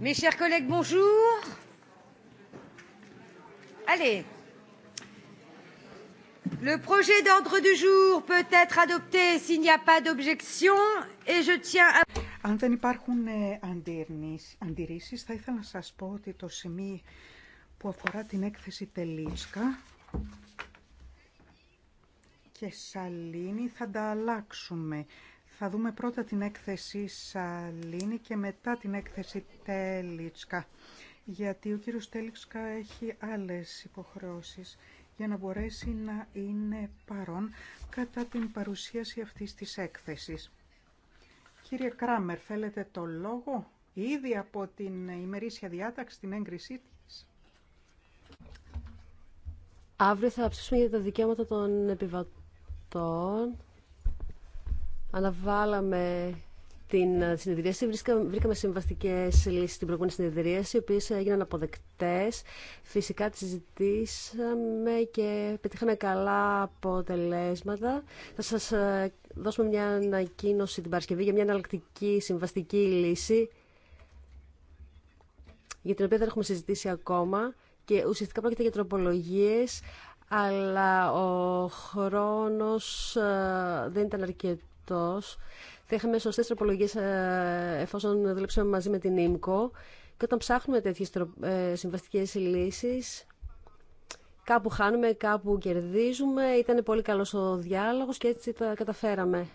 Mes chers collègues, bonjour. Allez. Le projet d'ordre du jour peut être adopté s'il n'y a pas d'objection et je tiens à... Αν δεν υπάρχουν ε, αντιρρήσεις, θα ήθελα να σας πω ότι το σημείο που αφορά την έκθεση τελίσκα και Σαλίνη θα τα αλλάξουμε. Θα δούμε πρώτα την έκθεση Σαλίνη και μετά την έκθεση Τέλιτσκα. Γιατί ο κύριος Τέλιτσκα έχει άλλες υποχρεώσεις για να μπορέσει να είναι παρόν κατά την παρουσίαση αυτής της έκθεσης. Κύριε Κράμερ, θέλετε το λόγο ήδη από την ημερήσια διάταξη, την έγκρισή της. Αύριο θα ψήσουμε για τα δικαιώματα των επιβατών Αναβάλαμε την ε, συνεδρίαση. βρήκαμε συμβαστικέ λύσει στην προηγούμενη συνεδρίαση, οι οποίε έγιναν αποδεκτέ. Φυσικά τι συζητήσαμε και πετύχαμε καλά αποτελέσματα. Θα σα ε, δώσουμε μια ανακοίνωση την Παρασκευή για μια εναλλακτική συμβαστική λύση, για την οποία δεν έχουμε συζητήσει ακόμα και ουσιαστικά πρόκειται για τροπολογίε αλλά ο χρόνος ε, δεν ήταν αρκετό αυτός. Θα είχαμε σωστές τροπολογίες ε, εφόσον δουλέψαμε μαζί με την ΙΜΚΟ και όταν ψάχνουμε τέτοιες ε, συμβαστικές λύσεις κάπου χάνουμε, κάπου κερδίζουμε. Ήταν πολύ καλός ο διάλογος και έτσι τα καταφέραμε.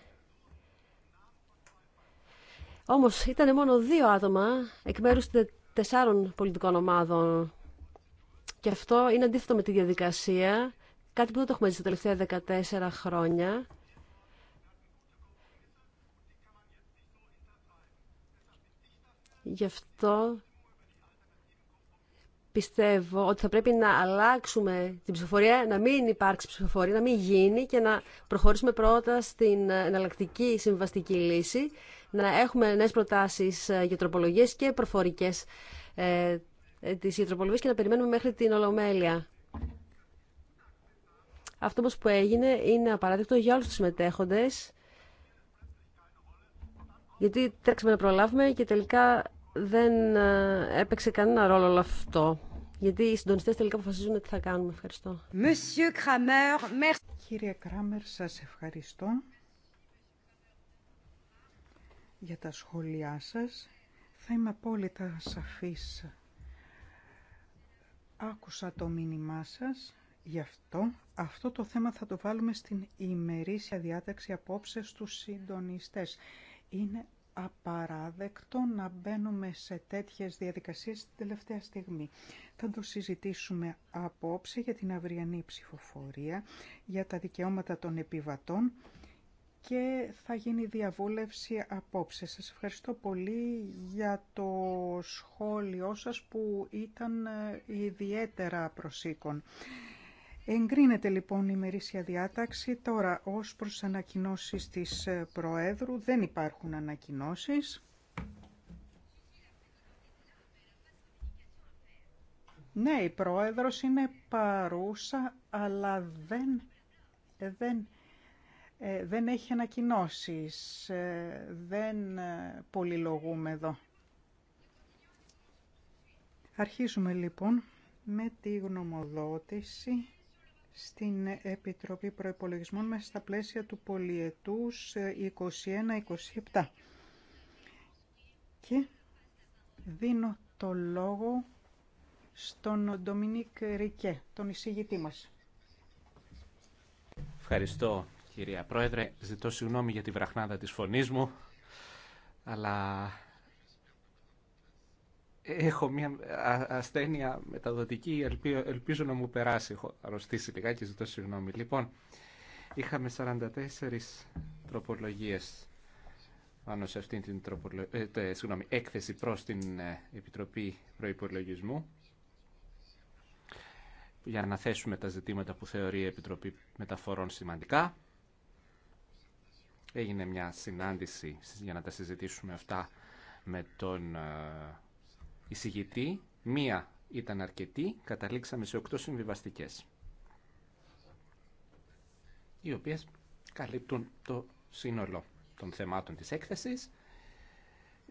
Όμως ήταν μόνο δύο άτομα εκ μέρους τεσσάρων πολιτικών ομάδων. Και αυτό είναι αντίθετο με τη διαδικασία, κάτι που δεν το έχουμε ζήσει τα τελευταία 14 χρόνια. Γι' αυτό πιστεύω ότι θα πρέπει να αλλάξουμε την ψηφοφορία, να μην υπάρξει ψηφοφορία, να μην γίνει και να προχωρήσουμε πρώτα στην εναλλακτική συμβαστική λύση, να έχουμε νέες προτάσεις ε, για τροπολογίες και προφορικές ε, ε της γιατροπολογίας και να περιμένουμε μέχρι την Ολομέλεια. Αυτό που έγινε είναι απαράδεκτο για όλους τους συμμετέχοντες γιατί τρέξαμε να προλάβουμε και τελικά δεν ε, έπαιξε κανένα ρόλο όλο αυτό. Γιατί οι συντονιστέ τελικά αποφασίζουν τι θα κάνουμε. Ευχαριστώ. Monsieur Kramer, merci. Κύριε Κράμερ, σα ευχαριστώ για τα σχόλιά σα. Θα είμαι απόλυτα σαφή. Άκουσα το μήνυμά σα γι' αυτό αυτό το θέμα θα το βάλουμε στην ημερήσια διάταξη απόψε στους συντονιστές. Είναι απαράδεκτο να μπαίνουμε σε τέτοιες διαδικασίες την τελευταία στιγμή. Θα το συζητήσουμε απόψε για την αυριανή ψηφοφορία, για τα δικαιώματα των επιβατών και θα γίνει διαβούλευση απόψε. Σας ευχαριστώ πολύ για το σχόλιο σας που ήταν ε, ιδιαίτερα προσήκον. Εγκρίνεται λοιπόν η ημερήσια διάταξη. Τώρα ως προς ανακοινώσεις της ε, Προέδρου δεν υπάρχουν ανακοινώσεις. Ναι, η Πρόεδρος είναι παρούσα, αλλά δεν, ε, δεν, ε, δεν έχει ανακοινώσεις. δεν πολυλογούμε εδώ. Αρχίζουμε λοιπόν με τη γνωμοδότηση στην Επιτροπή Προϋπολογισμών μέσα στα πλαίσια του πολιετούς 21-27. Και δίνω το λόγο στον Ντομινίκ Ρικέ, τον εισηγητή μας. Ευχαριστώ κυρία Πρόεδρε. Ζητώ συγγνώμη για τη βραχνάδα της φωνής μου, αλλά Έχω μια ασθένεια μεταδοτική, ελπίζω να μου περάσει. Έχω αρρωστήσει λιγάκι, ζητώ συγγνώμη. Λοιπόν, είχαμε 44 τροπολογίες πάνω σε αυτήν την τροπολο... ε, έκθεση προς την ε, Επιτροπή Προϋπολογισμού για να θέσουμε τα ζητήματα που θεωρεί η Επιτροπή Μεταφορών σημαντικά. Έγινε μια συνάντηση για να τα συζητήσουμε αυτά με τον ε, η εισηγητή, μία ήταν αρκετή, καταλήξαμε σε οκτώ συμβιβαστικέ. Οι οποίε καλύπτουν το σύνολο των θεμάτων της έκθεσης.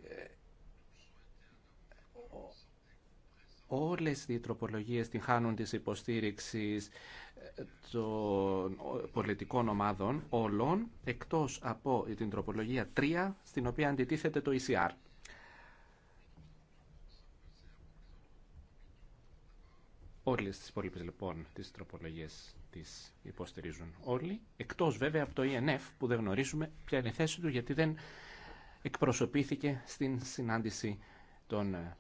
Ε, όλες οι τροπολογίες την χάνουν της υποστήριξης ε, των πολιτικών ομάδων όλων, εκτός από την τροπολογία 3, στην οποία αντιτίθεται το ECR. Όλες τις υπόλοιπε λοιπόν τις τροπολογίες τις υποστηρίζουν όλοι, εκτός βέβαια από το ΕΝΕΦ e που δεν γνωρίζουμε ποια είναι η θέση του γιατί δεν εκπροσωπήθηκε στην συνάντηση των ε,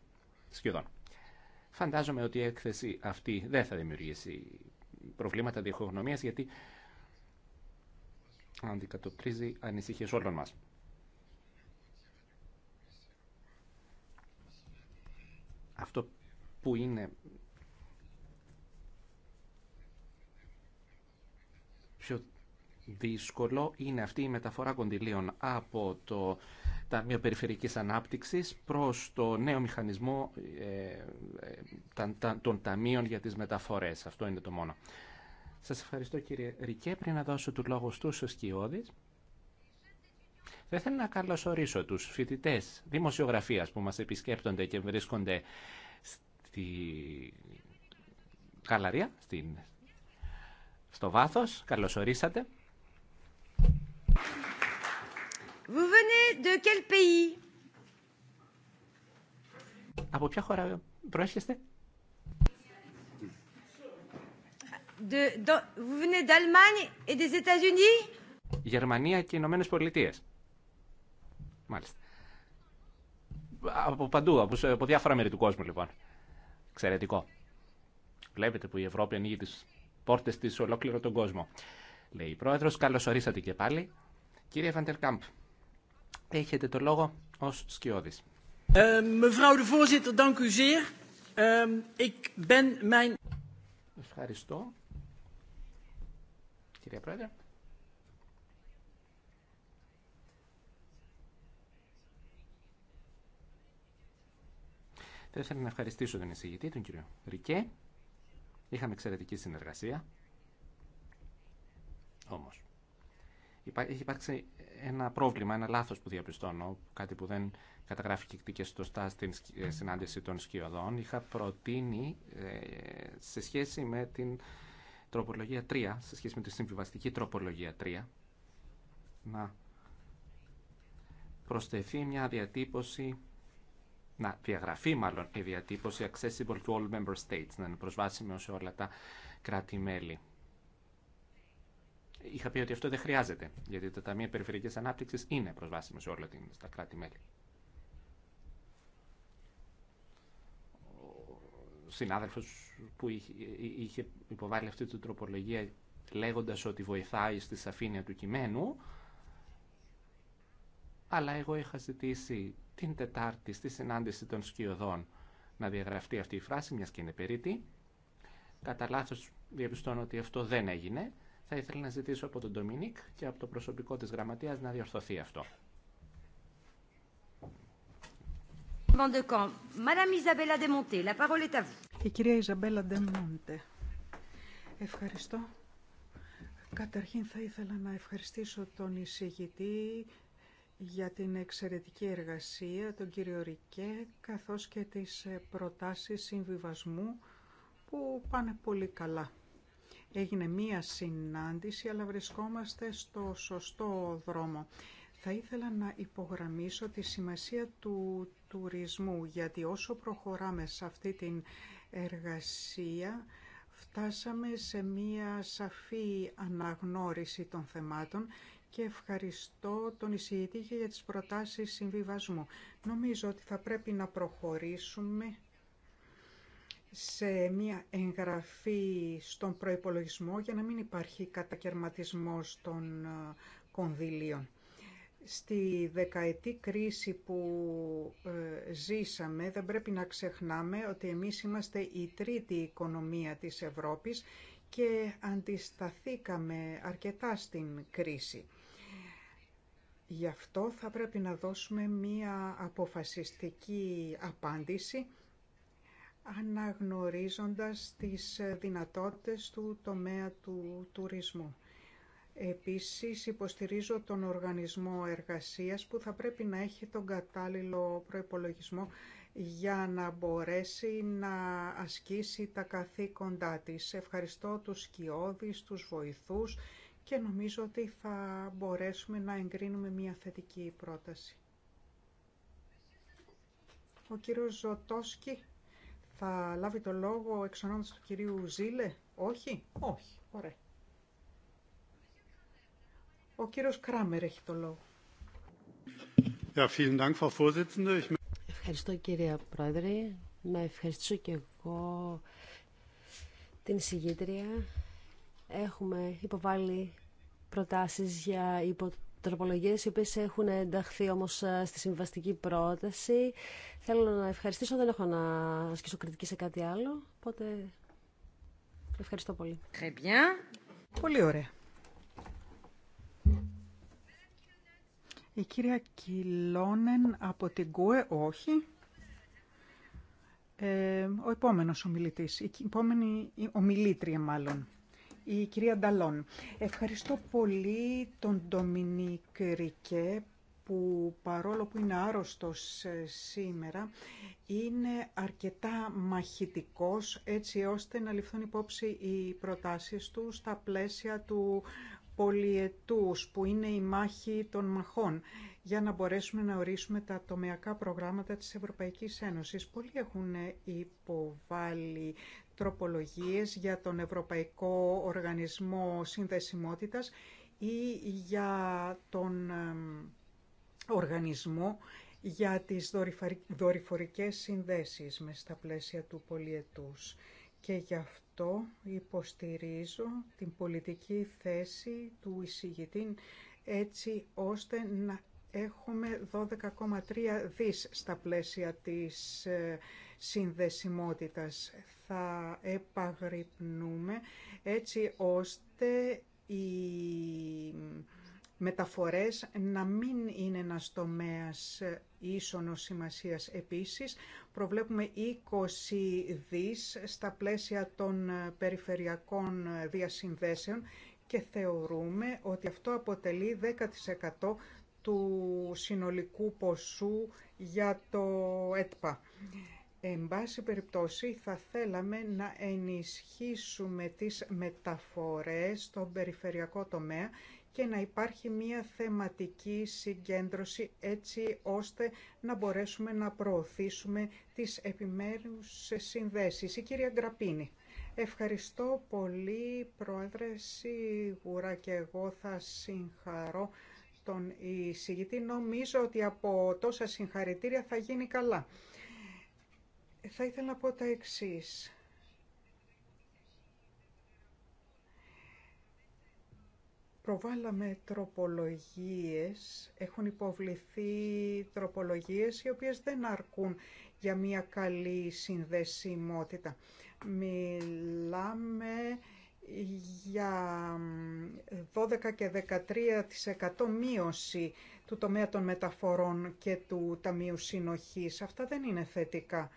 σκιωδών. Φαντάζομαι ότι η έκθεση αυτή δεν θα δημιουργήσει προβλήματα διχογνωμίας γιατί αντικατοπτρίζει ανησυχίες όλων μας. Αυτό που είναι πιο δύσκολο είναι αυτή η μεταφορά κοντιλίων από το Ταμείο Περιφερικής Ανάπτυξης προς το νέο μηχανισμό ε, ε, των ταμείων για τις μεταφορές. Αυτό είναι το μόνο. Σας ευχαριστώ κύριε Ρικέ. Πριν να δώσω του λόγο στους σκιώδεις, δεν θέλω να καλωσορίσω τους φοιτητές δημοσιογραφίας που μας επισκέπτονται και βρίσκονται στη Καλαρία, στην στο βάθος. Καλώς ορίσατε. Vous venez de quel pays? Από ποια χώρα προέρχεστε? De, de, vous venez d'Allemagne et des États-Unis? Γερμανία και Ηνωμένε Πολιτείε. Μάλιστα. Από παντού, από, από διάφορα μέρη του κόσμου λοιπόν. Εξαιρετικό. Βλέπετε που η Ευρώπη ανοίγει τις πόρτες της ολόκληρο τον κόσμο. Λέει η Πρόεδρος, καλώ ορίσατε και πάλι. Κύριε Βαντερκάμπ, έχετε το λόγο ως σκιώδης. Ε, ε, Ευχαριστώ. Κύριε Πρόεδρε. Θα ήθελα να ευχαριστήσω τον εισηγητή, τον κύριο Ρικέ, Είχαμε εξαιρετική συνεργασία. Όμως, έχει υπάρξει ένα πρόβλημα, ένα λάθος που διαπιστώνω, κάτι που δεν καταγράφηκε σωστά στην ε, συνάντηση των σκιωδών. Είχα προτείνει ε, σε σχέση με την τροπολογία 3, σε σχέση με τη συμβιβαστική τροπολογία 3, να προσθεθεί μια διατύπωση να διαγραφεί μάλλον η διατύπωση accessible to all member states, να είναι προσβάσιμο σε όλα τα κράτη-μέλη. Είχα πει ότι αυτό δεν χρειάζεται, γιατί τα Ταμεία περιφερειακή ανάπτυξη είναι προσβάσιμα σε όλα τα κράτη-μέλη. Ο συνάδελφο που είχε υποβάλει αυτή την τροπολογία λέγοντας ότι βοηθάει στη σαφήνεια του κειμένου, αλλά εγώ είχα ζητήσει την Τετάρτη στη συνάντηση των σκιωδών να διαγραφτεί αυτή η φράση, μια και είναι περίτη. Κατά λάθο διαπιστώνω ότι αυτό δεν έγινε. Θα ήθελα να ζητήσω από τον Ντομινίκ και από το προσωπικό της γραμματείας να διορθωθεί αυτό. Η κυρία Ιζαμπέλα Ντεμόντε. Ευχαριστώ. Καταρχήν θα ήθελα να ευχαριστήσω τον εισηγητή για την εξαιρετική εργασία, τον κύριο Ρικέ, καθώς και τις ε, προτάσεις συμβιβασμού που πάνε πολύ καλά. Έγινε μία συνάντηση, αλλά βρισκόμαστε στο σωστό δρόμο. Θα ήθελα να υπογραμμίσω τη σημασία του τουρισμού, γιατί όσο προχωράμε σε αυτή την εργασία, φτάσαμε σε μία σαφή αναγνώριση των θεμάτων και ευχαριστώ τον εισηγητή για τις προτάσεις συμβιβασμού. Νομίζω ότι θα πρέπει να προχωρήσουμε σε μια εγγραφή στον προϋπολογισμό για να μην υπάρχει κατακαιρματισμός των ε, κονδυλίων. Στη δεκαετή κρίση που ε, ζήσαμε δεν πρέπει να ξεχνάμε ότι εμείς είμαστε η τρίτη οικονομία της Ευρώπης και αντισταθήκαμε αρκετά στην κρίση. Γι' αυτό θα πρέπει να δώσουμε μία αποφασιστική απάντηση αναγνωρίζοντας τις δυνατότητες του τομέα του τουρισμού. Επίσης υποστηρίζω τον οργανισμό εργασίας που θα πρέπει να έχει τον κατάλληλο προϋπολογισμό για να μπορέσει να ασκήσει τα καθήκοντά της. Ευχαριστώ τους σκιώδεις, τους βοηθούς και νομίζω ότι θα μπορέσουμε να εγκρίνουμε μια θετική πρόταση. Ο κύριος Ζωτόσκι θα λάβει το λόγο εξ του κυρίου Ζήλε. Όχι, όχι, ωραία. Ο κύριος Κράμερ έχει το λόγο. Ευχαριστώ κύριε Πρόεδρε. Να ευχαριστήσω και εγώ την συγγύτρια. Έχουμε υποβάλει προτάσεις για υποτροπολογίες οι οποίες έχουν ενταχθεί όμως ε, στη συμβαστική πρόταση. Θέλω να ευχαριστήσω, δεν έχω να ασκήσω κριτική σε κάτι άλλο, οπότε ευχαριστώ πολύ. Πολύ ωραία. Η κυρία Κιλόνεν από την ΚΟΕ, όχι. Ε, ο επόμενος ομιλητής, η επόμενη ομιλήτρια μάλλον η κυρία Νταλόν. Ευχαριστώ πολύ τον Ντομινίκ Ρικέ που παρόλο που είναι άρρωστος ε, σήμερα, είναι αρκετά μαχητικός έτσι ώστε να ληφθούν υπόψη οι προτάσεις του στα πλαίσια του πολιετούς που είναι η μάχη των μαχών για να μπορέσουμε να ορίσουμε τα τομεακά προγράμματα της Ευρωπαϊκής Ένωσης. Πολλοί έχουν ε, υποβάλει τροπολογίες για τον Ευρωπαϊκό Οργανισμό Συνδεσιμότητας ή για τον οργανισμό για τις δορυφορικές συνδέσεις με στα πλαίσια του πολιετούς. Και γι' αυτό υποστηρίζω την πολιτική θέση του εισηγητή έτσι ώστε να έχουμε 12,3 δις στα πλαίσια της ε, συνδεσιμότητας. Θα επαγρυπνούμε έτσι ώστε οι μεταφορές να μην είναι ένα τομέα ίσονος σημασίας. Επίσης, προβλέπουμε 20 δις στα πλαίσια των περιφερειακών διασυνδέσεων και θεωρούμε ότι αυτό αποτελεί 10% του συνολικού ποσού για το ΕΤΠΑ. Εν πάση περιπτώσει θα θέλαμε να ενισχύσουμε τις μεταφορές στον περιφερειακό τομέα και να υπάρχει μια θεματική συγκέντρωση έτσι ώστε να μπορέσουμε να προωθήσουμε τις επιμέρους συνδέσεις. Η κυρία Γκραπίνη. Ευχαριστώ πολύ Πρόεδρε, σίγουρα και εγώ θα συγχαρώ τον εισηγητή. Νομίζω ότι από τόσα συγχαρητήρια θα γίνει καλά θα ήθελα να πω τα εξής. Προβάλαμε τροπολογίες, έχουν υποβληθεί τροπολογίες οι οποίες δεν αρκούν για μια καλή συνδεσιμότητα. Μιλάμε για 12 και 13% μείωση του τομέα των μεταφορών και του Ταμείου Συνοχής. Αυτά δεν είναι θετικά.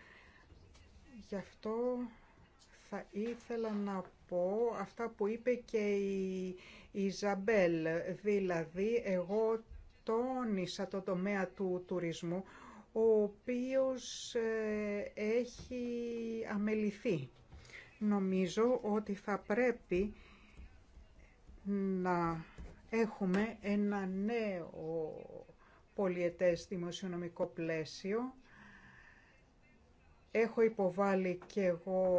Γι' αυτό θα ήθελα να πω αυτά που είπε και η Ιζαμπέλ, δηλαδή εγώ τόνισα το τομέα του τουρισμού, ο οποίος ε, έχει αμεληθεί. Νομίζω ότι θα πρέπει να έχουμε ένα νέο πολιετές δημοσιονομικό πλαίσιο Έχω υποβάλει και εγώ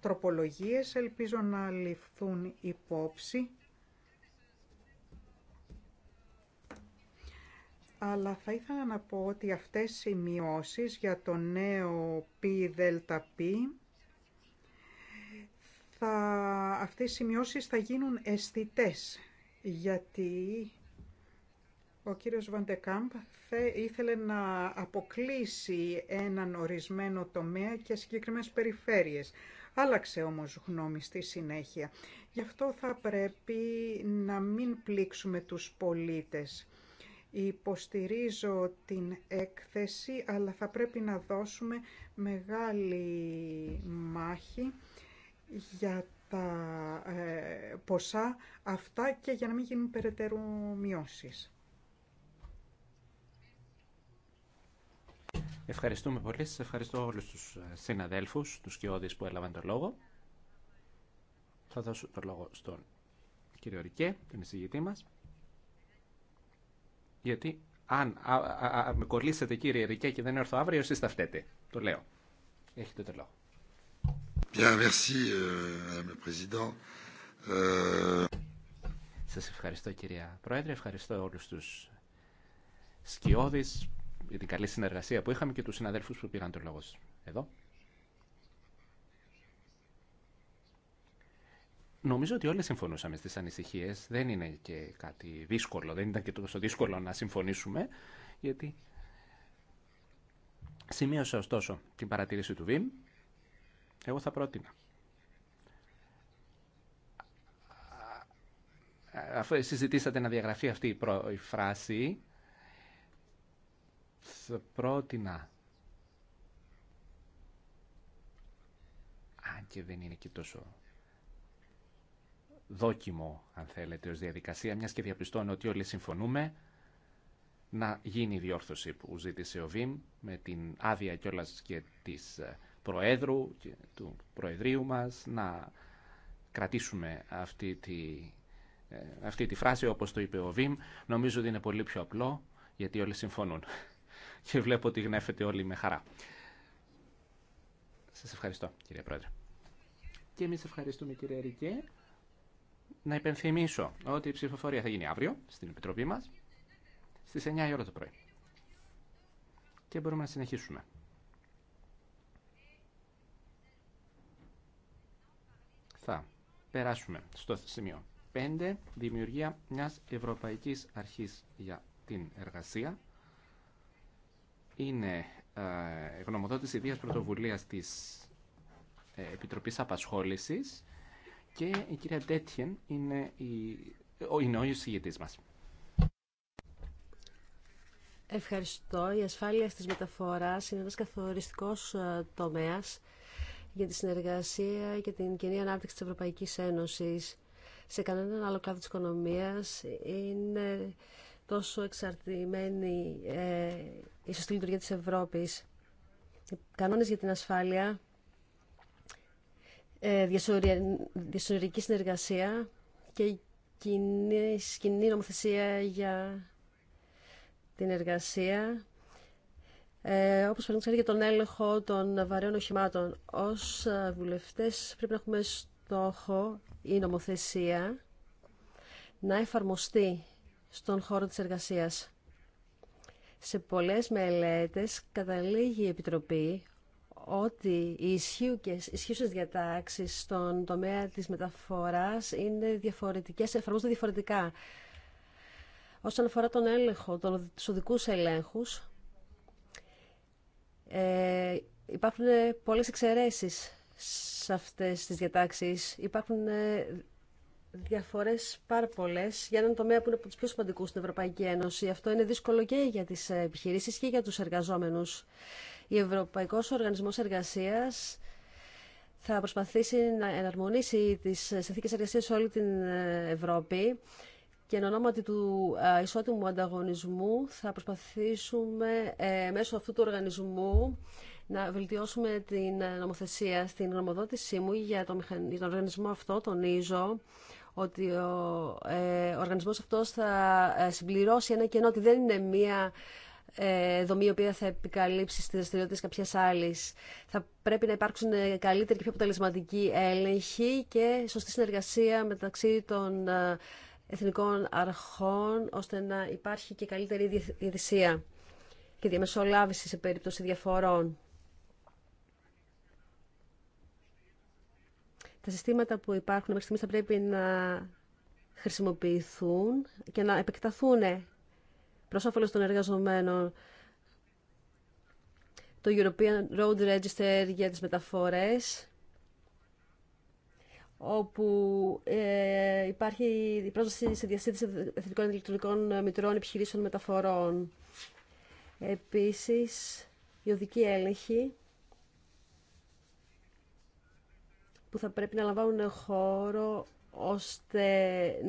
τροπολογίες, ελπίζω να ληφθούν υπόψη. Αλλά θα ήθελα να πω ότι αυτές οι μειώσεις για το νέο πι δελτα πι, θα, αυτές οι μειώσεις θα γίνουν αισθητέ γιατί ο κύριος Βαντεκάμπ ήθελε να αποκλείσει έναν ορισμένο τομέα και συγκεκριμένες περιφέρειες. Άλλαξε όμως γνώμη στη συνέχεια. Γι' αυτό θα πρέπει να μην πλήξουμε τους πολίτες. Υποστηρίζω την έκθεση, αλλά θα πρέπει να δώσουμε μεγάλη μάχη για τα ε, ποσά αυτά και για να μην γίνουν περαιτέρω μειώσεις. Ευχαριστούμε πολύ. Σας ευχαριστώ όλους τους ε, συναδέλφους, τους κοιόδης που έλαβαν το λόγο. Θα δώσω το λόγο στον κύριο Ρικέ, τον εισηγητή μας. Γιατί αν με κολλήσετε κύριε Ρικέ και δεν έρθω αύριο, εσείς θα φταίτε. Το λέω. Έχετε το λόγο. Bien, euh, Σας ευχαριστώ κυρία Πρόεδρε, ευχαριστώ όλους τους σκιώδεις για την καλή συνεργασία που είχαμε και τους συναδέλφους που πήραν το λόγο εδώ. Νομίζω ότι όλοι συμφωνούσαμε στις ανησυχίες. Δεν είναι και κάτι δύσκολο. Δεν ήταν και τόσο δύσκολο να συμφωνήσουμε, γιατί σημείωσα ωστόσο την παρατήρηση του Βιμ. Εγώ θα πρότεινα. Αφού συζητήσατε να διαγραφεί αυτή η φράση, θα πρότεινα αν και δεν είναι και τόσο δόκιμο, αν θέλετε, ως διαδικασία, μιας και διαπιστώνω ότι όλοι συμφωνούμε, να γίνει η διόρθωση που ζήτησε ο ΒΙΜ με την άδεια κιόλας και της ε, Προέδρου και του Προεδρίου μας, να κρατήσουμε αυτή τη, ε, αυτή τη φράση όπως το είπε ο ΒΙΜ. Νομίζω ότι είναι πολύ πιο απλό, γιατί όλοι συμφωνούν και βλέπω ότι γνέφεται όλοι με χαρά. Σας ευχαριστώ κύριε Πρόεδρε. Και εμεί ευχαριστούμε κύριε Ρικέ. Να υπενθυμίσω ότι η ψηφοφορία θα γίνει αύριο στην Επιτροπή μας στις 9 η ώρα το πρωί. Και μπορούμε να συνεχίσουμε. Θα περάσουμε στο σημείο 5, δημιουργία μιας Ευρωπαϊκής Αρχής για την Εργασία είναι ε, γνωμοδότης ιδίας πρωτοβουλίας της ε, Επιτροπής Απασχόλησης και η κυρία Τέτιεν είναι, η... είναι ο μας. Ευχαριστώ. Η ασφάλεια της μεταφοράς είναι ένας καθοριστικός ε, τομέας για τη συνεργασία και την κοινή ανάπτυξη της Ευρωπαϊκής Ένωσης. Σε κανέναν άλλο κλάδο της οικονομίας είναι τόσο εξαρτημένη ε, η σωστή λειτουργία της Ευρώπης. Οι κανόνες για την ασφάλεια, ε, διασωρική συνεργασία και η κοινή, νομοθεσία για την εργασία ε, όπως ξέρετε, για τον έλεγχο των βαρέων οχημάτων. Ως ε, βουλευτές πρέπει να έχουμε στόχο η νομοθεσία να εφαρμοστεί στον χώρο της εργασίας. Σε πολλές μελέτες καταλήγει η Επιτροπή ότι οι ισχύουσες διατάξεις στον τομέα της μεταφοράς είναι διαφορετικές, εφαρμόζονται διαφορετικά. Όσον αφορά τον έλεγχο, τον, τους οδικούς ελέγχους, ε, υπάρχουν πολλές εξαιρέσεις σε αυτές τις διατάξεις. Υπάρχουν ε, Διαφορέ πάρα πολλέ για έναν τομέα που είναι από του πιο σημαντικού στην Ευρωπαϊκή Ένωση. Αυτό είναι δύσκολο και για τι επιχειρήσεις και για του εργαζόμενου. Ο Ευρωπαϊκό Οργανισμό Εργασία θα προσπαθήσει να εναρμονίσει τι συνθήκε εργασία σε όλη την ε, Ευρώπη και εν ονόματι του ε, ισότιμου ανταγωνισμού θα προσπαθήσουμε ε, μέσω αυτού του οργανισμού να βελτιώσουμε την νομοθεσία. Στην γνωμοδότησή μου για τον, οργανισμό αυτό τονίζω ότι ο ε, οργανισμός αυτός θα ε, συμπληρώσει ένα κενό, ότι δεν είναι μία ε, δομή η οποία θα επικαλύψει στις δραστηριότητε κάποια άλλη. Θα πρέπει να υπάρξουν ε, καλύτερη και πιο αποτελεσματική έλεγχη και σωστή συνεργασία μεταξύ των ε, εθνικών αρχών, ώστε να υπάρχει και καλύτερη ιδιαιτησία και διαμεσολάβηση σε περίπτωση διαφορών. Τα συστήματα που υπάρχουν μέχρι στιγμής θα πρέπει να χρησιμοποιηθούν και να επεκταθούν προς όφελος των εργαζομένων. Το European Road Register για τις μεταφορές, όπου ε, υπάρχει η πρόσβαση σε διασύνδεση εθνικών ηλεκτρονικών μητρών επιχειρήσεων μεταφορών. Επίσης, η οδική έλεγχη που θα πρέπει να λαμβάνουν χώρο ώστε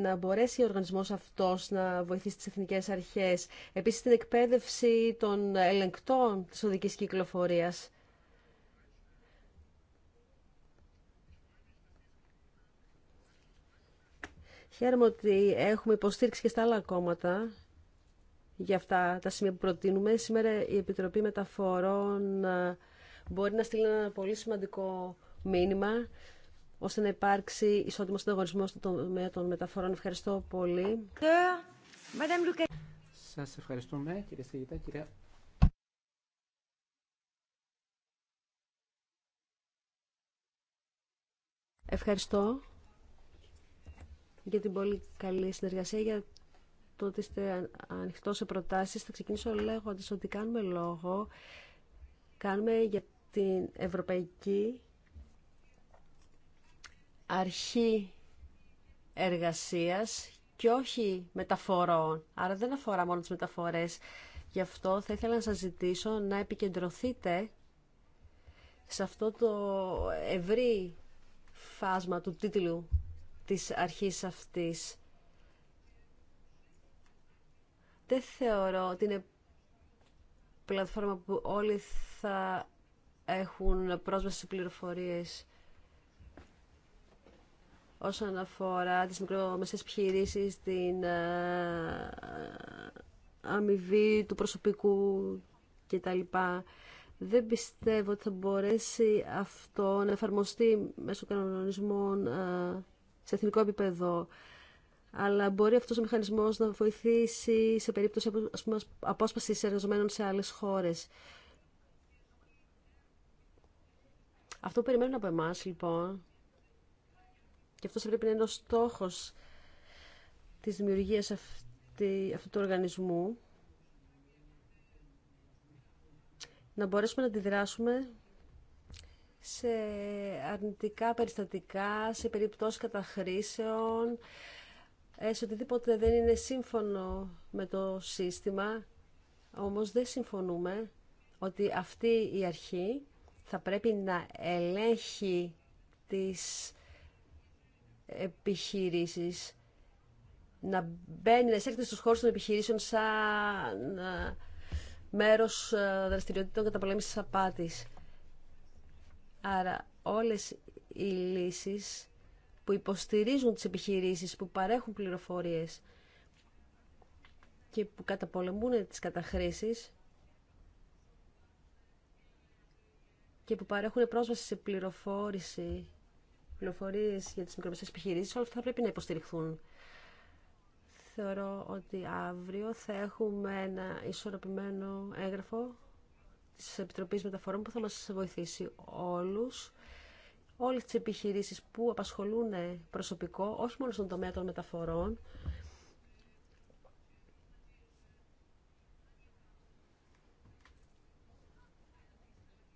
να μπορέσει ο οργανισμός αυτός να βοηθήσει τις εθνικές αρχές. Επίσης την εκπαίδευση των ελεγκτών της οδικής κυκλοφορίας. Χαίρομαι ότι έχουμε υποστήριξη και στα άλλα κόμματα για αυτά τα σημεία που προτείνουμε. Σήμερα η Επιτροπή Μεταφορών ε, μπορεί να στείλει ένα πολύ σημαντικό μήνυμα ώστε να υπάρξει ισότιμο συνταγωνισμό στον τομέα των μεταφορών. Ευχαριστώ πολύ. Σας ευχαριστούμε κύριε Σιγητά, Ευχαριστώ για την πολύ καλή συνεργασία, για το ότι είστε ανοιχτό σε προτάσεις. Θα ξεκινήσω λέγοντα ότι κάνουμε λόγο, κάνουμε για την ευρωπαϊκή αρχή εργασίας και όχι μεταφορών. Άρα δεν αφορά μόνο τις μεταφορές. Γι' αυτό θα ήθελα να σας ζητήσω να επικεντρωθείτε σε αυτό το ευρύ φάσμα του τίτλου της αρχής αυτής. Δεν θεωρώ ότι είναι πλατφόρμα που όλοι θα έχουν πρόσβαση σε πληροφορίες όσον αφορά τις μικρομεσαίες επιχειρήσει, την ε, αμοιβή του προσωπικού κτλ. Δεν πιστεύω ότι θα μπορέσει αυτό να εφαρμοστεί μέσω κανονισμών ε, σε εθνικό επίπεδο. Αλλά μπορεί αυτός ο μηχανισμός να βοηθήσει σε περίπτωση ας απόσπασης εργαζομένων σε άλλες χώρες. Αυτό που περιμένουν από εμάς, λοιπόν, και αυτός πρέπει να είναι ο στόχο τη δημιουργία αυτού του οργανισμού. Να μπορέσουμε να αντιδράσουμε σε αρνητικά περιστατικά, σε περιπτώσεις καταχρήσεων, ε, σε οτιδήποτε δεν είναι σύμφωνο με το σύστημα. Όμως δεν συμφωνούμε ότι αυτή η αρχή θα πρέπει να ελέγχει τις επιχειρήσεις να μπαίνει, να εισέρχεται στους χώρους των επιχειρήσεων σαν ε, μέρος ε, δραστηριοτήτων καταπολέμησης απάτης. Άρα όλες οι λύσεις που υποστηρίζουν τις επιχειρήσεις, που παρέχουν πληροφορίες και που καταπολεμούν τις καταχρήσεις και που παρέχουν πρόσβαση σε πληροφόρηση για τις μικρομεσαίε επιχειρήσει όλα αυτά θα πρέπει να υποστηριχθούν. Θεωρώ ότι αύριο θα έχουμε ένα ισορροπημένο έγγραφο τη Επιτροπής Μεταφορών που θα μας βοηθήσει όλους όλες τις επιχειρήσεις που απασχολούν προσωπικό, όχι μόνο στον τομέα των μεταφορών,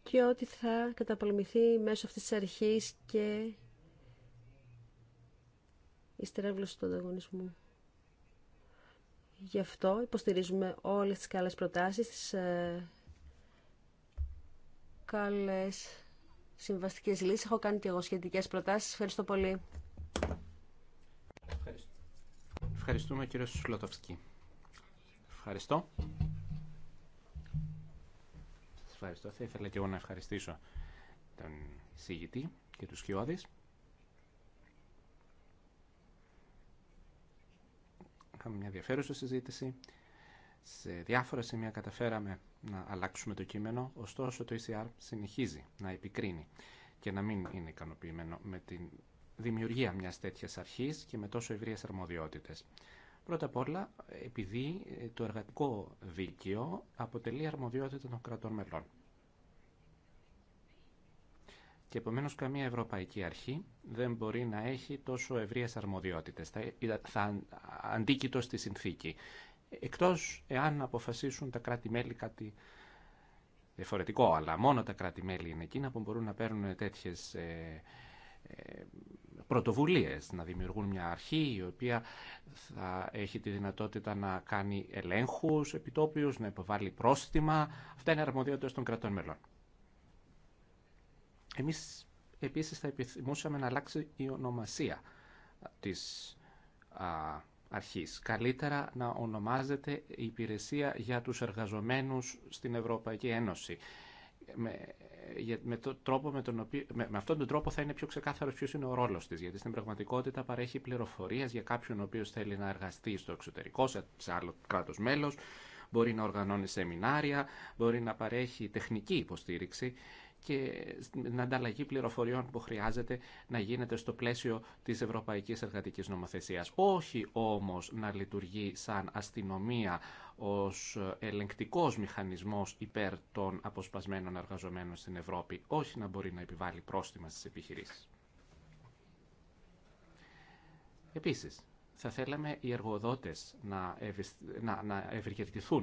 και ότι θα καταπολεμηθεί μέσω αυτής της αρχής και η στρέβλωση του ανταγωνισμού. Γι' αυτό υποστηρίζουμε όλες τις καλές προτάσεις, τις ε, καλές συμβαστικές λύσεις. Έχω κάνει και εγώ σχετικές προτάσεις. Ευχαριστώ πολύ. Ευχαριστώ. Ευχαριστούμε κύριο Σουσλοτοφσκή. Ευχαριστώ. ευχαριστώ. Θα ήθελα και εγώ να ευχαριστήσω τον συγητή και τους Χιώδης. Είχαμε μια ενδιαφέρουσα συζήτηση. Σε διάφορα σημεία καταφέραμε να αλλάξουμε το κείμενο, ωστόσο το ECR συνεχίζει να επικρίνει και να μην είναι ικανοποιημένο με τη δημιουργία μιας τέτοιας αρχής και με τόσο ευρείες αρμοδιότητες. Πρώτα απ' όλα, επειδή το εργατικό δίκαιο αποτελεί αρμοδιότητα των κρατών μελών. Και επομένως καμία ευρωπαϊκή αρχή δεν μπορεί να έχει τόσο ευρείες αρμοδιότητες. Θα αντίκειτο στη συνθήκη. Εκτός εάν αποφασίσουν τα κράτη-μέλη κάτι διαφορετικό, αλλά μόνο τα κράτη-μέλη είναι εκείνα που μπορούν να παίρνουν τέτοιες ε, ε, πρωτοβουλίες, να δημιουργούν μια αρχή η οποία θα έχει τη δυνατότητα να κάνει ελέγχους επιτόπιους, να υποβάλει πρόστιμα. Αυτά είναι αρμοδιότητες των κρατών μελών. Εμείς επίσης θα επιθυμούσαμε να αλλάξει η ονομασία της αρχής. Καλύτερα να ονομάζεται η υπηρεσία για τους εργαζομένους στην Ευρωπαϊκή Ένωση. Με, με, το τρόπο με, τον οποίο, με, αυτόν τον τρόπο θα είναι πιο ξεκάθαρο ποιο είναι ο ρόλος της, γιατί στην πραγματικότητα παρέχει πληροφορίες για κάποιον ο οποίο θέλει να εργαστεί στο εξωτερικό, σε, σε άλλο κράτο μέλο, μπορεί να οργανώνει σεμινάρια, μπορεί να παρέχει τεχνική υποστήριξη και την ανταλλαγή πληροφοριών που χρειάζεται να γίνεται στο πλαίσιο της Ευρωπαϊκής Εργατικής Νομοθεσίας. Όχι όμως να λειτουργεί σαν αστυνομία ως ελεγκτικός μηχανισμός υπέρ των αποσπασμένων εργαζομένων στην Ευρώπη, όχι να μπορεί να επιβάλλει πρόστιμα στις επιχειρήσεις. Επίσης, θα θέλαμε οι εργοδότε να, να,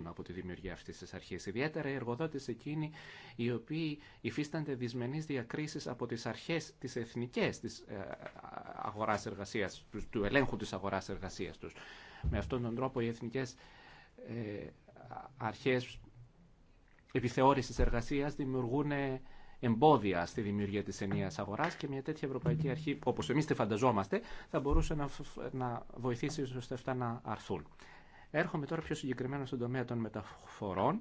από τη δημιουργία αυτή τη αρχή. Ιδιαίτερα οι εργοδότε εκείνοι οι οποίοι υφίστανται δυσμενεί διακρίσει από τις αρχές τις εθνικές ε, αγοράς εργασίας, του ελέγχου τη αγορά εργασία του. Με αυτόν τον τρόπο οι εθνικές ε, αρχέ επιθεώρησης εργασίας δημιουργούν εμπόδια στη δημιουργία της ενίας αγοράς και μια τέτοια ευρωπαϊκή αρχή, όπως εμείς τη φανταζόμαστε, θα μπορούσε να, να βοηθήσει ώστε αυτά να αρθούν. Έρχομαι τώρα πιο συγκεκριμένα στον τομέα των μεταφορών.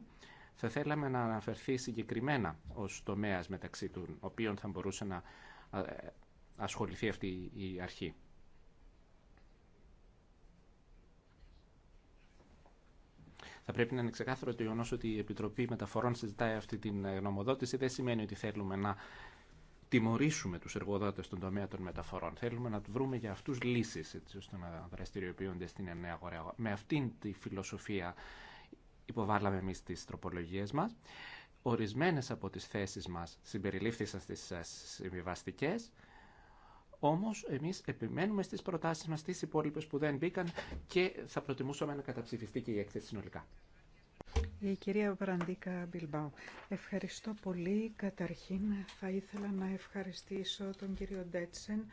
Θα θέλαμε να αναφερθεί συγκεκριμένα ω τομέα μεταξύ των οποίων θα μπορούσε να ε, ασχοληθεί αυτή η αρχή. Θα πρέπει να είναι ξεκάθαρο το γεγονό ότι η Επιτροπή Μεταφορών συζητάει αυτή την ε, γνωμοδότηση. Δεν σημαίνει ότι θέλουμε να τιμωρήσουμε τους εργοδότε στον τομέα των μεταφορών. Θέλουμε να βρούμε για αυτούς λύσεις, έτσι ώστε να δραστηριοποιούνται στην νέα αγορά. Με αυτήν τη φιλοσοφία υποβάλαμε εμεί τι τροπολογίε μα. Ορισμένε από τι θέσει μα συμπεριλήφθησαν στις ε, συμβιβαστικέ. Όμω, εμεί επιμένουμε στι προτάσει μα στι υπόλοιπε που δεν μπήκαν και θα προτιμούσαμε να καταψηφιστεί και η έκθεση συνολικά. Η κυρία Βραντίκα Μπιλμπάου. Ευχαριστώ πολύ. Καταρχήν θα ήθελα να ευχαριστήσω τον κύριο Ντέτσεν,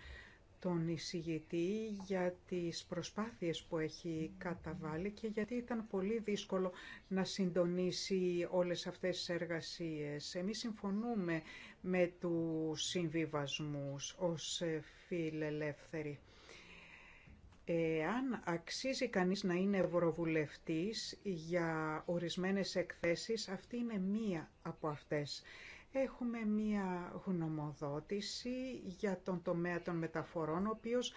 τον εισηγητή, για τις προσπάθειες που έχει καταβάλει και γιατί ήταν πολύ δύσκολο να συντονίσει όλες αυτές τις εργασίες. Εμείς συμφωνούμε με τους συμβιβασμούς ως ε, φιλελεύθεροι. Εάν αξίζει κανείς να είναι ευρωβουλευτής για ορισμένες εκθέσεις, αυτή είναι μία από αυτές. Έχουμε μία γνωμοδότηση για τον τομέα των μεταφορών, ο οποίος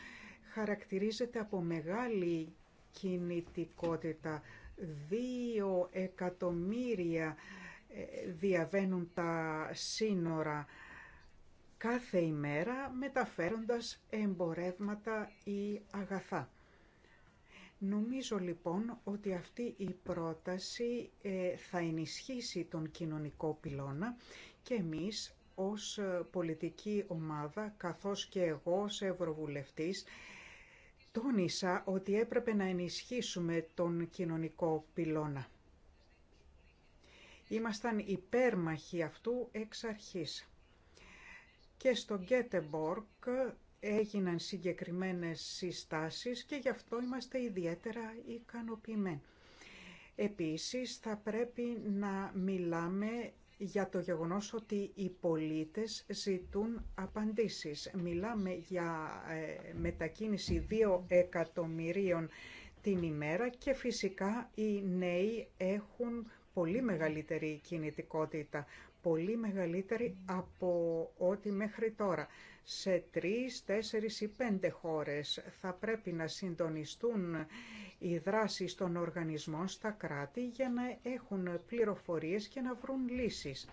χαρακτηρίζεται από μεγάλη κινητικότητα. Δύο εκατομμύρια διαβαίνουν τα σύνορα κάθε ημέρα μεταφέροντας εμπορεύματα ή αγαθά. Νομίζω λοιπόν ότι αυτή η πρόταση ε, θα ενισχύσει τον κοινωνικό πυλώνα και εμείς ως ε, πολιτική ομάδα καθώς και εγώ ως Ευρωβουλευτής τόνισα ότι έπρεπε να ενισχύσουμε τον κοινωνικό πυλώνα. Ήμασταν υπέρμαχοι αυτού εξ αρχής. Και στο Γκέτεμπορκ έγιναν συγκεκριμένες συστάσεις και γι' αυτό είμαστε ιδιαίτερα ικανοποιημένοι. Επίσης θα πρέπει να μιλάμε για το γεγονός ότι οι πολίτες ζητούν απαντήσεις. Μιλάμε για ε, μετακίνηση 2 εκατομμυρίων την ημέρα και φυσικά οι νέοι έχουν πολύ μεγαλύτερη κινητικότητα, πολύ μεγαλύτερη από ό,τι μέχρι τώρα. Σε τρεις, τέσσερις ή πέντε χώρες θα πρέπει να συντονιστούν οι δράσεις των οργανισμών στα κράτη για να έχουν πληροφορίες και να βρουν λύσεις.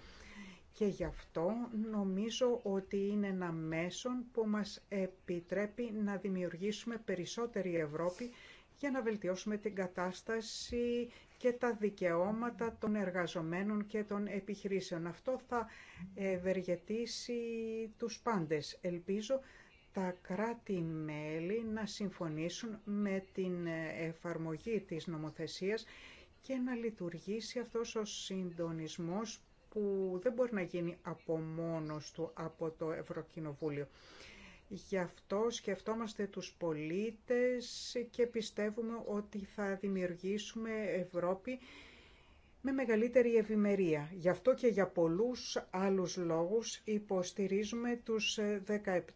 Και γι' αυτό νομίζω ότι είναι ένα μέσον που μας επιτρέπει να δημιουργήσουμε περισσότερη Ευρώπη για να βελτιώσουμε την κατάσταση και τα δικαιώματα των εργαζομένων και των επιχειρήσεων. Αυτό θα ευεργετήσει τους πάντες. Ελπίζω τα κράτη-μέλη να συμφωνήσουν με την εφαρμογή της νομοθεσίας και να λειτουργήσει αυτός ο συντονισμός που δεν μπορεί να γίνει από μόνος του από το Ευρωκοινοβούλιο. Γι' αυτό σκεφτόμαστε τους πολίτες και πιστεύουμε ότι θα δημιουργήσουμε Ευρώπη με μεγαλύτερη ευημερία. Γι' αυτό και για πολλούς άλλους λόγους υποστηρίζουμε τους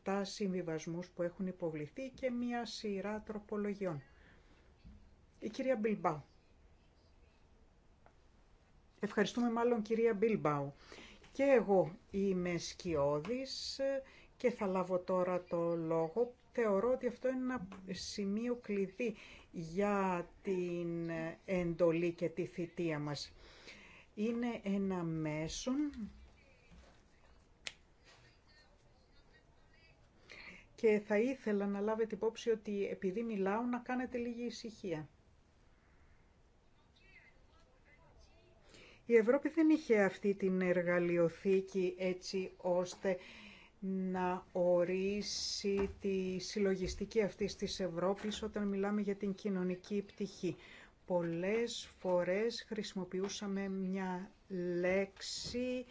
17 συμβιβασμούς που έχουν υποβληθεί και μια σειρά τροπολογιών. Η κυρία Μπιλμπάου. Ευχαριστούμε μάλλον κυρία Μπιλμπάου. Και εγώ είμαι σκιώδης και θα λάβω τώρα το λόγο. Θεωρώ ότι αυτό είναι ένα σημείο κλειδί για την εντολή και τη θητεία μας. Είναι ένα μέσον και θα ήθελα να λάβετε υπόψη ότι επειδή μιλάω να κάνετε λίγη ησυχία. Η Ευρώπη δεν είχε αυτή την εργαλειοθήκη έτσι ώστε να ορίσει τη συλλογιστική αυτή της Ευρώπης όταν μιλάμε για την κοινωνική πτυχή. Πολλές φορές χρησιμοποιούσαμε μια λέξη,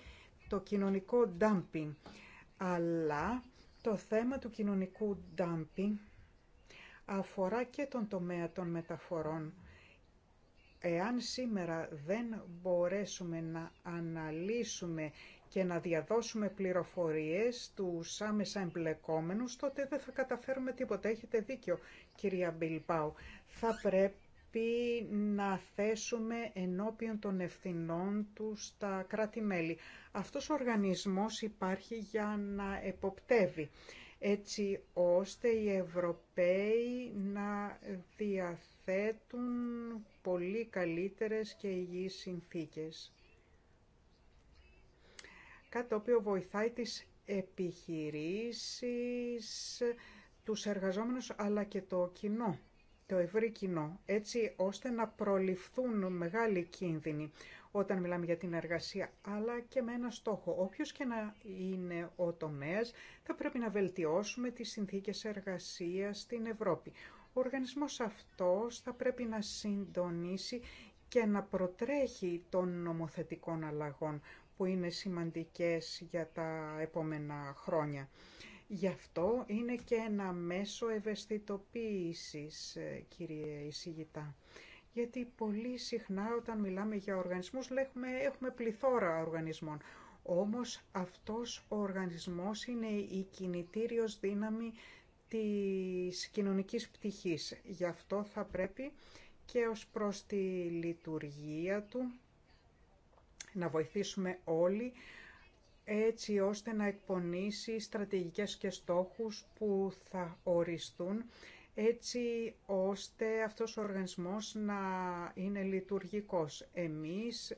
το κοινωνικό dumping. Αλλά το θέμα του κοινωνικού dumping αφορά και τον τομέα των μεταφορών. Εάν σήμερα δεν μπορέσουμε να αναλύσουμε και να διαδώσουμε πληροφορίες του άμεσα εμπλεκόμενους, τότε δεν θα καταφέρουμε τίποτα. Έχετε δίκιο, κυρία Μπιλπάου. Θα πρέπει να θέσουμε ενώπιον των ευθυνών του στα κράτη-μέλη. Αυτός ο οργανισμός υπάρχει για να εποπτεύει, έτσι ώστε οι Ευρωπαίοι να διαθέτουν πολύ καλύτερες και υγιείς συνθήκες κάτι το οποίο βοηθάει τις επιχειρήσεις, τους εργαζόμενους αλλά και το κοινό, το ευρύ κοινό, έτσι ώστε να προληφθούν μεγάλοι κίνδυνοι όταν μιλάμε για την εργασία, αλλά και με ένα στόχο. Όποιος και να είναι ο τομέας, θα πρέπει να βελτιώσουμε τις συνθήκες εργασίας στην Ευρώπη. Ο οργανισμός αυτός θα πρέπει να συντονίσει και να προτρέχει των νομοθετικών αλλαγών που είναι σημαντικές για τα επόμενα χρόνια. Γι' αυτό είναι και ένα μέσο ευαισθητοποίησης, ε, κύριε εισηγητά. Γιατί πολύ συχνά όταν μιλάμε για οργανισμούς λέμε, έχουμε πληθώρα οργανισμών. Όμως αυτός ο οργανισμός είναι η κινητήριος δύναμη της κοινωνικής πτυχής. Γι' αυτό θα πρέπει και ως προς τη λειτουργία του να βοηθήσουμε όλοι έτσι ώστε να εκπονήσει στρατηγικές και στόχους που θα οριστούν έτσι ώστε αυτός ο οργανισμός να είναι λειτουργικός. Εμείς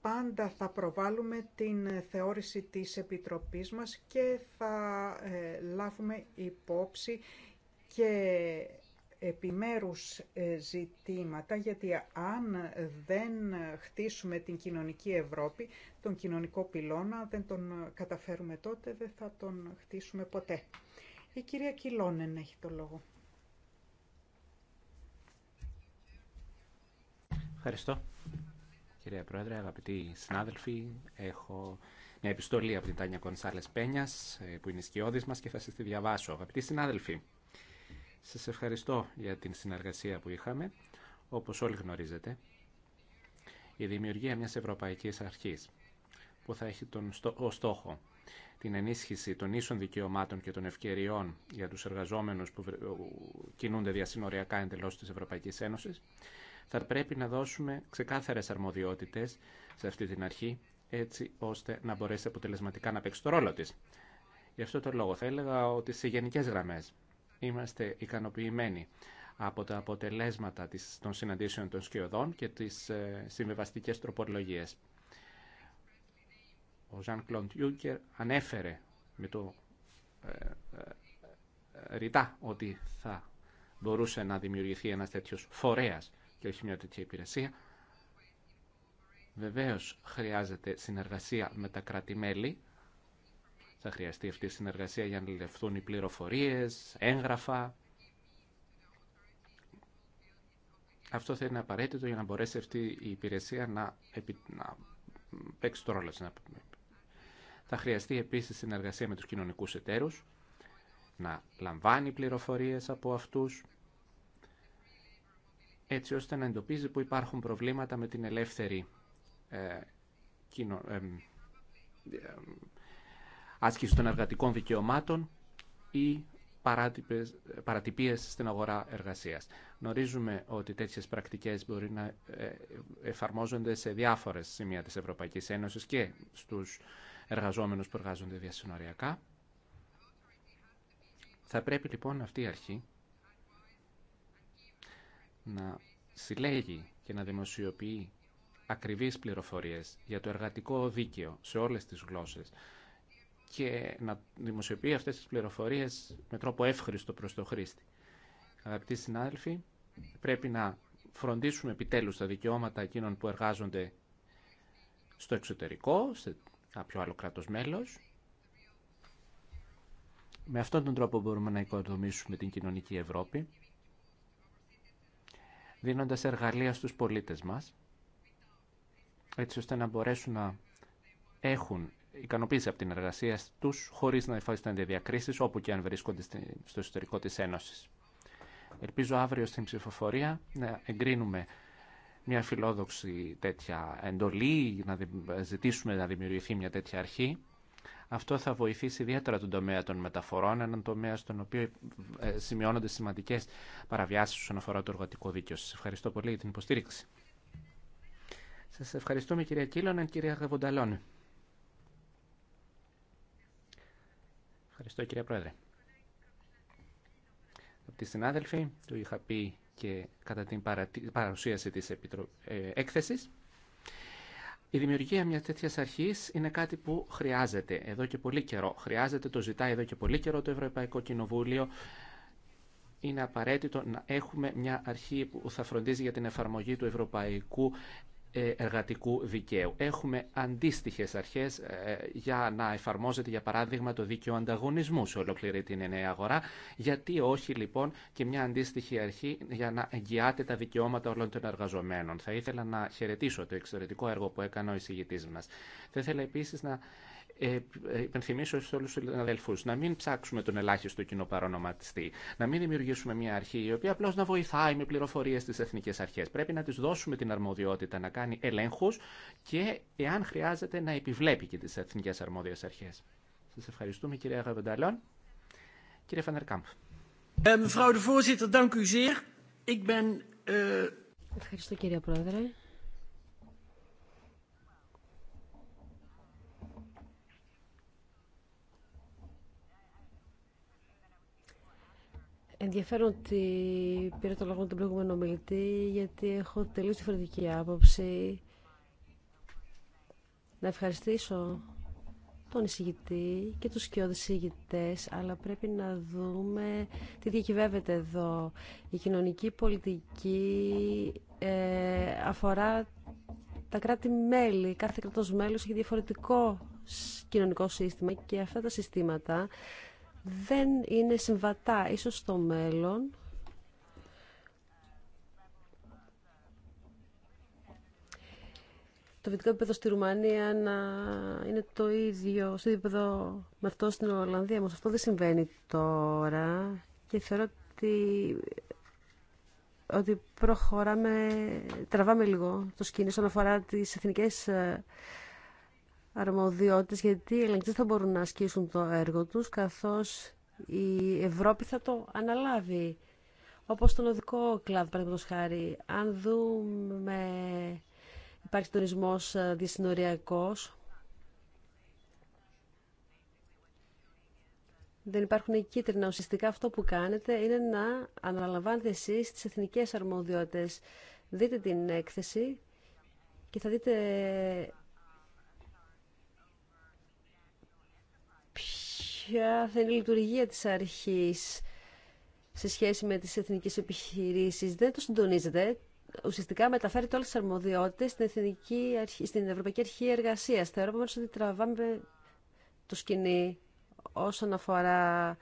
πάντα θα προβάλλουμε την θεώρηση της Επιτροπής μας και θα ε, λάβουμε υπόψη και επιμέρους ε, ζητήματα, γιατί αν δεν χτίσουμε την κοινωνική Ευρώπη, τον κοινωνικό πυλώνα, δεν τον καταφέρουμε τότε, δεν θα τον χτίσουμε ποτέ. Η κυρία Κιλόνεν έχει το λόγο. Ευχαριστώ. Κυρία Πρόεδρε, αγαπητοί συνάδελφοι, έχω μια επιστολή από την Τάνια Κονσάλες Πένιας, ε, που είναι σκιώδης μας και θα σας τη διαβάσω. Αγαπητοί συνάδελφοι, σας ευχαριστώ για την συνεργασία που είχαμε. Όπως όλοι γνωρίζετε, η δημιουργία μιας Ευρωπαϊκής Αρχής που θα έχει τον στόχο την ενίσχυση των ίσων δικαιωμάτων και των ευκαιριών για τους εργαζόμενους που κινούνται διασυνοριακά εντελώς της Ευρωπαϊκής Ένωσης, θα πρέπει να δώσουμε ξεκάθαρες αρμοδιότητες σε αυτή την αρχή, έτσι ώστε να μπορέσει αποτελεσματικά να παίξει το ρόλο της. Γι' αυτό το λόγο θα έλεγα ότι σε γενικές γραμμές είμαστε ικανοποιημένοι από τα αποτελέσματα των συναντήσεων των σκιωδών και τις ε, συμβεβαστικές τροπολογίες. Ο Ζαν Κλοντ Ιούκερ ανέφερε με το ε, ε, ρητά ότι θα μπορούσε να δημιουργηθεί ένας τέτοιος φορέας και όχι μια τέτοια υπηρεσία. Βεβαίως χρειάζεται συνεργασία με τα κράτη-μέλη θα χρειαστεί αυτή η συνεργασία για να λεφθούν οι πληροφορίες, έγγραφα. Αυτό θα είναι απαραίτητο για να μπορέσει αυτή η υπηρεσία να, να παίξει το ρόλο της. Θα χρειαστεί επίσης συνεργασία με τους κοινωνικούς εταίρους, να λαμβάνει πληροφορίες από αυτούς, έτσι ώστε να εντοπίζει που υπάρχουν προβλήματα με την ελεύθερη ε, ε, ε άσκηση των εργατικών δικαιωμάτων ή παρατυπίες στην αγορά εργασίας. Γνωρίζουμε ότι τέτοιες πρακτικές μπορεί να ε, εφαρμόζονται σε διάφορες σημεία της Ευρωπαϊκής Ένωσης και στους εργαζόμενους που εργάζονται διασυνοριακά. Θα πρέπει λοιπόν αυτή η αρχή να συλλέγει και να δημοσιοποιεί ακριβείς πληροφορίες για το εργατικό δίκαιο σε όλες τις γλώσσες και να δημοσιοποιεί αυτές τις πληροφορίες με τρόπο εύχριστο προς το χρήστη. Αγαπητοί συνάδελφοι, πρέπει να φροντίσουμε επιτέλους τα δικαιώματα εκείνων που εργάζονται στο εξωτερικό, σε κάποιο άλλο κράτος μέλος. Με αυτόν τον τρόπο μπορούμε να οικοδομήσουμε την κοινωνική Ευρώπη, δίνοντας εργαλεία στους πολίτες μας, έτσι ώστε να μπορέσουν να έχουν ικανοποίηση από την εργασία του χωρί να υφασίσταν διακρίσει όπου και αν βρίσκονται στο εσωτερικό τη Ένωση. Ελπίζω αύριο στην ψηφοφορία να εγκρίνουμε μια φιλόδοξη τέτοια εντολή, να ζητήσουμε να δημιουργηθεί μια τέτοια αρχή. Αυτό θα βοηθήσει ιδιαίτερα τον τομέα των μεταφορών, έναν τομέα στον οποίο ε, σημειώνονται σημαντικέ παραβιάσει όσον αφορά το εργατικό δίκαιο. Σα ευχαριστώ πολύ για την υποστήριξη. Σα ευχαριστούμε κυρία Κίλωνα και κυρία Γεβονταλώνη. Ευχαριστώ κυρία Πρόεδρε. Από τη συνάδελφη, το είχα πει και κατά την παρουσίαση της επιτρο... Ε, έκθεσης, η δημιουργία μια τέτοια αρχή είναι κάτι που χρειάζεται εδώ και πολύ καιρό. Χρειάζεται, το ζητάει εδώ και πολύ καιρό το Ευρωπαϊκό Κοινοβούλιο. Είναι απαραίτητο να έχουμε μια αρχή που θα φροντίζει για την εφαρμογή του ευρωπαϊκού ε, εργατικού δικαίου. Έχουμε αντίστοιχες αρχές ε, για να εφαρμόζεται, για παράδειγμα, το δίκαιο ανταγωνισμού σε ολόκληρη την νέα αγορά. Γιατί όχι, λοιπόν, και μια αντίστοιχη αρχή για να εγγυάται τα δικαιώματα όλων των εργαζομένων. Θα ήθελα να χαιρετήσω το εξαιρετικό έργο που έκανε ο εισηγητής μας. Θα ήθελα επίσης να υπενθυμίσω σε όλου του αδελφού να μην ψάξουμε τον ελάχιστο κοινό να μην δημιουργήσουμε μια αρχή η οποία απλώ να βοηθάει με πληροφορίε τι εθνικέ αρχέ. Πρέπει να τη δώσουμε την αρμοδιότητα να κάνει ελέγχου και, εάν χρειάζεται, να επιβλέπει και τι εθνικέ αρμόδιε αρχέ. Σα ευχαριστούμε, κυρία Γαβενταλόν. Κύριε Φανερκάμπ. Ευχαριστώ, κύριε Πρόεδρε. Ενδιαφέρον ότι πήρα το λόγο με τον προηγούμενο μιλητή, γιατί έχω τελείως διαφορετική άποψη. Να ευχαριστήσω τον εισηγητή και τους σκιώδες εισηγητές, αλλά πρέπει να δούμε τι διακυβεύεται εδώ. Η κοινωνική πολιτική ε, αφορά τα κράτη-μέλη. Κάθε κρατός μέλος έχει διαφορετικό κοινωνικό σύστημα και αυτά τα συστήματα δεν είναι συμβατά. Ίσως στο μέλλον το βιωτικό επίπεδο στη Ρουμανία να είναι το ίδιο στο επίπεδο με αυτό στην Ολλανδία. Όμως αυτό δεν συμβαίνει τώρα και θεωρώ ότι, ότι προχωράμε, τραβάμε λίγο το σκηνή όσον αφορά τις εθνικές ε, αρμοδιότητες γιατί οι θα μπορούν να ασκήσουν το έργο τους καθώς η Ευρώπη θα το αναλάβει. Όπως τον οδικό κλάδο, παραδείγματος χάρη, αν δούμε υπάρχει τουρισμός ε, διασυνοριακός, δεν υπάρχουν κίτρινα. Ουσιαστικά αυτό που κάνετε είναι να αναλαμβάνετε εσείς τις εθνικές αρμοδιότητες. Δείτε την έκθεση και θα δείτε ποια θα είναι η λειτουργία της αρχής σε σχέση με τις εθνικές επιχειρήσεις. Δεν το συντονίζεται. Ουσιαστικά μεταφέρει όλες τις αρμοδιότητες στην, Εθνική Αρχή, στην Ευρωπαϊκή Αρχή Εργασίας. Θεωρώ όμως ότι τραβάμε το σκηνή όσον αφορά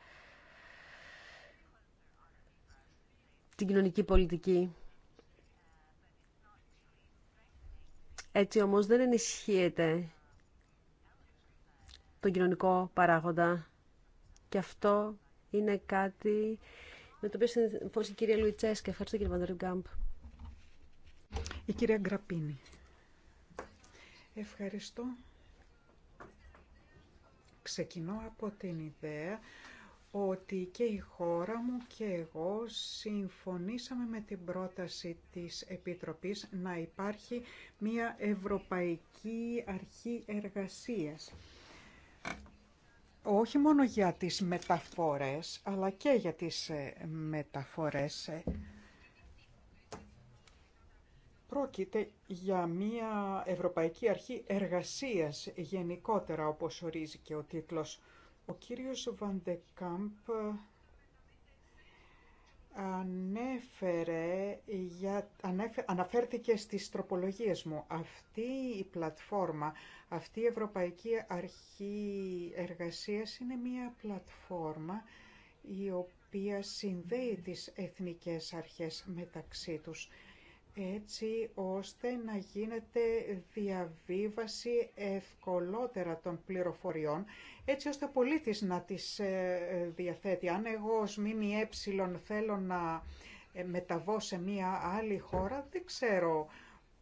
την κοινωνική πολιτική. Έτσι όμως δεν ενισχύεται τον κοινωνικό παράγοντα. Και αυτό είναι κάτι με το οποίο συμφώνησε η κυρία Λουιτσέσκα. Ευχαριστώ κύριε Γκάμπ. Η κυρία Γκραπίνη. Ευχαριστώ. Ξεκινώ από την ιδέα ότι και η χώρα μου και εγώ συμφωνήσαμε με την πρόταση της Επιτροπής να υπάρχει μια Ευρωπαϊκή Αρχή Εργασίας όχι μόνο για τις μεταφορές, αλλά και για τις ε, μεταφορές. Ε. Πρόκειται για μια Ευρωπαϊκή Αρχή Εργασίας γενικότερα, όπως ορίζει και ο τίτλος. Ο κύριος Βαντεκάμπ ανέφερε, για, αναφέρθηκε στις τροπολογίες μου. Αυτή η πλατφόρμα, αυτή η Ευρωπαϊκή Αρχή Εργασίας είναι μια πλατφόρμα η οποία συνδέει τις εθνικές αρχές μεταξύ τους έτσι ώστε να γίνεται διαβίβαση ευκολότερα των πληροφοριών, έτσι ώστε ο πολίτης να τις ε, ε, διαθέτει. Αν εγώ ως ΜΜΕ θέλω να ε, μεταβώ σε μία άλλη χώρα, δεν ξέρω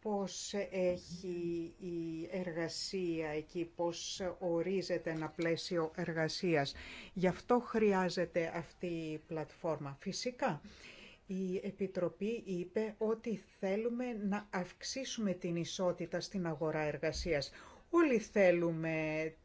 πώς έχει η εργασία εκεί, πώς ορίζεται ένα πλαίσιο εργασίας. Γι' αυτό χρειάζεται αυτή η πλατφόρμα. Φυσικά, η Επιτροπή είπε ότι θέλουμε να αυξήσουμε την ισότητα στην αγορά εργασίας. Όλοι θέλουμε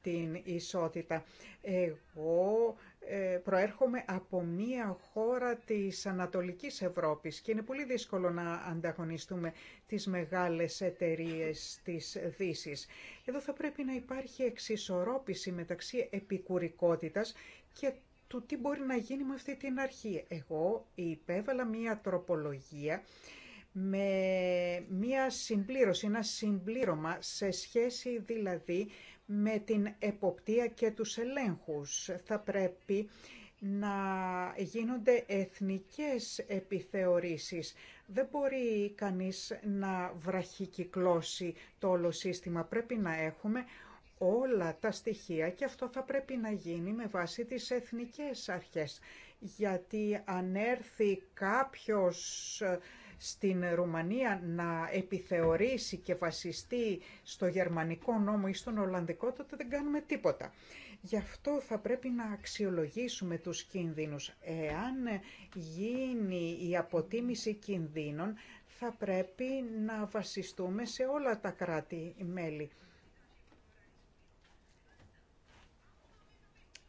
την ισότητα. Εγώ ε, προέρχομαι από μία χώρα της Ανατολικής Ευρώπης και είναι πολύ δύσκολο να ανταγωνιστούμε τις μεγάλες εταιρείες της δύση. Εδώ θα πρέπει να υπάρχει εξισορρόπηση μεταξύ επικουρικότητας και του τι μπορεί να γίνει με αυτή την αρχή. Εγώ υπέβαλα μία τροπολογία με μία συμπλήρωση, ένα συμπλήρωμα σε σχέση δηλαδή με την εποπτεία και τους ελέγχους. Θα πρέπει να γίνονται εθνικές επιθεωρήσεις. Δεν μπορεί κανείς να βραχικυκλώσει το όλο σύστημα. Πρέπει να έχουμε όλα τα στοιχεία και αυτό θα πρέπει να γίνει με βάση τις εθνικές αρχές. Γιατί αν έρθει κάποιος ε, στην Ρουμανία να επιθεωρήσει και βασιστεί στο γερμανικό νόμο ή στον Ολλανδικό, τότε δεν κάνουμε τίποτα. Γι' αυτό θα πρέπει να αξιολογήσουμε τους κινδύνους. Εάν γίνει η αποτίμηση κινδύνων, θα πρέπει να βασιστούμε σε όλα τα κράτη-μέλη.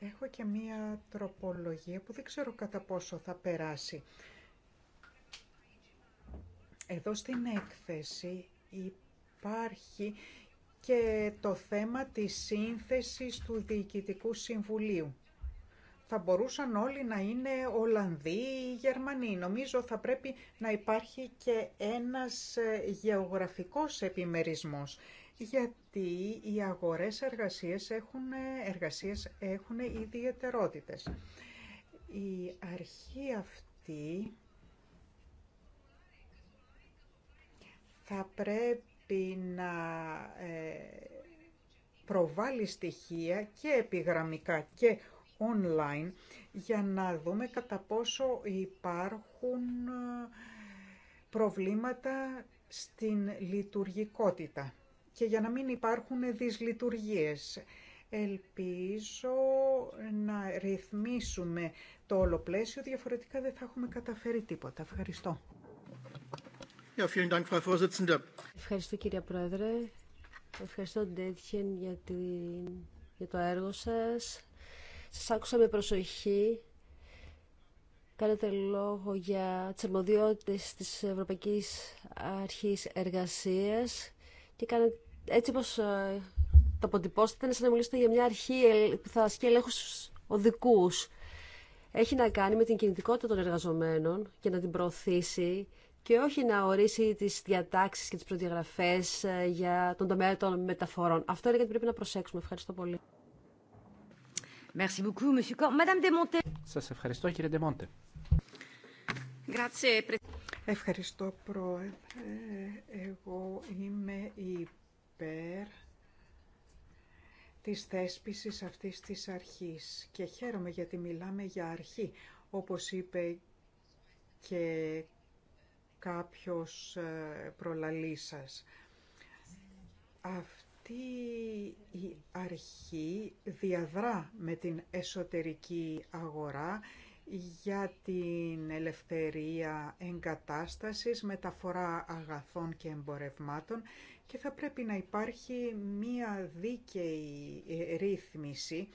Έχω και μία τροπολογία που δεν ξέρω κατά πόσο θα περάσει. Εδώ στην έκθεση υπάρχει και το θέμα της σύνθεσης του Διοικητικού Συμβουλίου. Θα μπορούσαν όλοι να είναι Ολλανδοί ή Γερμανοί. Νομίζω θα πρέπει να υπάρχει και ένας γεωγραφικός επιμερισμός γιατί οι αγορές εργασίες έχουν, εργασίες έχουν ιδιαιτερότητες. Η αρχή αυτή θα πρέπει να ε, προβάλλει στοιχεία και επιγραμμικά και online για να δούμε κατά πόσο υπάρχουν ε, προβλήματα στην λειτουργικότητα και για να μην υπάρχουν δυσλειτουργίες. Ελπίζω να ρυθμίσουμε το όλο πλαίσιο, διαφορετικά δεν θα έχουμε καταφέρει τίποτα. Ευχαριστώ. Ευχαριστώ κύριε Πρόεδρε. Ευχαριστώ Ντέτχεν για, για το έργο σας. Σας άκουσα με προσοχή. Κάνετε λόγο για τις αρμοδιότητες της Ευρωπαϊκής Αρχής Εργασίας και έτσι όπως ε, το αποτυπώσετε, είναι σαν να μιλήσετε για μια αρχή που θα ασκεί ελέγχου οδικούς. Έχει να κάνει με την κινητικότητα των εργαζομένων και να την προωθήσει και όχι να ορίσει τις διατάξεις και τις προδιαγραφές ε, για τον τομέα των μεταφορών. Αυτό είναι γιατί πρέπει να προσέξουμε. Ευχαριστώ πολύ. Merci beaucoup, Monsieur Σας ευχαριστώ, κύριε Ντεμόντε. Ευχαριστώ, Πρόεδρε. Εγώ είμαι υπέρ της θέσπισης αυτής της αρχής και χαίρομαι γιατί μιλάμε για αρχή, όπως είπε και κάποιος ε, προλαλή σας. Αυτή η αρχή διαδρά με την εσωτερική αγορά για την ελευθερία εγκατάστασης, μεταφορά αγαθών και εμπορευμάτων και θα πρέπει να υπάρχει μία δίκαιη ε, ρύθμιση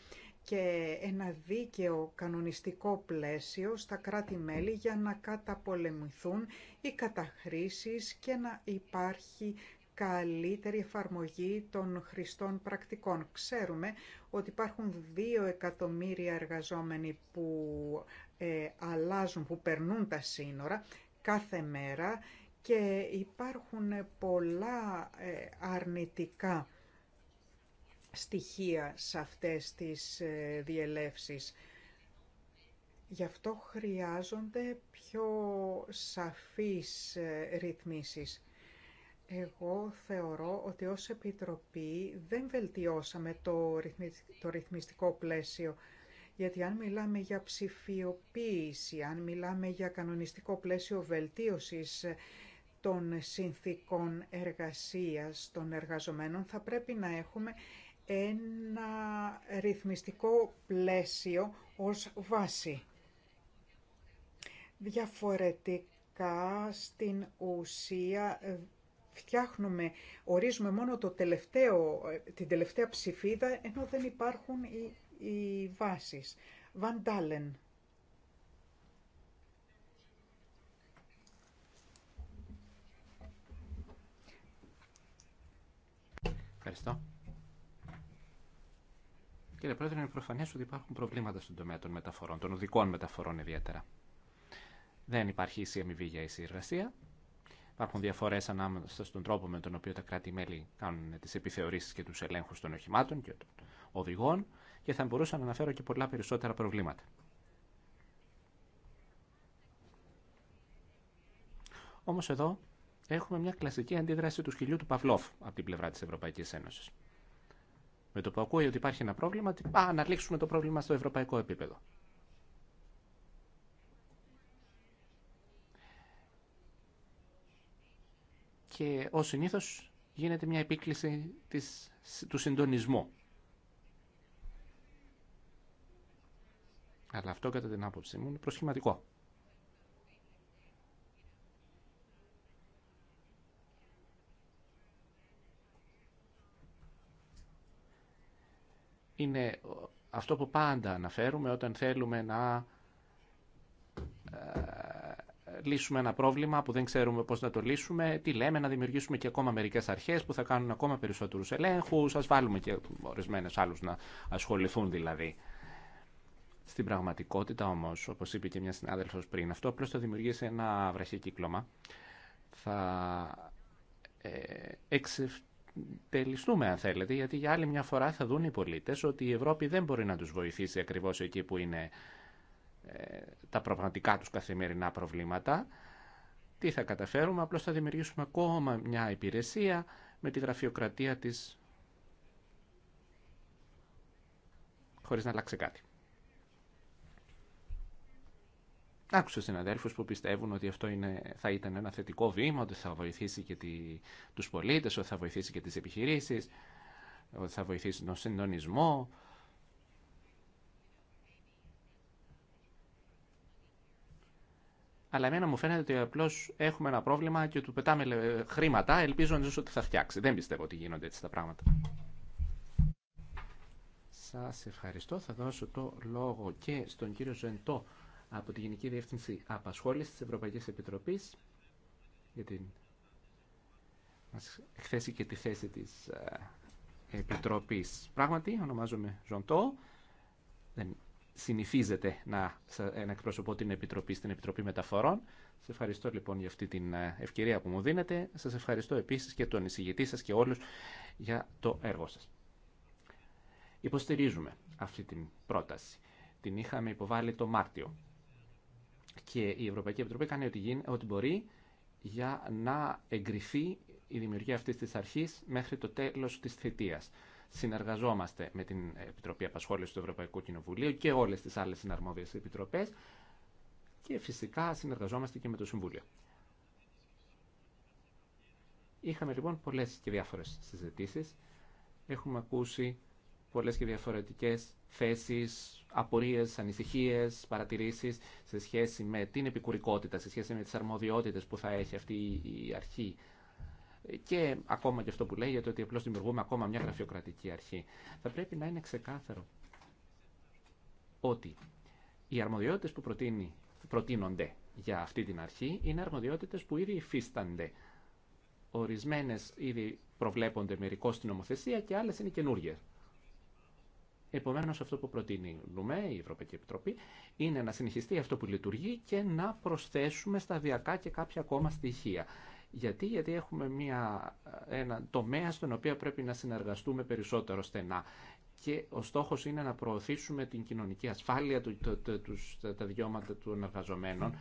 και ένα δίκαιο κανονιστικό πλαίσιο στα κράτη-μέλη για να καταπολεμηθούν οι καταχρήσεις και να υπάρχει καλύτερη εφαρμογή των χρηστών πρακτικών. Ξέρουμε ότι υπάρχουν δύο εκατομμύρια εργαζόμενοι που ε, αλλάζουν, που περνούν τα σύνορα κάθε μέρα και υπάρχουν πολλά ε, αρνητικά στοιχεία σε αυτές τις ε, διελεύσεις. Γι' αυτό χρειάζονται πιο σαφείς ε, ρυθμίσεις. Εγώ θεωρώ ότι ως Επιτροπή δεν βελτιώσαμε το ρυθμιστικό πλαίσιο γιατί αν μιλάμε για ψηφιοποίηση, αν μιλάμε για κανονιστικό πλαίσιο βελτίωσης των συνθήκων εργασίας των εργαζομένων, θα πρέπει να έχουμε ένα ρυθμιστικό πλαίσιο ως βάση. Διαφορετικά στην ουσία φτιάχνουμε, ορίζουμε μόνο το τελευταίο, την τελευταία ψηφίδα, ενώ δεν υπάρχουν οι οι βάσεις. Βαντάλεν. Ευχαριστώ. Κύριε Πρόεδρε, είναι προφανές ότι υπάρχουν προβλήματα στον τομέα των μεταφορών, των οδικών μεταφορών ιδιαίτερα. Δεν υπάρχει ίση αμοιβή για ίση εργασία. Υπάρχουν διαφορέ ανάμεσα στον τρόπο με τον οποίο τα κράτη-μέλη κάνουν τι επιθεωρήσει και του ελέγχου των οχημάτων και των οδηγών και θα μπορούσα να αναφέρω και πολλά περισσότερα προβλήματα. Όμως εδώ έχουμε μια κλασική αντίδραση του σκυλιού του Παυλόφ από την πλευρά της Ευρωπαϊκής Ένωσης. Με το που ακούει ότι υπάρχει ένα πρόβλημα, να λύξουμε το πρόβλημα στο ευρωπαϊκό επίπεδο. Και ως συνήθως γίνεται μια επίκληση του συντονισμού Αλλά αυτό κατά την άποψή μου είναι προσχηματικό. Είναι αυτό που πάντα αναφέρουμε όταν θέλουμε να ε, λύσουμε ένα πρόβλημα που δεν ξέρουμε πώς να το λύσουμε, τι λέμε, να δημιουργήσουμε και ακόμα μερικές αρχές που θα κάνουν ακόμα περισσότερους ελέγχους, ας βάλουμε και ορισμένες άλλους να ασχοληθούν δηλαδή. Στην πραγματικότητα όμω, όπω είπε και μια συνάδελφο πριν, αυτό απλώ θα δημιουργήσει ένα βραχυκύκλωμα. Θα ε, εξευτελιστούμε αν θέλετε, γιατί για άλλη μια φορά θα δουν οι πολίτε ότι η Ευρώπη δεν μπορεί να του βοηθήσει ακριβώ εκεί που είναι ε, τα πραγματικά του καθημερινά προβλήματα. Τι θα καταφέρουμε, απλώ θα δημιουργήσουμε ακόμα μια υπηρεσία με τη γραφειοκρατία τη. Χωρί να αλλάξει κάτι. Άκουσα συναδέλφου που πιστεύουν ότι αυτό είναι, θα ήταν ένα θετικό βήμα, ότι θα βοηθήσει και του τους πολίτες, ότι θα βοηθήσει και τις επιχειρήσεις, ότι θα βοηθήσει τον συντονισμό. Αλλά εμένα μου φαίνεται ότι απλώ έχουμε ένα πρόβλημα και του πετάμε ε, χρήματα ελπίζοντα ότι θα φτιάξει. Δεν πιστεύω ότι γίνονται έτσι τα πράγματα. Σα ευχαριστώ. Θα δώσω το λόγο και στον κύριο Ζεντό από τη Γενική Διεύθυνση Απασχόληση τη Ευρωπαϊκή Επιτροπή για την μας εκθέσει και τη θέση της ε, Επιτροπής. Πράγματι, ονομάζομαι Ζοντό. Δεν συνηθίζεται να, να εκπροσωπώ την Επιτροπή στην Επιτροπή Μεταφορών. Σε ευχαριστώ λοιπόν για αυτή την ε, ευκαιρία που μου δίνετε. Σας ευχαριστώ επίσης και τον εισηγητή σας και όλους για το έργο σας. Υποστηρίζουμε αυτή την πρόταση. Την είχαμε υποβάλει το Μάρτιο και η Ευρωπαϊκή Επιτροπή κάνει ό,τι, γίνει, ό,τι μπορεί για να εγκριθεί η δημιουργία αυτής της αρχής μέχρι το τέλος της θητείας. Συνεργαζόμαστε με την Επιτροπή Απασχόλησης του Ευρωπαϊκού Κοινοβουλίου και όλες τις άλλες συναρμόδιες επιτροπές και φυσικά συνεργαζόμαστε και με το Συμβούλιο. Είχαμε λοιπόν πολλές και διάφορες συζητήσεις. Έχουμε ακούσει πολλές και διαφορετικές θέσεις, απορίες, ανησυχίες, παρατηρήσεις σε σχέση με την επικουρικότητα, σε σχέση με τις αρμοδιότητες που θα έχει αυτή η αρχή και ακόμα και αυτό που λέγεται ότι απλώς δημιουργούμε ακόμα μια γραφειοκρατική αρχή. Θα πρέπει να είναι ξεκάθαρο ότι οι αρμοδιότητες που προτείνει, προτείνονται για αυτή την αρχή είναι αρμοδιότητες που ήδη υφίστανται. Ορισμένες ήδη προβλέπονται μερικώς στην νομοθεσία και άλλες είναι καινούργιε. Επομένω, αυτό που προτείνουμε η Ευρωπαϊκή Επιτροπή είναι να συνεχιστεί αυτό που λειτουργεί και να προσθέσουμε σταδιακά και κάποια ακόμα στοιχεία. Γιατί, γιατί έχουμε μια, ένα τομέα στον οποίο πρέπει να συνεργαστούμε περισσότερο στενά. Και ο στόχος είναι να προωθήσουμε την κοινωνική ασφάλεια, το, το, τους, τα δικαιώματα των εργαζομένων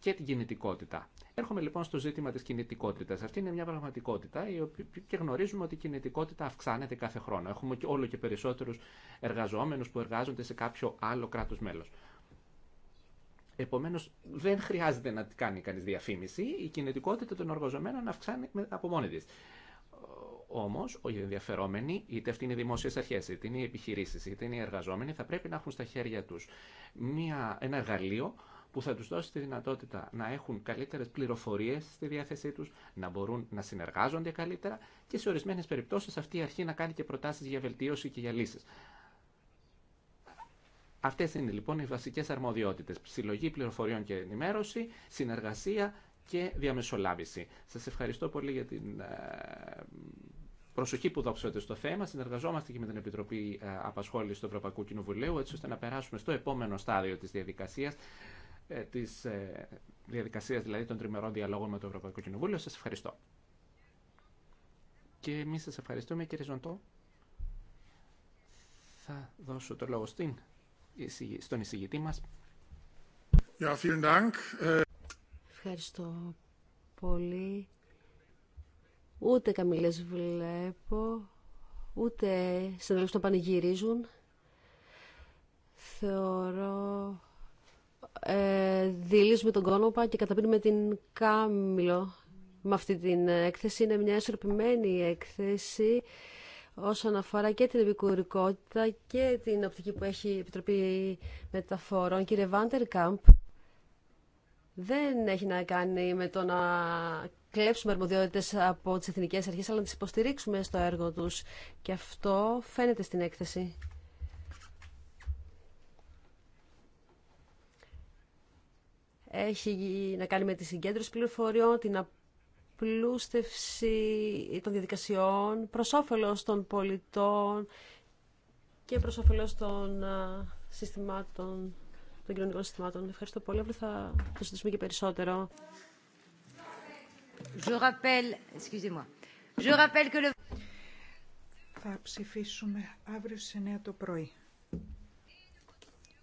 και την κινητικότητα. Έρχομαι λοιπόν στο ζήτημα τη κινητικότητα. Αυτή είναι μια πραγματικότητα και γνωρίζουμε ότι η κινητικότητα αυξάνεται κάθε χρόνο. Έχουμε και όλο και περισσότερου εργαζόμενου που εργάζονται σε κάποιο άλλο κράτο μέλο. Επομένω, δεν χρειάζεται να κάνει κανεί διαφήμιση. Η κινητικότητα των εργαζομένων αυξάνεται από μόνη τη. Όμω, οι ενδιαφερόμενοι, είτε αυτοί είναι οι δημόσιε αρχέ, είτε είναι οι επιχειρήσει, είτε είναι οι εργαζόμενοι, θα πρέπει να έχουν στα χέρια του ένα εργαλείο που θα τους δώσει τη δυνατότητα να έχουν καλύτερες πληροφορίες στη διάθεσή τους, να μπορούν να συνεργάζονται καλύτερα και σε ορισμένες περιπτώσεις αυτή η αρχή να κάνει και προτάσεις για βελτίωση και για λύσεις. Αυτές είναι λοιπόν οι βασικές αρμοδιότητες. Συλλογή πληροφοριών και ενημέρωση, συνεργασία και διαμεσολάβηση. Σας ευχαριστώ πολύ για την ε, προσοχή που δόξατε στο θέμα. Συνεργαζόμαστε και με την Επιτροπή ε, Απασχόλησης του Ευρωπαϊκού Κοινοβουλίου, έτσι ώστε να περάσουμε στο επόμενο στάδιο της διαδικασίας ε, της ε, διαδικασία δηλαδή των τριμερών διαλόγων με το Ευρωπαϊκό Κοινοβούλιο. Σα ευχαριστώ. Και εμεί σα ευχαριστούμε κύριε Ζωντώ. Θα δώσω το λόγο στον εισηγητή μα. Ja, vielen Dank. Ε, ευχαριστώ πολύ. Ούτε καμιλές βλέπω, ούτε συνέλευση το πανηγυρίζουν. Θεωρώ ε, με τον κόνοπα και καταπίνουμε την κάμιλο με αυτή την έκθεση. Είναι μια ισορροπημένη έκθεση όσον αφορά και την επικουρικότητα και την οπτική που έχει η Επιτροπή Μεταφορών. Κύριε Βάντερ Κάμπ, δεν έχει να κάνει με το να κλέψουμε αρμοδιότητες από τις εθνικές αρχές, αλλά να τις υποστηρίξουμε στο έργο τους. Και αυτό φαίνεται στην έκθεση. Έχει να κάνει με τη συγκέντρωση πληροφοριών, την απλούστευση των διαδικασιών, προς όφελος των πολιτών και προς όφελος των συστημάτων, των κοινωνικών συστημάτων. Ευχαριστώ πολύ. Αύριο θα το συζητήσουμε και περισσότερο. Θα ψηφίσουμε αύριο στις 9 το πρωί.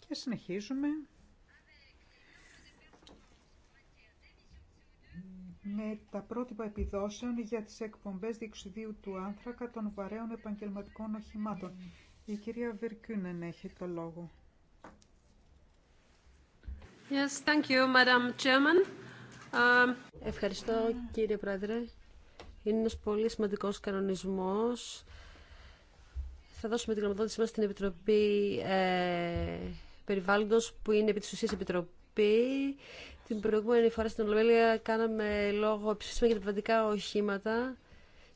Και συνεχίζουμε. με τα πρότυπα επιδόσεων για τις εκπομπές διεξουδίου του άνθρακα των βαρέων επαγγελματικών οχημάτων. Η κυρία Βερκούνεν έχει το λόγο. Yes, thank you, Madam Chairman. Um, Ευχαριστώ, κύριε Πρόεδρε. Είναι ένας πολύ σημαντικός κανονισμός. Θα δώσουμε την γνωμοδότησή μας στην Επιτροπή ε, Περιβάλλοντος, που είναι επί της ουσίας Επιτροπή την προηγούμενη φορά στην Ολομέλεια κάναμε λόγο ψήφισμα για τα οχήματα.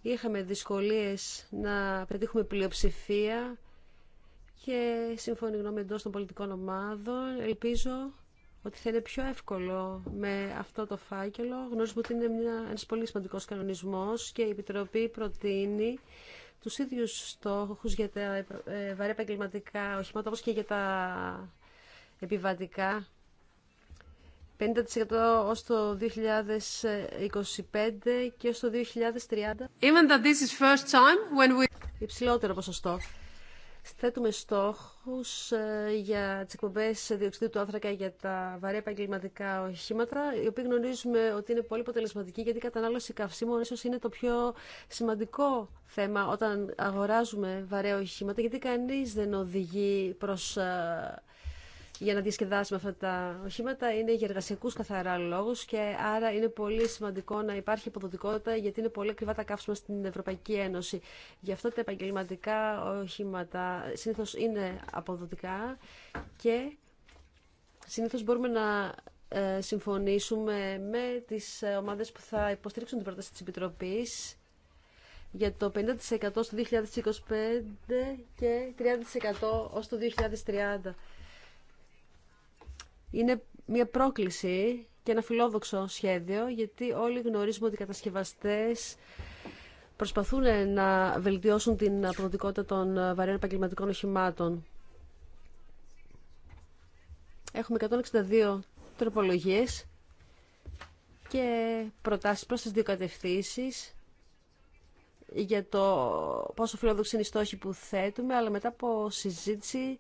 Είχαμε δυσκολίες να πετύχουμε πλειοψηφία και σύμφωνη γνώμη εντό των πολιτικών ομάδων. Ελπίζω ότι θα είναι πιο εύκολο με αυτό το φάκελο. Γνωρίζουμε ότι είναι μια, ένας πολύ σημαντικός κανονισμός και η Επιτροπή προτείνει τους ίδιους στόχους για τα ε, βαρύ επαγγελματικά οχήματα όπως και για τα επιβατικά 50% ως το 2025 και ως το 2030. Even that this is first time when we... Υψηλότερο ποσοστό. Θέτουμε στόχους ε, για τις εκπομπές διοξιδίου του άνθρακα για τα βαρέα επαγγελματικά οχήματα, οι οποίοι γνωρίζουμε ότι είναι πολύ αποτελεσματικοί γιατί η κατανάλωση καυσίμων ίσως είναι το πιο σημαντικό θέμα όταν αγοράζουμε βαρέα οχήματα, γιατί κανείς δεν οδηγεί προς ε, για να διασκεδάσουμε αυτά τα οχήματα είναι για εργασιακού καθαρά λόγους και άρα είναι πολύ σημαντικό να υπάρχει αποδοτικότητα γιατί είναι πολύ ακριβά τα καύσιμα στην Ευρωπαϊκή Ένωση. Γι' αυτό τα επαγγελματικά οχήματα συνήθω είναι αποδοτικά και συνήθω μπορούμε να ε, συμφωνήσουμε με τι ε, ομάδε που θα υποστηρίξουν την πρόταση τη Επιτροπή για το 50% στο 2025 και 30% ως το 2030. Είναι μια πρόκληση και ένα φιλόδοξο σχέδιο, γιατί όλοι γνωρίζουμε ότι οι κατασκευαστές προσπαθούν να βελτιώσουν την αποδοτικότητα των βαρέων επαγγελματικών οχημάτων. Έχουμε 162 τροπολογίες και προτάσεις προς τις δύο κατευθύνσεις για το πόσο φιλόδοξοι είναι η στόχη που θέτουμε, αλλά μετά από συζήτηση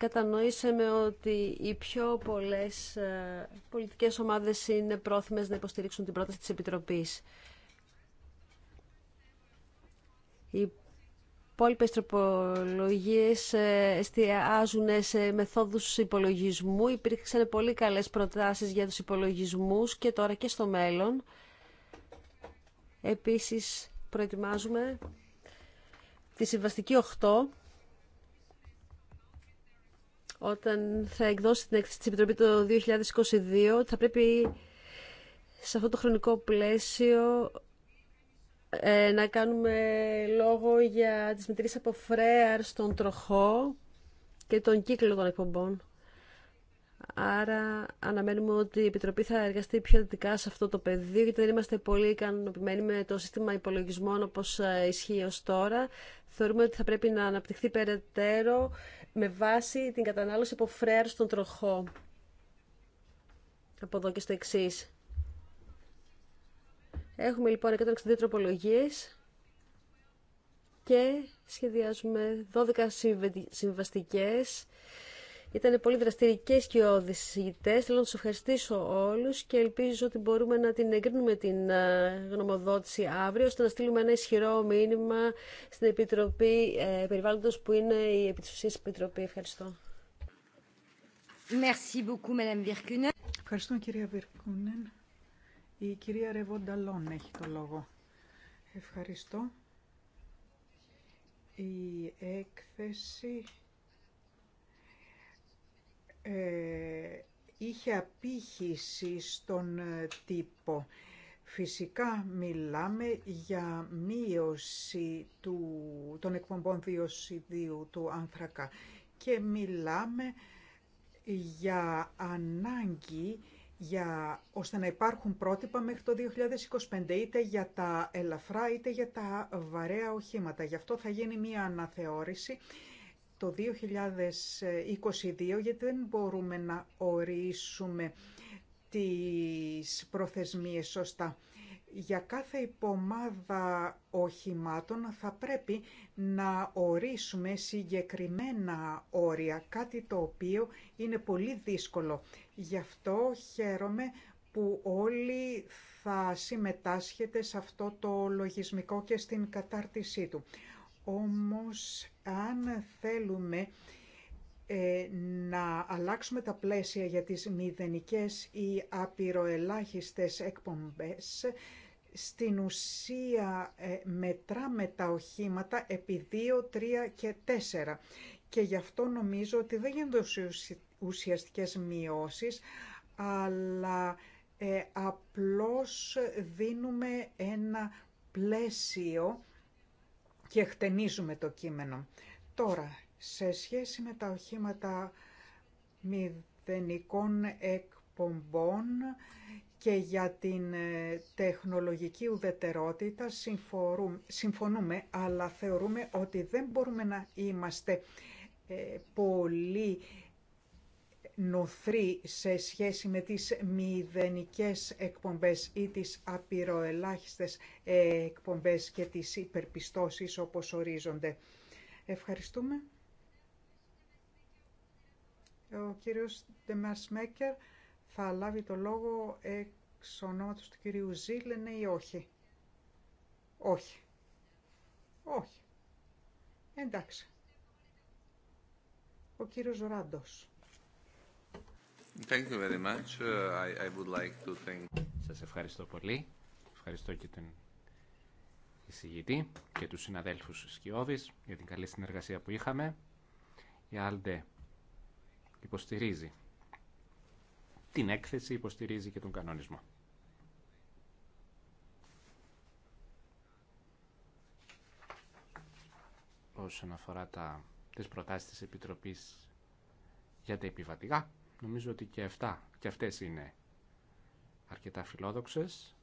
κατανοήσαμε ότι οι πιο πολλές ε, πολιτικές ομάδες είναι πρόθυμες να υποστηρίξουν την πρόταση της Επιτροπής. Οι υπόλοιπε τροπολογίε ε, εστιάζουν σε μεθόδους υπολογισμού. Υπήρξαν πολύ καλές προτάσεις για τους υπολογισμούς και τώρα και στο μέλλον. Επίσης, προετοιμάζουμε τη συμβαστική 8 όταν θα εκδώσει την έκθεση της Επιτροπή το 2022 θα πρέπει σε αυτό το χρονικό πλαίσιο ε, να κάνουμε λόγο για τις μετρήσεις από φρέαρ στον τροχό και τον κύκλο των εκπομπών. Άρα αναμένουμε ότι η Επιτροπή θα εργαστεί πιο δυτικά σε αυτό το πεδίο γιατί δεν είμαστε πολύ ικανοποιημένοι με το σύστημα υπολογισμών όπως ε, ισχύει ως τώρα. Θεωρούμε ότι θα πρέπει να αναπτυχθεί περαιτέρω με βάση την κατανάλωση από φρέαρ στον τροχό. Από εδώ και στο εξή. Έχουμε λοιπόν 162 τροπολογίες και σχεδιάζουμε 12 συμβαστικές ήταν πολύ δραστηρικές και οδησίτες. Θέλω να του ευχαριστήσω όλους και ελπίζω ότι μπορούμε να την εγκρίνουμε την ε, γνωμοδότηση αύριο, ώστε να στείλουμε ένα ισχυρό μήνυμα στην Επιτροπή ε, Περιβάλλοντος που είναι η Επιτροπή. Επιτροπή. Ευχαριστώ. Merci beaucoup, Madame κυρία Βιρκούνεν. Η κυρία Ρεβονταλόν έχει το λόγο. Ευχαριστώ. Η έκθεση ε, είχε απήχηση στον ε, τύπο. Φυσικά μιλάμε για μείωση του, των εκπομπών διοσιδίου του άνθρακα και μιλάμε για ανάγκη για, ώστε να υπάρχουν πρότυπα μέχρι το 2025 είτε για τα ελαφρά είτε για τα βαρέα οχήματα. Γι' αυτό θα γίνει μία αναθεώρηση το 2022 γιατί δεν μπορούμε να ορίσουμε τις προθεσμίες σωστά. Για κάθε υπομάδα οχημάτων θα πρέπει να ορίσουμε συγκεκριμένα όρια, κάτι το οποίο είναι πολύ δύσκολο. Γι' αυτό χαίρομαι που όλοι θα συμμετάσχετε σε αυτό το λογισμικό και στην κατάρτισή του. Όμως αν θέλουμε ε, να αλλάξουμε τα πλαίσια για τις μηδενικές ή απειροελάχιστες εκπομπές, στην ουσία ε, μετράμε τα οχήματα επί 2, 3 και 4. Και γι' αυτό νομίζω ότι δεν γίνονται ουσιαστικές μειώσεις, αλλά ε, απλώς δίνουμε ένα πλαίσιο και χτενίζουμε το κείμενο. Τώρα, σε σχέση με τα οχήματα μηδενικών εκπομπών και για την ε, τεχνολογική ουδετερότητα συμφωνούμε, αλλά θεωρούμε ότι δεν μπορούμε να είμαστε ε, πολύ σε σχέση με τις μηδενικές εκπομπές ή τις απειροελάχιστες ε, εκπομπές και τις υπερπιστώσεις όπως ορίζονται. Ευχαριστούμε. Ο κύριος Ντεμασμέκερ θα λάβει το λόγο εξ ονόματος του κυρίου Ζήλενε ναι ή όχι. Όχι. Όχι. Εντάξει. Ο κύριος Ράντος. Thank you very much. Uh, I, I would like to thank... Σας ευχαριστώ πολύ. Ευχαριστώ και τον εισηγητή και τους συναδέλφους Σκιώδης για την καλή συνεργασία που είχαμε. Η Άλντε υποστηρίζει την έκθεση, υποστηρίζει και τον κανονισμό. Όσον αφορά τα, τις προτάσεις της Επιτροπής για τα επιβατικά, Νομίζω ότι και, αυτά, και αυτές είναι αρκετά φιλόδοξες.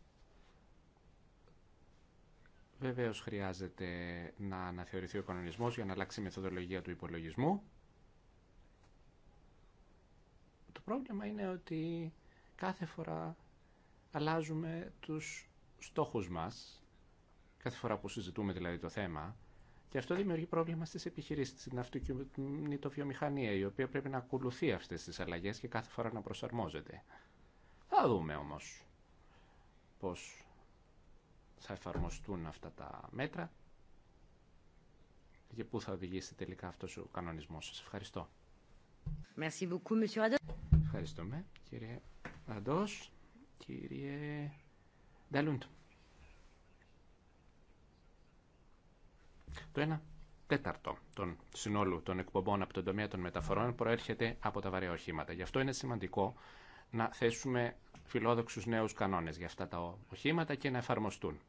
Βεβαίω χρειάζεται να αναθεωρηθεί ο κανονισμός για να αλλάξει η μεθοδολογία του υπολογισμού. Το πρόβλημα είναι ότι κάθε φορά αλλάζουμε τους στόχους μας, κάθε φορά που συζητούμε δηλαδή το θέμα, και αυτό δημιουργεί πρόβλημα στις επιχειρήσεις, στην αυτοκινητοβιομηχανία, η οποία πρέπει να ακολουθεί αυτέ τι αλλαγές και κάθε φορά να προσαρμόζεται. Θα δούμε όμως πώς θα εφαρμοστούν αυτά τα μέτρα και πού θα οδηγήσει τελικά αυτός ο κανονισμός. Σας ευχαριστώ. Merci beaucoup, monsieur Ευχαριστούμε, κύριε Αντός, κύριε Το 1 τέταρτο των συνόλου των εκπομπών από τον τομέα των μεταφορών προέρχεται από τα βαρέα οχήματα. Γι' αυτό είναι σημαντικό να θέσουμε φιλόδοξους νέους κανόνες για αυτά τα οχήματα και να εφαρμοστούν.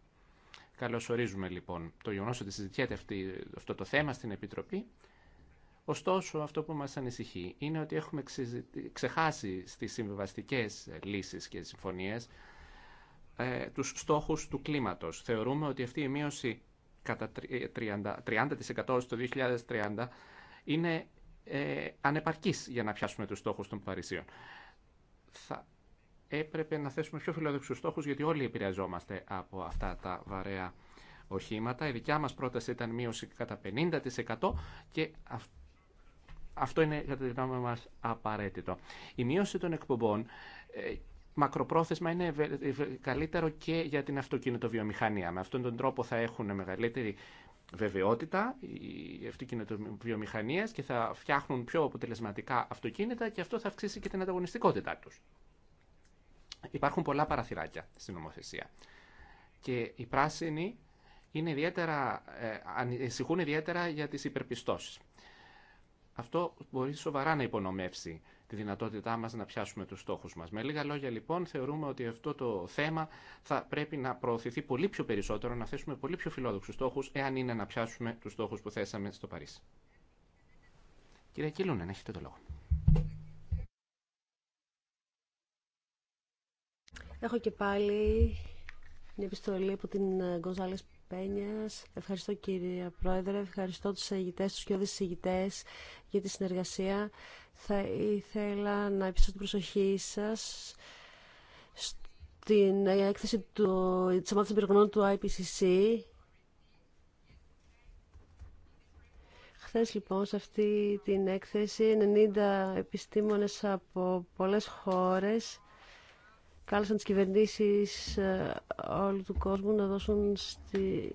Καλωσορίζουμε λοιπόν το γεγονό ότι συζητιέται αυτή, αυτό το θέμα στην Επιτροπή. Ωστόσο, αυτό που μας ανησυχεί είναι ότι έχουμε ξεχάσει στις συμβιβαστικές λύσεις και συμφωνίες ε, τους στόχους του κλίματος. Θεωρούμε ότι αυτή η μείωση κατά 30%, 30 στο 2030 είναι ε, ανεπαρκής για να πιάσουμε τους στόχους των Παρισίων. Θα έπρεπε να θέσουμε πιο φιλόδοξους στόχους γιατί όλοι επηρεαζόμαστε από αυτά τα βαρέα οχήματα. Η δικιά μας πρόταση ήταν μείωση κατά 50% και αυτό είναι κατά τη γνώμη μας απαραίτητο. Η μείωση των εκπομπών ε, μακροπρόθεσμα είναι καλύτερο και για την αυτοκινητοβιομηχανία. Με αυτόν τον τρόπο θα έχουν μεγαλύτερη βεβαιότητα οι αυτοκινητοβιομηχανίες και θα φτιάχνουν πιο αποτελεσματικά αυτοκίνητα και αυτό θα αυξήσει και την ανταγωνιστικότητά τους. Υπάρχουν πολλά παραθυράκια στην νομοθεσία και οι πράσινοι είναι ιδιαίτερα, ε, ανησυχούν ιδιαίτερα για τις υπερπιστώσεις. Αυτό μπορεί σοβαρά να υπονομεύσει τη δυνατότητά μας να πιάσουμε τους στόχους μας. Με λίγα λόγια λοιπόν θεωρούμε ότι αυτό το θέμα θα πρέπει να προωθηθεί πολύ πιο περισσότερο, να θέσουμε πολύ πιο φιλόδοξους στόχους, εάν είναι να πιάσουμε τους στόχους που θέσαμε στο Παρίσι. Κύριε να έχετε το λόγο. Έχω και πάλι μια επιστολή από την Γκοζάλης Ευχαριστώ κύριε Πρόεδρε, ευχαριστώ τους ηγητές, τους και ηγητές για τη συνεργασία. Θα ήθελα να επιστρέψω την προσοχή σας στην έκθεση του, της ομάδας των του IPCC. Χθες λοιπόν σε αυτή την έκθεση 90 επιστήμονες από πολλές χώρες κάλεσαν τις κυβερνήσεις ε, όλου του κόσμου να δώσουν στη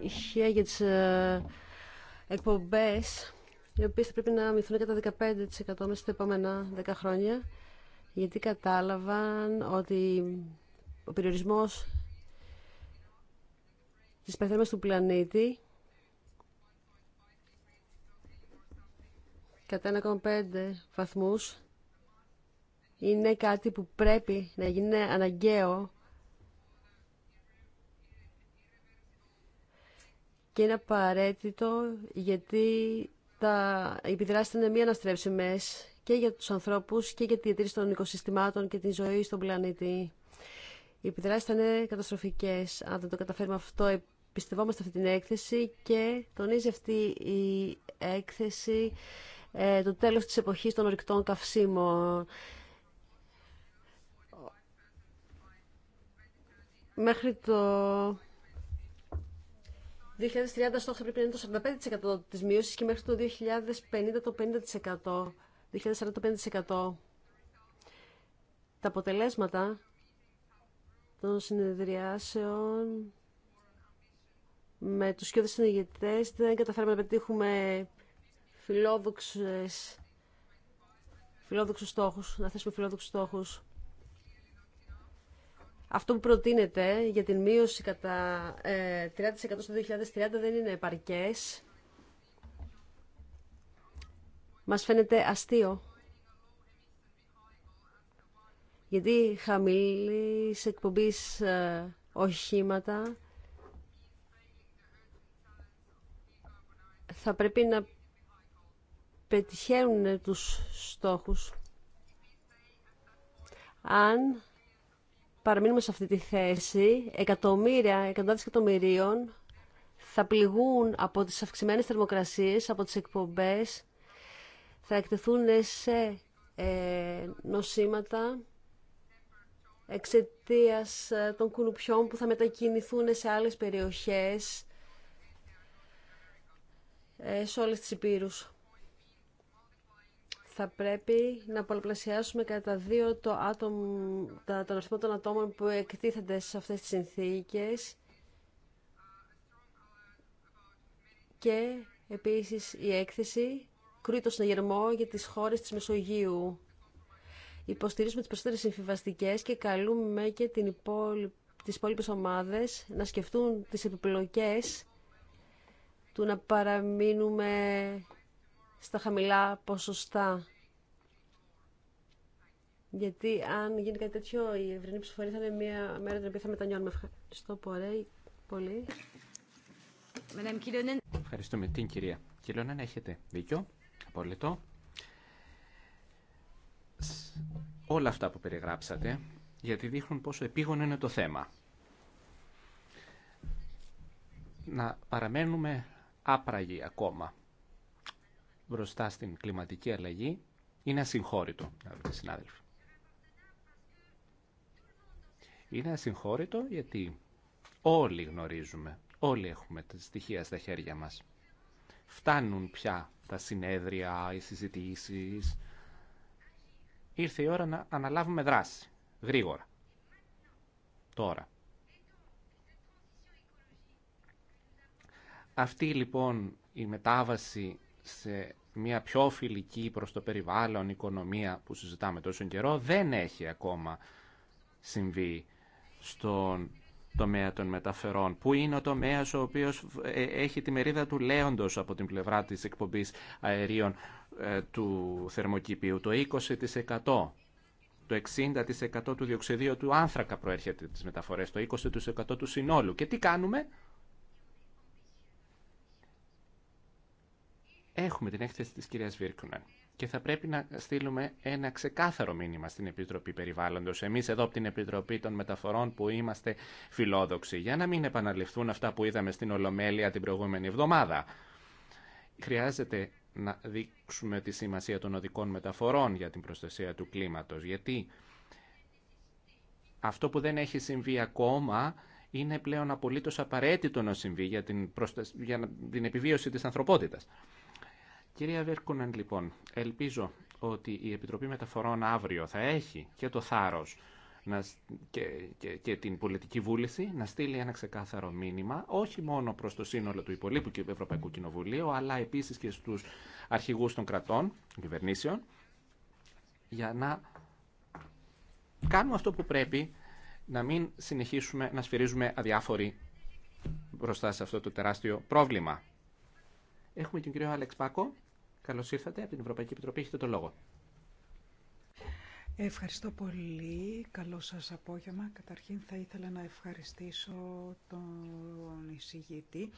ηχεία για τις ε, εκπομπές οι οποίες θα πρέπει να μειθούν κατά 15% μέσα στα επόμενα 10 χρόνια γιατί κατάλαβαν ότι ο περιορισμός της πεθέρμας του πλανήτη κατά 1,5 βαθμούς είναι κάτι που πρέπει να γίνει αναγκαίο και είναι απαραίτητο γιατί τα επιδράσεις είναι μη αναστρέψιμες και για τους ανθρώπους και για τη διατήρηση των οικοσυστημάτων και τη ζωή στον πλανήτη. Οι επιδράσει θα είναι καταστροφικές αν δεν το καταφέρουμε αυτό Πιστευόμαστε αυτή την έκθεση και τονίζει αυτή η έκθεση ε, το τέλος της εποχής των ορυκτών καυσίμων. μέχρι το 2030 στόχο πρέπει να είναι το 45% της μείωσης και μέχρι το 2050 το 50%, 2040 το 50%. Τα αποτελέσματα των συνεδριάσεων με τους κοιόδες συνεγητές δεν καταφέραμε να πετύχουμε φιλόδοξες, φιλόδοξους στόχους, να θέσουμε φιλόδοξους στόχους αυτό που προτείνεται για την μείωση κατά 30% ε, στο 2030 δεν είναι επαρκές. Μας φαίνεται αστείο. Γιατί χαμηλή εκπομπής ε, οχήματα θα πρέπει να πετυχαίνουν τους στόχους. Αν παραμείνουμε σε αυτή τη θέση, εκατομμύρια, εκατοντάδες εκατομμυρίων θα πληγούν από τις αυξημένες θερμοκρασίες, από τις εκπομπές, θα εκτεθούν σε ε, νοσήματα εξαιτίας ε, των κουνουπιών που θα μετακινηθούν σε άλλες περιοχές, ε, σε όλες τις υπήρους θα πρέπει να πολλαπλασιάσουμε κατά δύο το άτομο, τα, τον αριθμό των ατόμων που εκτίθενται σε αυτές τις συνθήκες και επίσης η έκθεση κρούει το συναγερμό για τις χώρες της Μεσογείου. Υποστηρίζουμε τις περισσότερες συμφιβαστικές και καλούμε και την υπόλοι... τις ομάδες να σκεφτούν τις επιπλοκές του να παραμείνουμε στα χαμηλά ποσοστά. Γιατί αν γίνει κάτι τέτοιο, η ευρυνή ψηφορία θα είναι μια μέρα την οποία θα μετανιώνουμε. Ευχαριστώ πολύ. Ευχαριστούμε την κυρία Κιλόνεν. Έχετε δίκιο. Απόλυτο. Όλα αυτά που περιγράψατε, γιατί δείχνουν πόσο επίγον είναι το θέμα. Να παραμένουμε άπραγοι ακόμα μπροστά στην κλιματική αλλαγή είναι ασυγχώρητο, αγαπητοί συνάδελφοι. Είναι ασυγχώρητο γιατί όλοι γνωρίζουμε, όλοι έχουμε τα στοιχεία στα χέρια μας. Φτάνουν πια τα συνέδρια, οι συζητήσεις. Ήρθε η ώρα να αναλάβουμε δράση, γρήγορα. Τώρα. Αυτή λοιπόν η μετάβαση σε μια πιο φιλική προς το περιβάλλον οικονομία που συζητάμε τόσο καιρό δεν έχει ακόμα συμβεί στον τομέα των μεταφερών, που είναι ο τομέας ο οποίος ε, έχει τη μερίδα του λέοντος από την πλευρά της εκπομπής αερίων ε, του θερμοκηπίου, το 20%. Το 60% του διοξιδίου του άνθρακα προέρχεται τις μεταφορές, το 20% του συνόλου. Και τι κάνουμε, Έχουμε την έκθεση της κυρίας Βίρκουναν και θα πρέπει να στείλουμε ένα ξεκάθαρο μήνυμα στην Επιτροπή Περιβάλλοντος. Εμείς εδώ από την Επιτροπή των Μεταφορών που είμαστε φιλόδοξοι για να μην επαναληφθούν αυτά που είδαμε στην Ολομέλεια την προηγούμενη εβδομάδα. Χρειάζεται να δείξουμε τη σημασία των οδικών μεταφορών για την προστασία του κλίματος, γιατί αυτό που δεν έχει συμβεί ακόμα είναι πλέον απολύτως απαραίτητο να συμβεί για την, για την επιβίωση της ανθρωπότητας. Κυρία Βέρκουναν, λοιπόν, ελπίζω ότι η Επιτροπή Μεταφορών αύριο θα έχει και το θάρρος να, και, και, την πολιτική βούληση να στείλει ένα ξεκάθαρο μήνυμα όχι μόνο προς το σύνολο του υπολείπου και του Ευρωπαϊκού Κοινοβουλίου αλλά επίσης και στους αρχηγούς των κρατών, των κυβερνήσεων για να κάνουμε αυτό που πρέπει να μην συνεχίσουμε να σφυρίζουμε αδιάφοροι μπροστά σε αυτό το τεράστιο πρόβλημα. Έχουμε τον κύριο Αλεξ Πάκο Καλώ ήρθατε από την Ευρωπαϊκή Επιτροπή. Έχετε το λόγο. Ευχαριστώ πολύ. Καλό σας απόγευμα. Καταρχήν θα ήθελα να ευχαριστήσω τον εισηγητή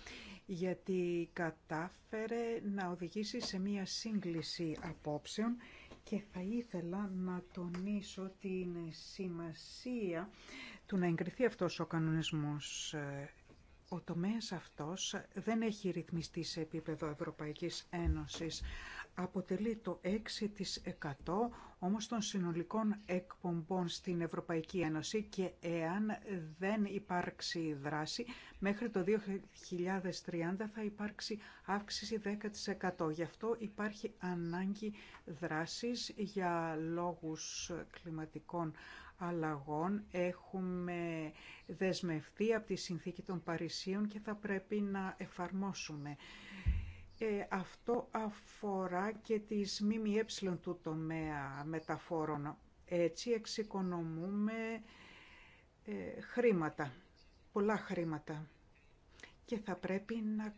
γιατί κατάφερε να οδηγήσει σε μία σύγκληση απόψεων και θα ήθελα να τονίσω την σημασία του να εγκριθεί αυτός ο κανονισμός ο τομέας αυτός δεν έχει ρυθμιστεί σε επίπεδο Ευρωπαϊκής Ένωσης. Αποτελεί το 6% όμως των συνολικών εκπομπών στην Ευρωπαϊκή Ένωση και εάν δεν υπάρξει δράση, μέχρι το 2030 θα υπάρξει αύξηση 10%. Γι' αυτό υπάρχει ανάγκη δράσης για λόγους κλιματικών αλλαγών έχουμε δεσμευτεί από τη Συνθήκη των Παρισίων και θα πρέπει να εφαρμόσουμε. Ε, αυτό αφορά και τις ΜΜΕ του τομέα μεταφόρων. Έτσι εξοικονομούμε ε, χρήματα, πολλά χρήματα. Και θα πρέπει να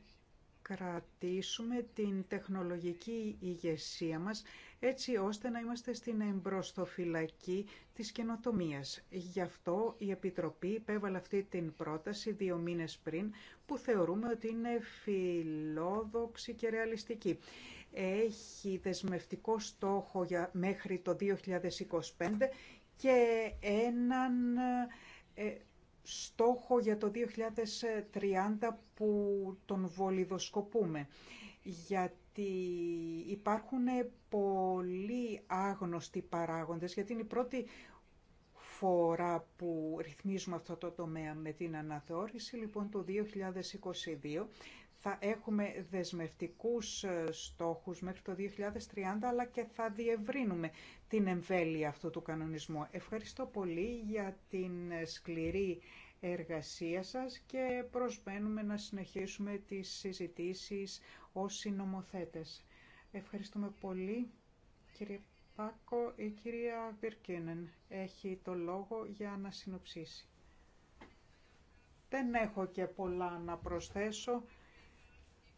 κρατήσουμε την τεχνολογική ηγεσία μας έτσι ώστε να είμαστε στην εμπροστοφυλακή της καινοτομίας. Γι' αυτό η Επιτροπή υπέβαλε αυτή την πρόταση δύο μήνες πριν που θεωρούμε ότι είναι φιλόδοξη και ρεαλιστική. Έχει δεσμευτικό στόχο για, μέχρι το 2025 και έναν ε, στόχο για το 2030 που τον βολιδοσκοπούμε. Γιατί υπάρχουν πολύ άγνωστοι παράγοντες, γιατί είναι η πρώτη φορά που ρυθμίζουμε αυτό το τομέα με την αναθεώρηση, λοιπόν το 2022 θα έχουμε δεσμευτικούς ε, στόχους μέχρι το 2030, αλλά και θα διευρύνουμε την εμβέλεια αυτού του κανονισμού. Ευχαριστώ πολύ για την ε, σκληρή εργασία σας και προσμένουμε να συνεχίσουμε τις συζητήσεις ως συνομοθέτες. Ευχαριστούμε πολύ. Κύριε Πάκο, η κυρία Βιρκίνεν έχει το λόγο για να συνοψίσει. Δεν έχω και πολλά να προσθέσω.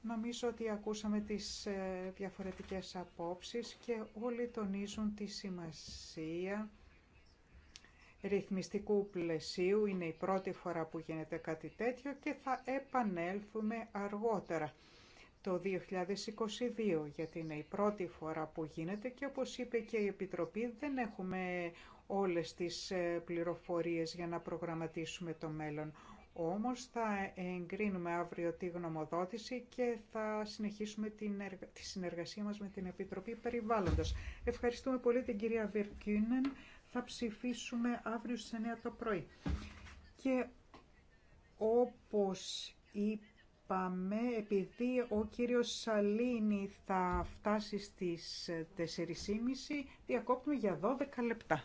Νομίζω ότι ακούσαμε τις ε, διαφορετικές απόψεις και όλοι τονίζουν τη σημασία ρυθμιστικού πλαισίου. Είναι η πρώτη φορά που γίνεται κάτι τέτοιο και θα επανέλθουμε αργότερα το 2022, γιατί είναι η πρώτη φορά που γίνεται και όπως είπε και η Επιτροπή δεν έχουμε όλες τις ε, πληροφορίες για να προγραμματίσουμε το μέλλον. Όμως θα εγκρίνουμε αύριο τη γνωμοδότηση και θα συνεχίσουμε την τη συνεργασία μας με την Επιτροπή Περιβάλλοντος. Ευχαριστούμε πολύ την κυρία Βερκίνεν. Θα ψηφίσουμε αύριο στις 9 το πρωί. Και όπως είπαμε, επειδή ο κύριος Σαλίνη θα φτάσει στις 4.30, διακόπτουμε για 12 λεπτά.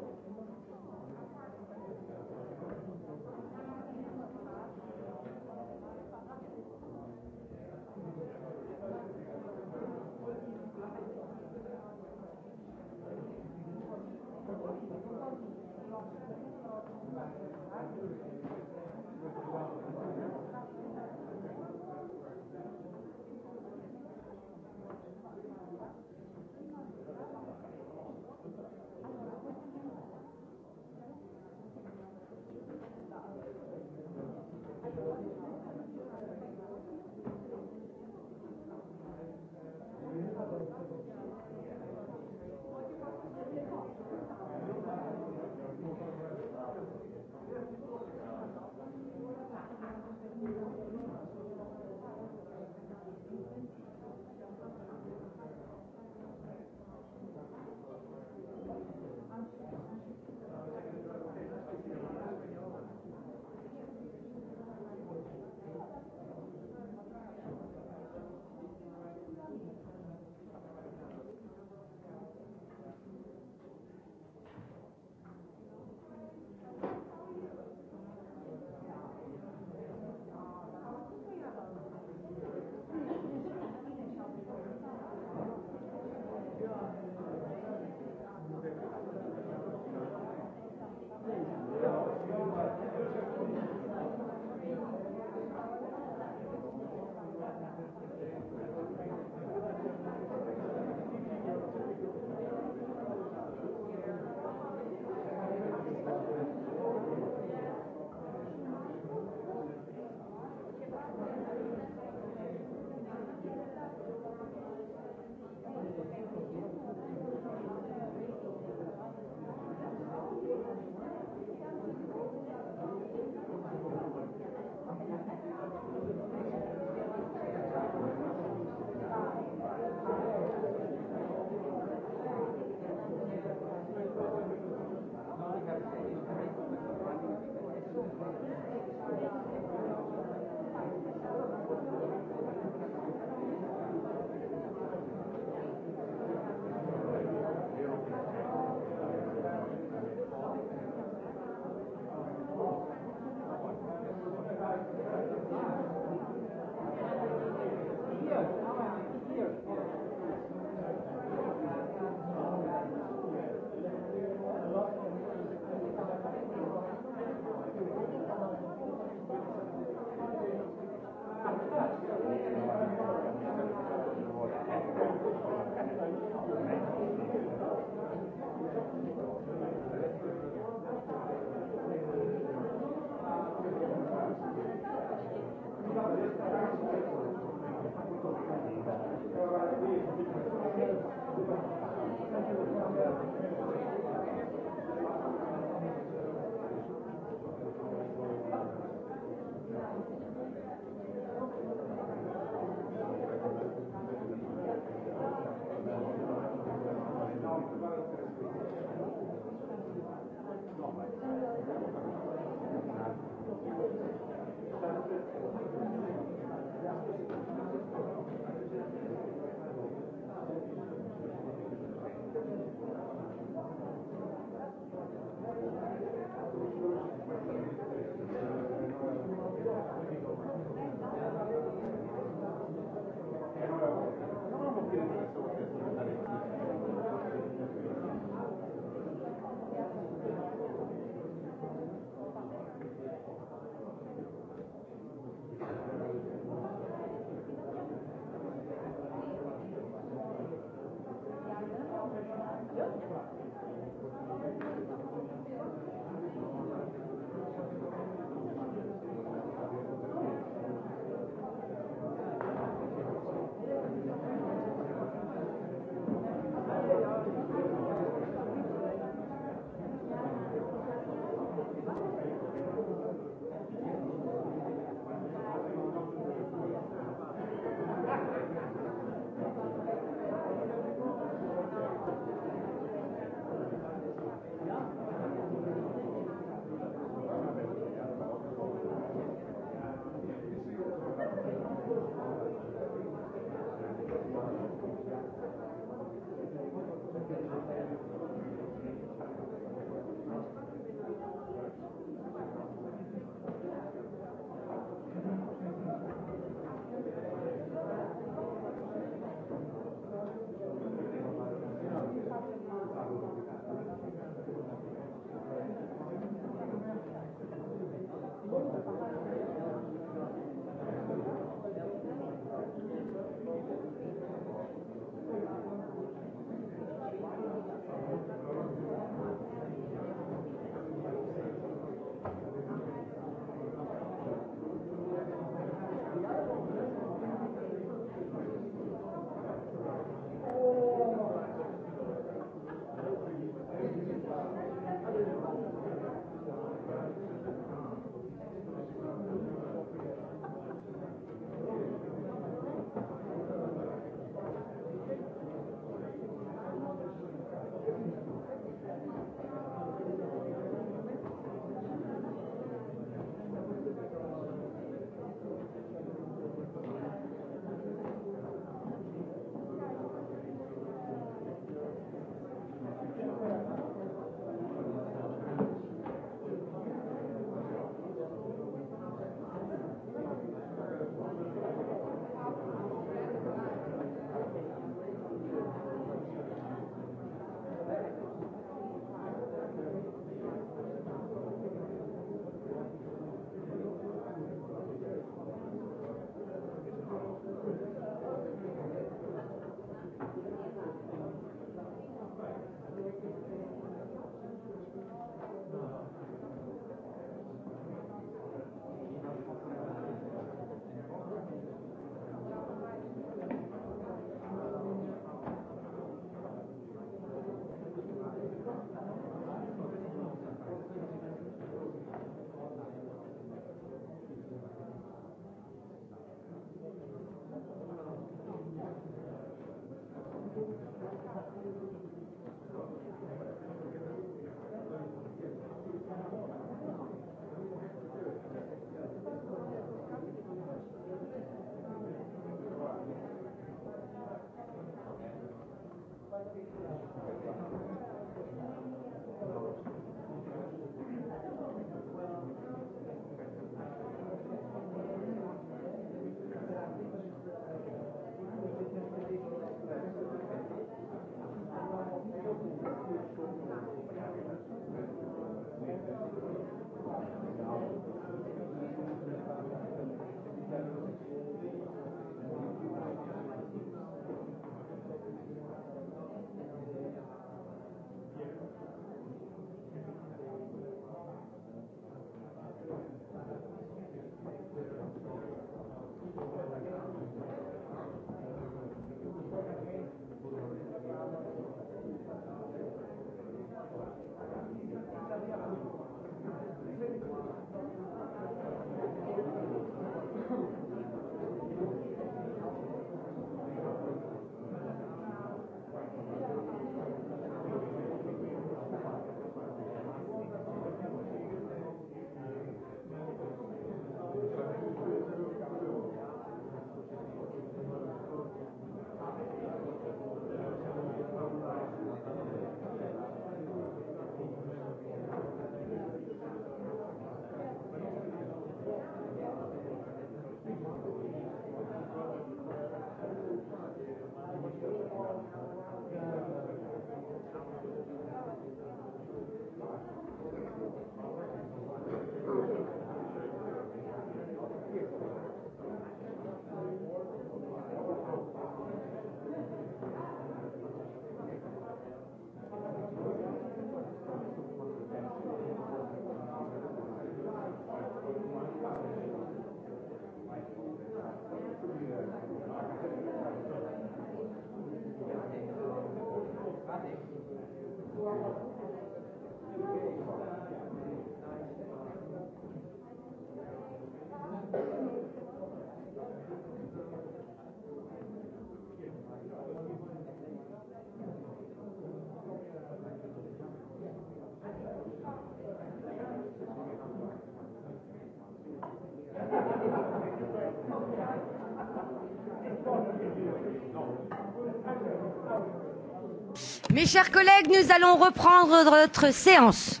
Mes chers collègues, nous allons reprendre notre séance.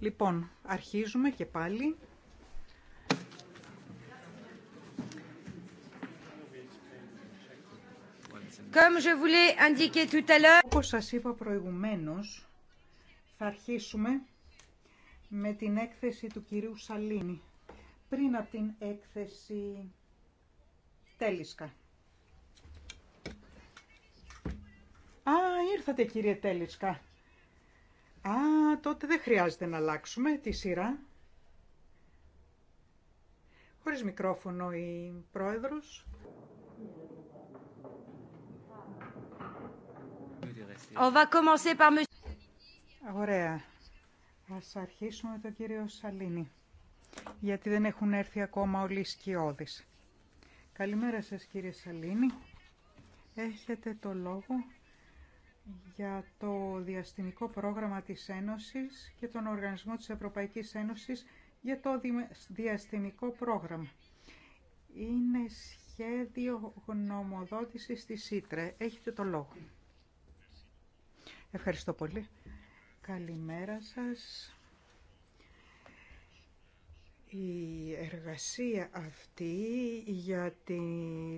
Λοιπόν, αρχίζουμε και πάλι. Comme je vous l'ai indiqué tout à l'heure. Όπως σας είπα προηγουμένως, θα αρχίσουμε με την έκθεση του κυρίου Σαλίνη πριν από την έκθεση Τέλισκα. ήρθατε κύριε Τέλισκα. Α, τότε δεν χρειάζεται να αλλάξουμε τη σειρά. Χωρίς μικρόφωνο η πρόεδρος. Ωραία. Ας αρχίσουμε με τον κύριο Σαλίνη, γιατί δεν έχουν έρθει ακόμα όλοι οι σκιώδεις. Καλημέρα σας κύριε Σαλίνη. Έχετε το λόγο για το διαστημικό πρόγραμμα της Ένωσης και τον Οργανισμό της Ευρωπαϊκής Ένωσης για το διαστημικό πρόγραμμα. Είναι σχέδιο γνωμοδότησης της ΣΥΤΡΕ. Έχετε το λόγο. Ευχαριστώ πολύ. Καλημέρα σας. Η εργασία αυτή για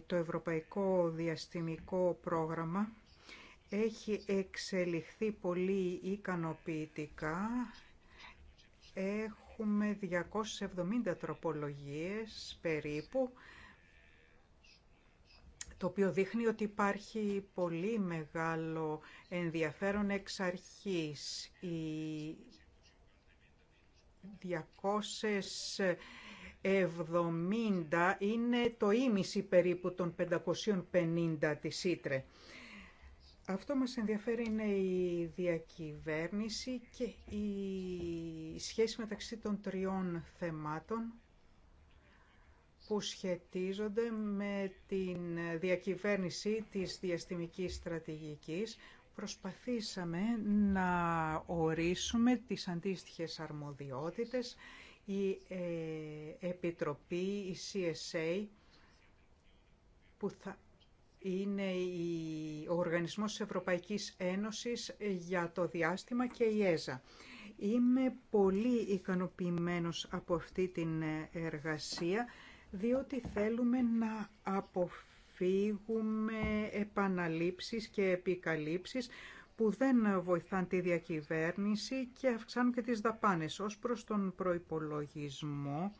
το Ευρωπαϊκό Διαστημικό Πρόγραμμα έχει εξελιχθεί πολύ ικανοποιητικά. Έχουμε 270 τροπολογίες περίπου, το οποίο δείχνει ότι υπάρχει πολύ μεγάλο ενδιαφέρον εξ αρχής. Οι 270 είναι το ίμιση περίπου των 550 της Ήτρε. Αυτό μας ενδιαφέρει είναι η διακυβέρνηση και η σχέση μεταξύ των τριών θεμάτων που σχετίζονται με την διακυβέρνηση της διαστημικής στρατηγικής. Προσπαθήσαμε να ορίσουμε τις αντίστοιχες αρμοδιότητες. Η ε, Επιτροπή, η CSA, που θα είναι ο Οργανισμός της Ευρωπαϊκής Ένωσης για το Διάστημα και η ΕΖΑ. Είμαι πολύ ικανοποιημένος από αυτή την εργασία, διότι θέλουμε να αποφύγουμε επαναλήψεις και επικαλύψεις που δεν βοηθάν τη διακυβέρνηση και αυξάνουν και τις δαπάνες ως προς τον προϋπολογισμό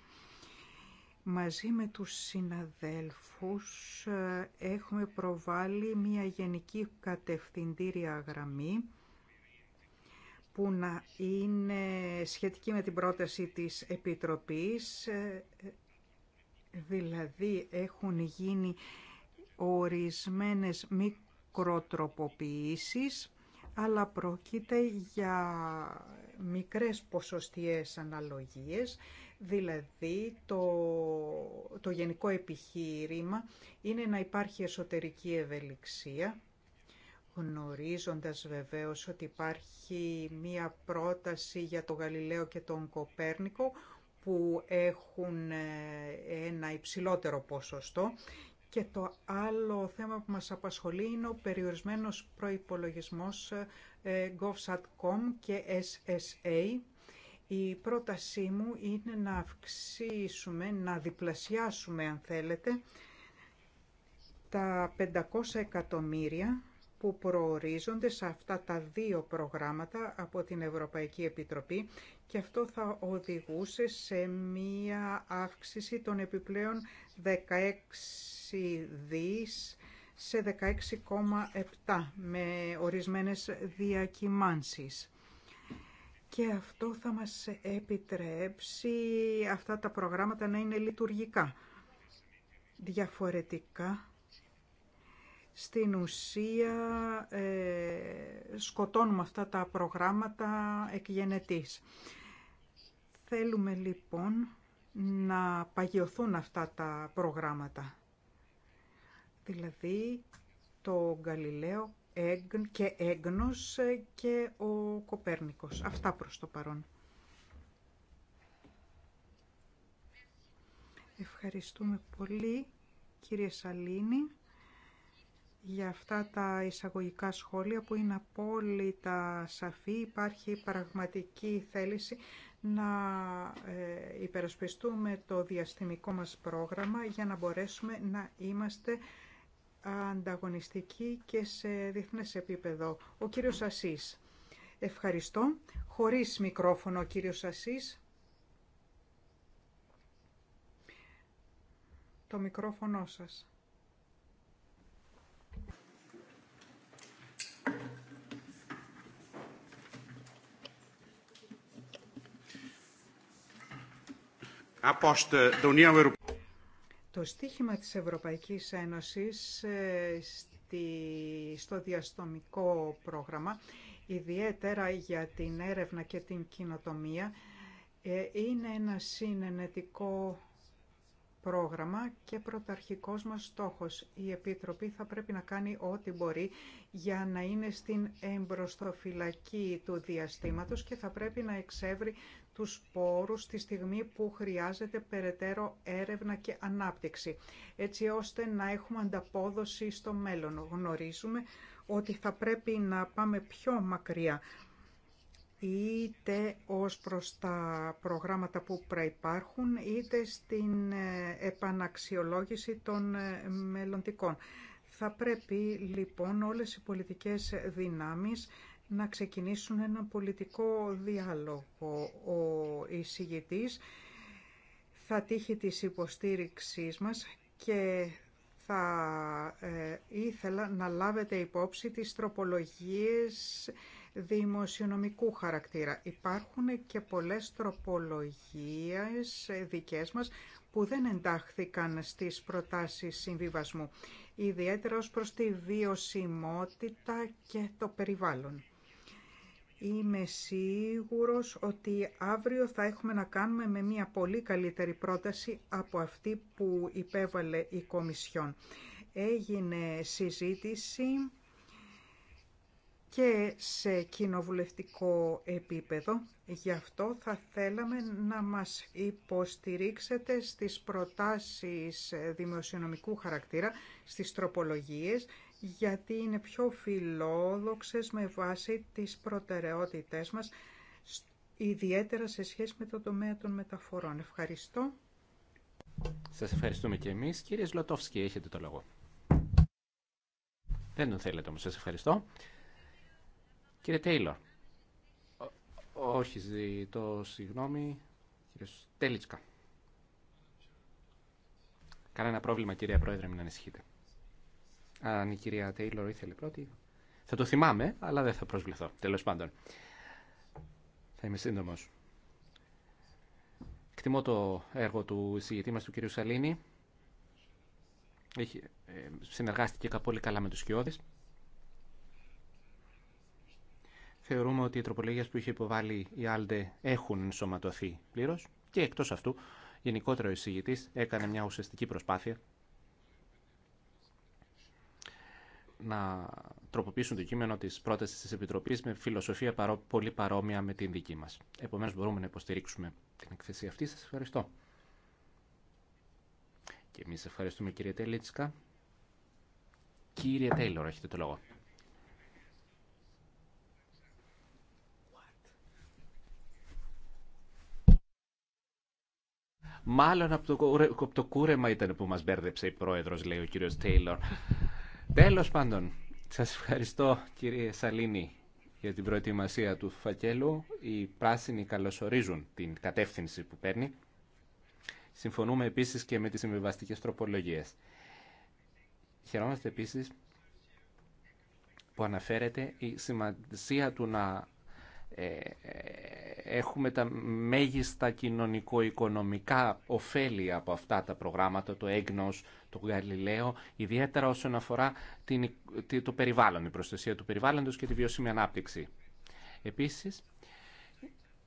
Μαζί με τους συναδέλφους ε, έχουμε προβάλει μια γενική κατευθυντήρια γραμμή που να είναι σχετική με την πρόταση της Επιτροπής, ε, δηλαδή έχουν γίνει ορισμένες μικροτροποποιήσεις αλλά πρόκειται για μικρές ποσοστιαίες αναλογίες, δηλαδή το, το γενικό επιχείρημα είναι να υπάρχει εσωτερική ευελιξία, γνωρίζοντας βεβαίως ότι υπάρχει μία πρόταση για τον Γαλιλαίο και τον Κοπέρνικο που έχουν ε, ένα υψηλότερο ποσοστό και το άλλο θέμα που μας απασχολεί είναι ο περιορισμένος προϋπολογισμός ε, GovSatcom και SSA. Η πρότασή μου είναι να αυξήσουμε, να διπλασιάσουμε αν θέλετε, τα 500 εκατομμύρια που προορίζονται σε αυτά τα δύο προγράμματα από την Ευρωπαϊκή Επιτροπή και αυτό θα οδηγούσε σε μία αύξηση των επιπλέον 16 δις σε 16,7 με ορισμένες διακυμάνσεις. Και αυτό θα μας επιτρέψει αυτά τα προγράμματα να είναι λειτουργικά. Διαφορετικά στην ουσία ε, σκοτώνουμε αυτά τα προγράμματα εκγενετής. Θέλουμε λοιπόν να παγιωθούν αυτά τα προγράμματα. Δηλαδή το Γαλιλαίο και Έγνος και ο Κοπέρνικος. Αυτά προς το παρόν. Ευχαριστούμε πολύ κύριε Σαλίνη για αυτά τα εισαγωγικά σχόλια που είναι απόλυτα σαφή. Υπάρχει πραγματική θέληση να ε, υπερασπιστούμε το διαστημικό μας πρόγραμμα για να μπορέσουμε να είμαστε ανταγωνιστικοί και σε διεθνές επίπεδο. Ο κύριος Ασής. Ευχαριστώ. Χωρίς μικρόφωνο ο κύριος Ασής. Το μικρόφωνο σας. Το στίχημα της Ευρωπαϊκής Ένωσης ε, στο διαστομικό πρόγραμμα, ιδιαίτερα για την έρευνα και την κοινοτομία, ε, είναι ένα συνενετικό πρόγραμμα και πρωταρχικός μας στόχος. Η Επιτροπή θα πρέπει να κάνει ό,τι μπορεί για να είναι στην εμπροστοφυλακή του διαστήματος και θα πρέπει να εξεύρει τους πόρους τη στιγμή που χρειάζεται περαιτέρω έρευνα και ανάπτυξη, έτσι ώστε να έχουμε ανταπόδοση στο μέλλον. Γνωρίζουμε ότι θα πρέπει να πάμε πιο μακριά είτε ως προς τα προγράμματα που προϋπάρχουν, είτε στην ε, επαναξιολόγηση των ε, μελλοντικών. Θα πρέπει λοιπόν όλες οι πολιτικές δυνάμεις να ξεκινήσουν ένα πολιτικό διάλογο. Ο εισηγητής θα τύχει της υποστήριξής μας και θα ε, ήθελα να λάβετε υπόψη τις τροπολογίες δημοσιονομικού χαρακτήρα. Υπάρχουν και πολλές τροπολογίες ε, δικές μας που δεν εντάχθηκαν στις προτάσεις συμβιβασμού, ιδιαίτερα ως προς τη βιωσιμότητα και το περιβάλλον. Είμαι σίγουρος ότι αύριο θα έχουμε να κάνουμε με μια πολύ καλύτερη πρόταση από αυτή που υπέβαλε η Κομισιόν. Έγινε συζήτηση και σε κοινοβουλευτικό επίπεδο. Γι' αυτό θα θέλαμε να μας υποστηρίξετε στις προτάσεις δημοσιονομικού χαρακτήρα, στις τροπολογίες, γιατί είναι πιο φιλόδοξες με βάση τις προτεραιότητές μας, ιδιαίτερα σε σχέση με το τομέα των μεταφορών. Ευχαριστώ. Σας ευχαριστούμε και εμείς. Κύριε Σλοτόφσκι, έχετε το λόγο. Δεν τον θέλετε όμως, σας ευχαριστώ. Κύριε Τέιλορ. Όχι, το συγγνώμη. Κύριε Τέλιτσκα. Κανένα πρόβλημα, κυρία Πρόεδρε, μην ανησυχείτε. Αν η κυρία Τέιλορ ήθελε πρώτη. Θα το θυμάμαι, αλλά δεν θα προσβληθώ. Τέλο πάντων. Θα είμαι σύντομο. Εκτιμώ το έργο του συγγετή μας, του κυρίου Σαλίνη. Έχει, ε, συνεργάστηκε πολύ καλά με τους Σκιώδης. Θεωρούμε ότι οι τροπολογίε που είχε υποβάλει η Άλντε έχουν ενσωματωθεί πλήρω. και εκτός αυτού γενικότερα ο εισηγητής έκανε μια ουσιαστική προσπάθεια να τροποποιήσουν το κείμενο της πρόταση της Επιτροπής με φιλοσοφία παρό, πολύ παρόμοια με την δική μας. Επομένως μπορούμε να υποστηρίξουμε την εκθέση αυτή. Σα ευχαριστώ. Και εμεί ευχαριστούμε κύριε Τελίτσκα. Κύριε Τέιλορ, έχετε το λόγο. Μάλλον από το, κούρεμα ήταν που μας μπέρδεψε η πρόεδρος, λέει ο κύριος Τέιλορ. Τέλος πάντων, σας ευχαριστώ κύριε Σαλίνη για την προετοιμασία του φακέλου. Οι πράσινοι καλωσορίζουν την κατεύθυνση που παίρνει. Συμφωνούμε επίσης και με τις συμβιβαστικέ τροπολογίες. Χαιρόμαστε επίσης που αναφέρεται η σημασία του να ε, ε, έχουμε τα μέγιστα κοινωνικο-οικονομικά ωφέλη από αυτά τα προγράμματα, το έγνος, το Γαλιλαίο, ιδιαίτερα όσον αφορά την, το περιβάλλον, η προστασία του περιβάλλοντος και τη βιώσιμη ανάπτυξη. Επίσης,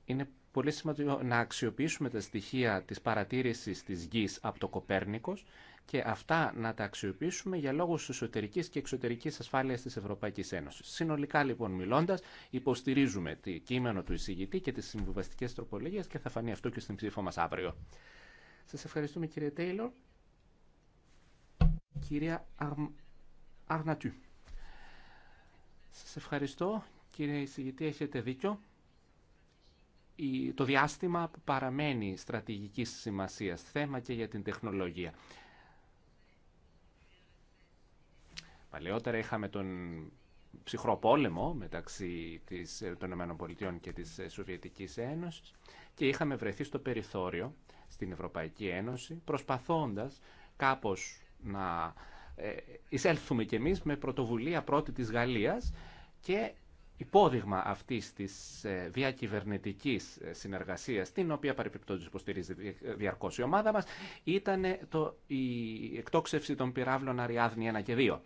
είναι πολύ σημαντικό να αξιοποιήσουμε τα στοιχεία της παρατήρησης της γης από το Κοπέρνικος και αυτά να τα αξιοποιήσουμε για λόγους εσωτερική και εξωτερική ασφάλεια τη Ευρωπαϊκή Ένωση. Συνολικά λοιπόν μιλώντα, υποστηρίζουμε το κείμενο του εισηγητή και τι συμβιβαστικές τροπολογίε και θα φανεί αυτό και στην ψήφο μα αύριο. Σα ευχαριστούμε κύριε Τέιλορ. Κυρία Αρ... Αρνατού. Σας ευχαριστώ. Κύριε εισηγητή, έχετε δίκιο. Το διάστημα που παραμένει στρατηγικής σημασίας θέμα και για την τεχνολογία. Παλαιότερα είχαμε τον ψυχρό πόλεμο μεταξύ της, των ΗΠΑ και της Σοβιετικής Ένωσης και είχαμε βρεθεί στο περιθώριο στην Ευρωπαϊκή Ένωση προσπαθώντας κάπως να ε, εισέλθουμε κι εμείς με πρωτοβουλία πρώτη της Γαλλίας και υπόδειγμα αυτής της ε, διακυβερνητικής ε, συνεργασίας, την οποία παρεπιπτόντως υποστηρίζει διαρκώς η ομάδα μας, ήταν το, η εκτόξευση των πυράβλων Αριάδνη 1 και 2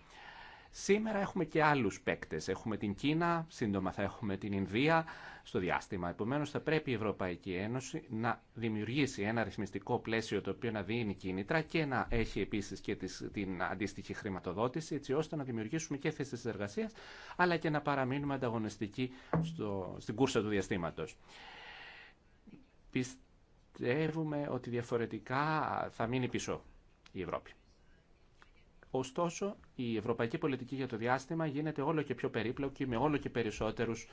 Σήμερα έχουμε και άλλους παίκτε. Έχουμε την Κίνα, σύντομα θα έχουμε την Ινδία στο διάστημα. Επομένω θα πρέπει η Ευρωπαϊκή Ένωση να δημιουργήσει ένα ρυθμιστικό πλαίσιο το οποίο να δίνει κίνητρα και να έχει επίσης και την αντίστοιχη χρηματοδότηση έτσι ώστε να δημιουργήσουμε και θέσεις εργασία, αλλά και να παραμείνουμε ανταγωνιστικοί στο, στην κούρσα του διαστήματο. Πιστεύουμε ότι διαφορετικά θα μείνει πίσω η Ευρώπη. Ωστόσο, η ευρωπαϊκή πολιτική για το διάστημα γίνεται όλο και πιο περίπλοκη με όλο και περισσότερους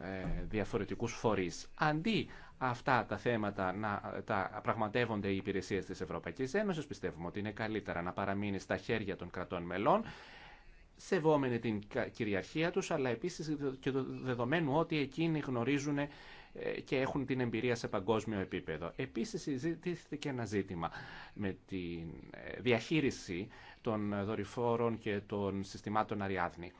ε, διαφορετικούς φορείς. Αντί αυτά τα θέματα να τα πραγματεύονται οι υπηρεσίες της Ευρωπαϊκής Ένωσης, πιστεύουμε ότι είναι καλύτερα να παραμείνει στα χέρια των κρατών μελών, σεβόμενοι την κυριαρχία τους, αλλά επίσης και το δεδομένου ότι εκείνοι γνωρίζουν ε, και έχουν την εμπειρία σε παγκόσμιο επίπεδο. Επίσης συζητήθηκε ένα ζήτημα με τη ε, διαχείριση των δορυφόρων και των συστημάτων Αριάδνη.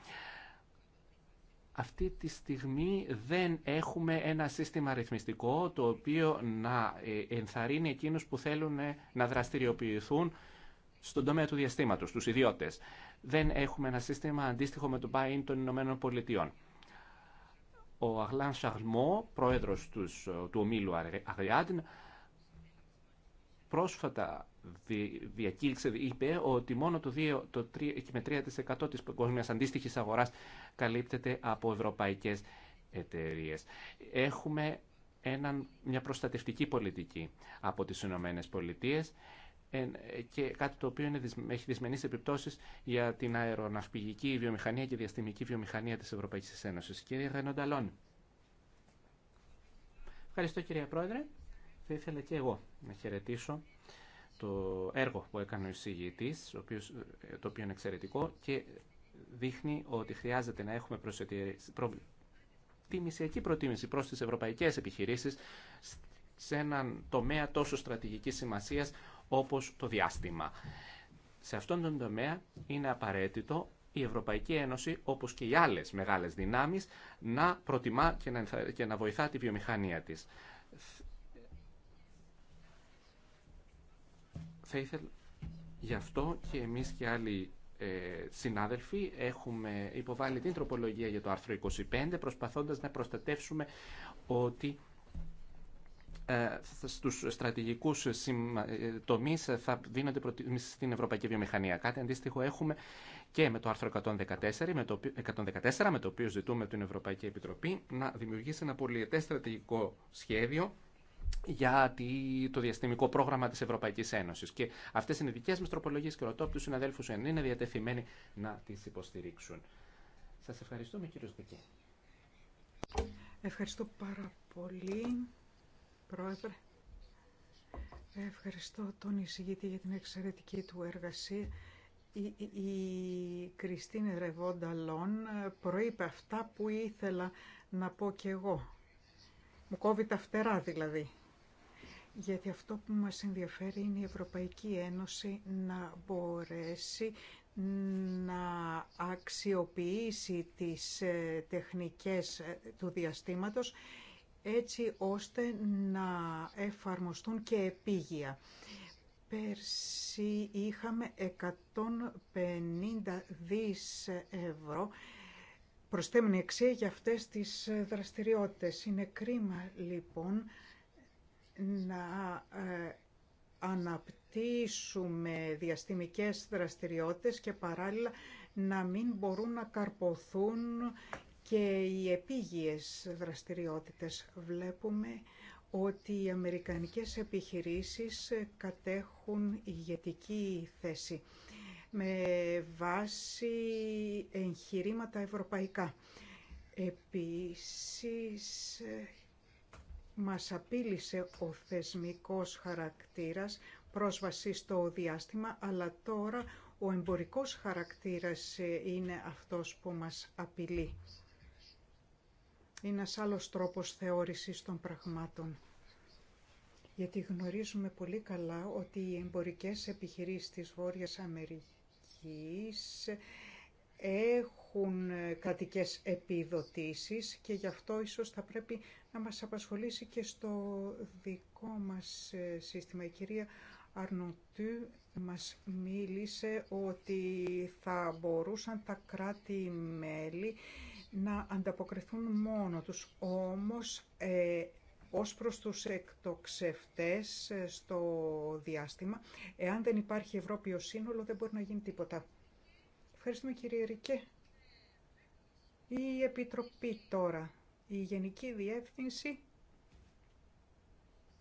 Αυτή τη στιγμή δεν έχουμε ένα σύστημα αριθμιστικό το οποίο να ε, ενθαρρύνει εκείνους που θέλουν ε, να δραστηριοποιηθούν στον τομέα του διαστήματος, τους ιδιώτες. Δεν έχουμε ένα σύστημα αντίστοιχο με το buy των Ηνωμένων Πολιτειών. Ο Αγλάν Σαγλμό, πρόεδρος του, ε, του ομίλου Αριάδνη, πρόσφατα διακήρυξε, είπε ότι μόνο το 2 το 3, και με 3% της παγκόσμια αντίστοιχης αγοράς καλύπτεται από ευρωπαϊκές εταιρείε. Έχουμε έναν, μια προστατευτική πολιτική από τις Ηνωμένε Πολιτείε και κάτι το οποίο είναι, έχει δυσμενείς επιπτώσεις για την αεροναυπηγική βιομηχανία και διαστημική βιομηχανία της Ευρωπαϊκής Ένωσης. Κύριε Γανονταλόν. Ευχαριστώ κυρία Πρόεδρε. Θα ήθελα και εγώ να χαιρετήσω το έργο που έκανε ο εισηγητής, ε, το οποίο είναι εξαιρετικό και δείχνει ότι χρειάζεται να έχουμε προτιμησιακή προτίμηση προς τις ευρωπαϊκές επιχειρήσεις σε έναν τομέα τόσο στρατηγικής σημασίας όπως το διάστημα. Σε αυτόν τον τομέα είναι απαραίτητο η Ευρωπαϊκή Ένωση, όπως και οι άλλες μεγάλες δυνάμεις, να προτιμά και να, βοηθά τη βιομηχανία της. Θα ήθελα γι' αυτό και εμείς και άλλοι ε, συνάδελφοι έχουμε υποβάλει την τροπολογία για το άρθρο 25 προσπαθώντας να προστατεύσουμε ότι ε, στους στρατηγικούς ε, τομείς θα δίνονται προτιμήσεις στην ευρωπαϊκή βιομηχανία. Κάτι αντίστοιχο έχουμε και με το άρθρο 114 με το, οποίο, 114, με το οποίο ζητούμε την Ευρωπαϊκή Επιτροπή να δημιουργήσει ένα πολυετές στρατηγικό σχέδιο για το διαστημικό πρόγραμμα της Ευρωπαϊκής Ένωσης. Και αυτές είναι οι δικές μας τροπολογίες και ρωτώ από τους συναδέλφους αν είναι διατεθειμένοι να τις υποστηρίξουν. Σας ευχαριστούμε κύριο Δουκέ. Ευχαριστώ πάρα πολύ, Πρόεδρε. Ευχαριστώ τον εισηγητή για την εξαιρετική του εργασία. Η, η, η Κριστίνε προείπε αυτά που ήθελα να πω και εγώ μου κόβει τα φτερά δηλαδή. Γιατί αυτό που μας ενδιαφέρει είναι η Ευρωπαϊκή Ένωση να μπορέσει να αξιοποιήσει τις ε, τεχνικές ε, του διαστήματος έτσι ώστε να εφαρμοστούν και επίγεια. Πέρσι είχαμε 150 δις ευρώ προστέμενη αξία για αυτές τις ε, δραστηριότητες. Είναι κρίμα λοιπόν να ε, αναπτύσσουμε διαστημικές δραστηριότητες και παράλληλα να μην μπορούν να καρποθούν και οι επίγειες δραστηριότητες. Βλέπουμε ότι οι αμερικανικές επιχειρήσεις ε, κατέχουν ηγετική θέση με βάση εγχειρήματα ευρωπαϊκά. Επίσης, μας απείλησε ο θεσμικός χαρακτήρας, πρόσβαση στο διάστημα, αλλά τώρα ο εμπορικός χαρακτήρας ε, είναι αυτός που μας απειλεί. Είναι ένας άλλος τρόπος θεώρησης των πραγμάτων. Γιατί γνωρίζουμε πολύ καλά ότι οι εμπορικές επιχειρήσεις της Βόρειας Αμερικής έχουν κρατικές επιδοτήσεις και γι' αυτό ίσως θα πρέπει να μας απασχολήσει και στο δικό μας ε, σύστημα. Η κυρία Αρνοτού μας μίλησε ότι θα μπορούσαν τα κράτη-μέλη να ανταποκριθούν μόνο τους. Όμως ε, ως προς τους εκτοξευτές ε, στο διάστημα, εάν δεν υπάρχει Ευρώπη ως σύνολο δεν μπορεί να γίνει τίποτα. Ευχαριστούμε κύριε Ρικέ. Η Επιτροπή τώρα, η Γενική Διεύθυνση,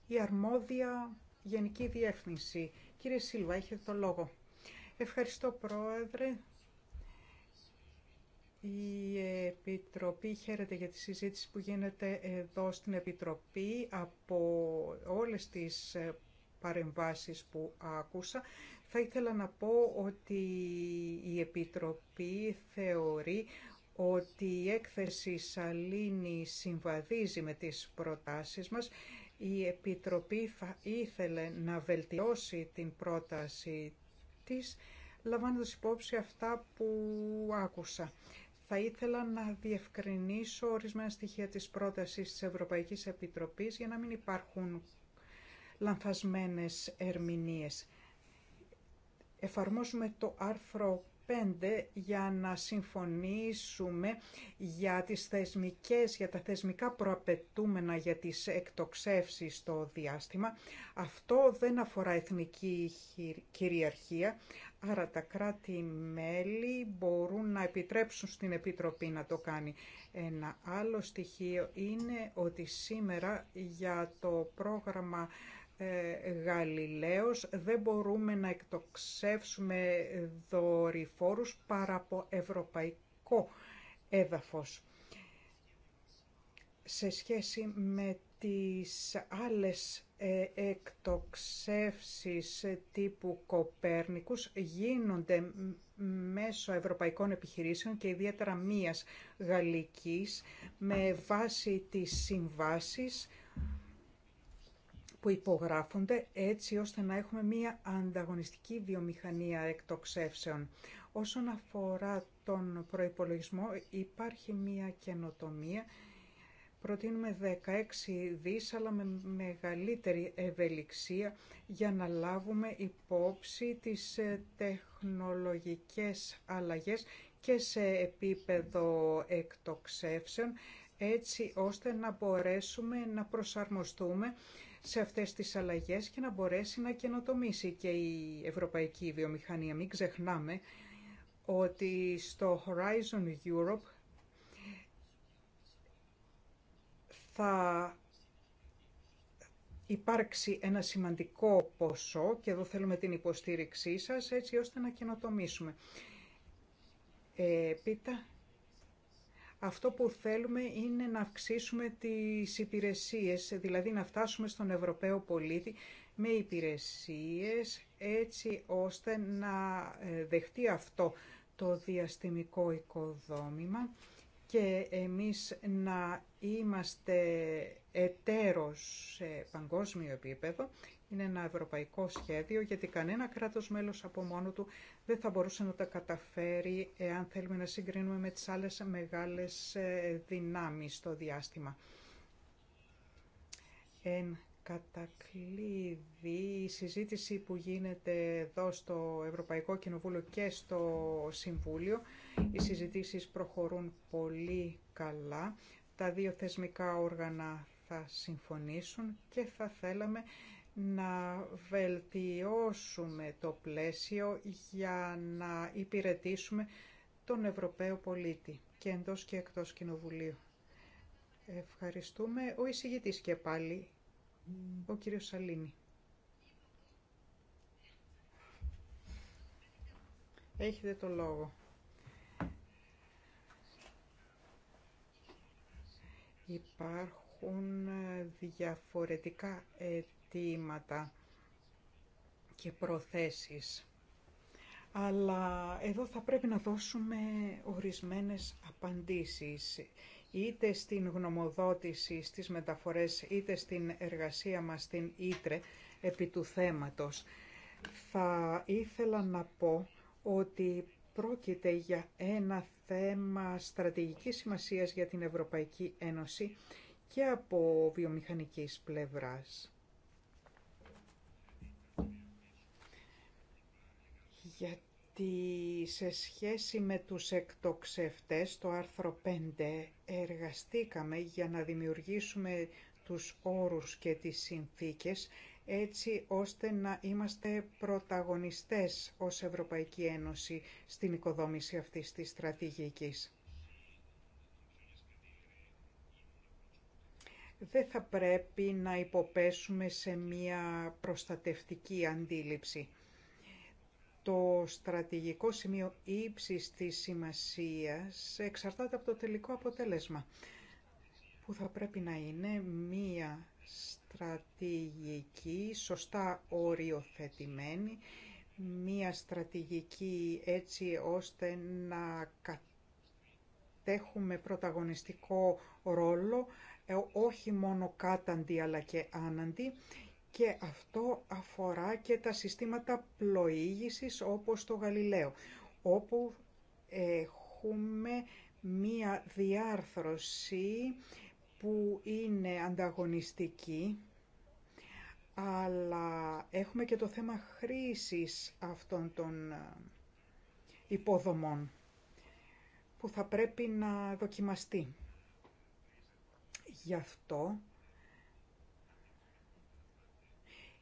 η Αρμόδια Γενική Διεύθυνση. Κύριε Σίλβα, έχετε το λόγο. Ευχαριστώ Πρόεδρε. Η Επιτροπή χαίρεται για τη συζήτηση που γίνεται εδώ στην Επιτροπή από όλες τις παρεμβάσεις που άκουσα. Θα ήθελα να πω ότι η Επιτροπή θεωρεί ότι η έκθεση σαλίνη συμβαδίζει με τις προτάσεις μας. Η Επιτροπή θα ήθελε να βελτιώσει την πρόταση της, λαμβάνοντας υπόψη αυτά που άκουσα. Θα ήθελα να διευκρινίσω ορισμένα στοιχεία της πρότασης της Ευρωπαϊκής Επιτροπής για να μην υπάρχουν λανθασμένες ερμηνείες. Εφαρμόζουμε το άρθρο 5 για να συμφωνήσουμε για, τις θεσμικές, για τα θεσμικά προαπαιτούμενα για τις εκτοξεύσεις στο διάστημα. Αυτό δεν αφορά εθνική κυριαρχία, Άρα τα κράτη-μέλη μπορούν να επιτρέψουν στην Επιτροπή να το κάνει. Ένα άλλο στοιχείο είναι ότι σήμερα για το πρόγραμμα ε, Γαλιλαίος δεν μπορούμε να εκτοξεύσουμε δορυφόρους παρά από ευρωπαϊκό έδαφος. Σε σχέση με τις άλλες ε, εκτοξεύσεις τύπου Κοπέρνικους γίνονται μέσω ευρωπαϊκών επιχειρήσεων και ιδιαίτερα μίας γαλλικής με βάση τις συμβάσεις που υπογράφονται έτσι ώστε να έχουμε μία ανταγωνιστική βιομηχανία εκτοξεύσεων. Όσον αφορά τον προϋπολογισμό υπάρχει μία καινοτομία προτείνουμε 16 δις αλλά με μεγαλύτερη ευελιξία για να λάβουμε υπόψη τις ε, τεχνολογικές αλλαγές και σε επίπεδο εκτοξεύσεων έτσι ώστε να μπορέσουμε να προσαρμοστούμε σε αυτές τις αλλαγές και να μπορέσει να καινοτομήσει και η ευρωπαϊκή βιομηχανία. Μην ξεχνάμε ότι στο Horizon Europe θα υπάρξει ένα σημαντικό ποσό και εδώ θέλουμε την υποστήριξή σας έτσι ώστε να καινοτομήσουμε. Επίτα, αυτό που θέλουμε είναι να αυξήσουμε τις υπηρεσίες, δηλαδή να φτάσουμε στον Ευρωπαίο πολίτη με υπηρεσίες έτσι ώστε να ε, δεχτεί αυτό το διαστημικό οικοδόμημα και εμείς να είμαστε εταίρος σε παγκόσμιο επίπεδο. Είναι ένα ευρωπαϊκό σχέδιο γιατί κανένα κράτος μέλος από μόνο του δεν θα μπορούσε να τα καταφέρει εάν θέλουμε να συγκρίνουμε με τις άλλες μεγάλες ε, δυνάμεις στο διάστημα κατακλείδη η συζήτηση που γίνεται εδώ στο Ευρωπαϊκό Κοινοβούλιο και στο Συμβούλιο. Οι συζητήσεις προχωρούν πολύ καλά. Τα δύο θεσμικά όργανα θα συμφωνήσουν και θα θέλαμε να βελτιώσουμε το πλαίσιο για να υπηρετήσουμε τον Ευρωπαίο πολίτη και εντός και εκτός Κοινοβουλίου. Ευχαριστούμε. Ο εισηγητής και πάλι ο κύριος Σαλίνη. Έχετε το λόγο. Υπάρχουν ε, διαφορετικά αιτήματα και προθέσεις. Αλλά εδώ θα πρέπει να δώσουμε ορισμένες απαντήσεις είτε στην γνωμοδότηση στις μεταφορές είτε στην εργασία μας στην Ήτρε επί του θέματος. Θα ήθελα να πω ότι πρόκειται για ένα θέμα στρατηγικής σημασίας για την Ευρωπαϊκή Ένωση και από βιομηχανικής πλευράς ότι σε σχέση με τους εκτοξευτές, το άρθρο 5, εργαστήκαμε για να δημιουργήσουμε τους όρους και τις συνθήκες έτσι ώστε να είμαστε πρωταγωνιστές ως Ευρωπαϊκή Ένωση στην οικοδόμηση αυτής της στρατηγικής. Δεν θα πρέπει να υποπέσουμε σε μία προστατευτική αντίληψη το στρατηγικό σημείο ύψης της σημασίας εξαρτάται από το τελικό αποτέλεσμα που θα πρέπει να είναι μία στρατηγική σωστά οριοθετημένη, μία στρατηγική έτσι ώστε να κατέχουμε πρωταγωνιστικό ρόλο ε, όχι μόνο κάταντι αλλά και άναντι και αυτό αφορά και τα συστήματα πλοήγησης όπως το Γαλιλαίο, όπου έχουμε μία διάρθρωση που είναι ανταγωνιστική, αλλά έχουμε και το θέμα χρήσης αυτών των υποδομών που θα πρέπει να δοκιμαστεί. Γι' αυτό